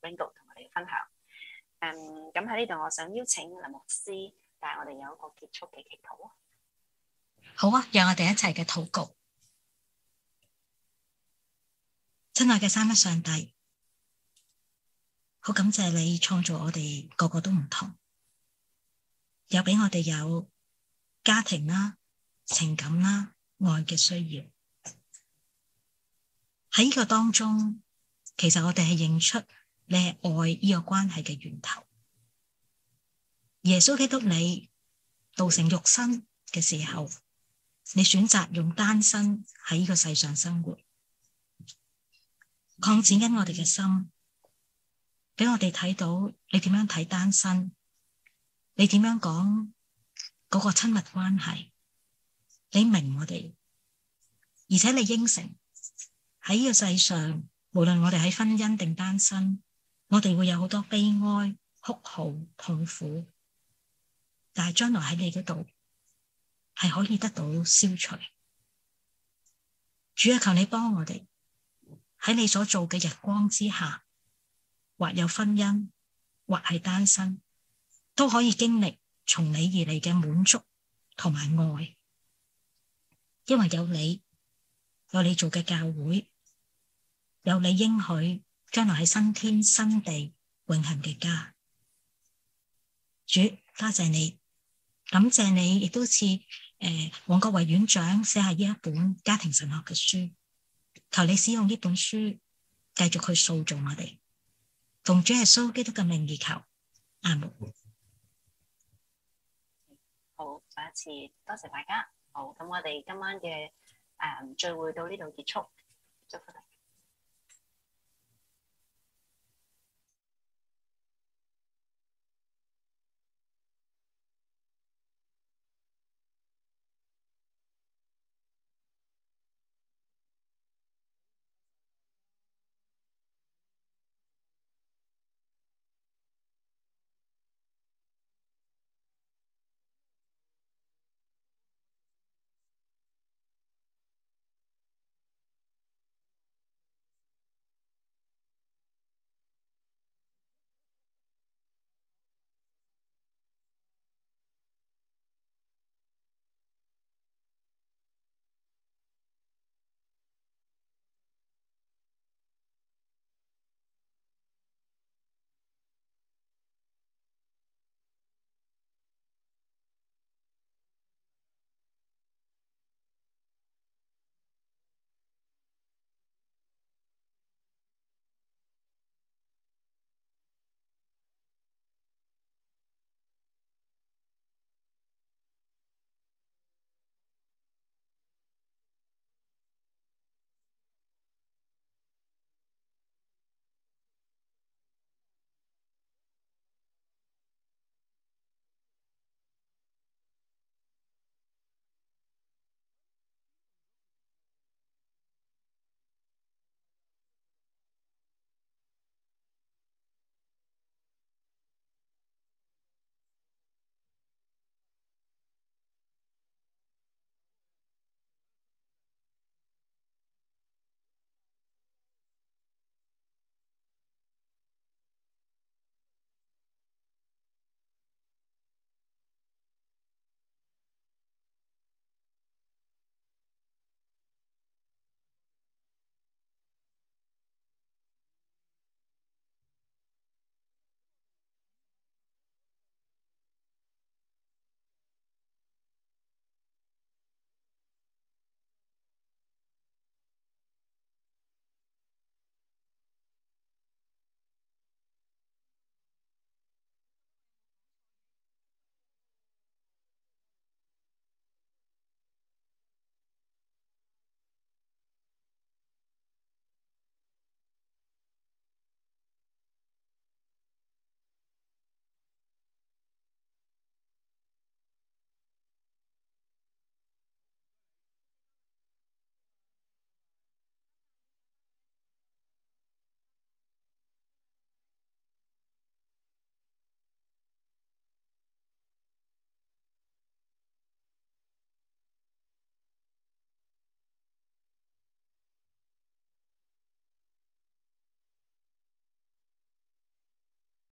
誒 Ringo 同我哋分享，嗯，咁喺呢度，我想邀請林牧師帶我哋有一個結束嘅祈禱。好啊，讓我哋一齊嘅禱告。親愛嘅三一上帝，好感謝你創造我哋個個都唔同，有俾我哋有家庭啦、情感啦、愛嘅需要。喺呢個當中，其實我哋係認出你係愛呢個關係嘅源頭。耶穌基督你，你道成肉身嘅時候，你選擇用單身喺呢個世上生活，擴展緊我哋嘅心，俾我哋睇到你點樣睇單身，你點樣講嗰個親密關係，你明我哋，而且你應承。喺呢個世上，無論我哋喺婚姻定單身，我哋會有好多悲哀、哭嚎、痛苦，但係將來喺你嗰度係可以得到消除。主啊，求你幫我哋喺你所做嘅日光之下，或有婚姻，或係單身，都可以經歷從你而嚟嘅滿足同埋愛，因為有你，有你做嘅教會。有你應許，將來喺新天新地永恆嘅家。主，多謝你，感謝你，亦都賜誒黃國維院長寫下呢一本家庭神學嘅書。求你使用呢本書，繼續去塑造我哋。奉主耶穌基督嘅名而求，阿門。好，再一次多謝大家。好，咁我哋今晚嘅誒聚會到呢度結束，祝福大家。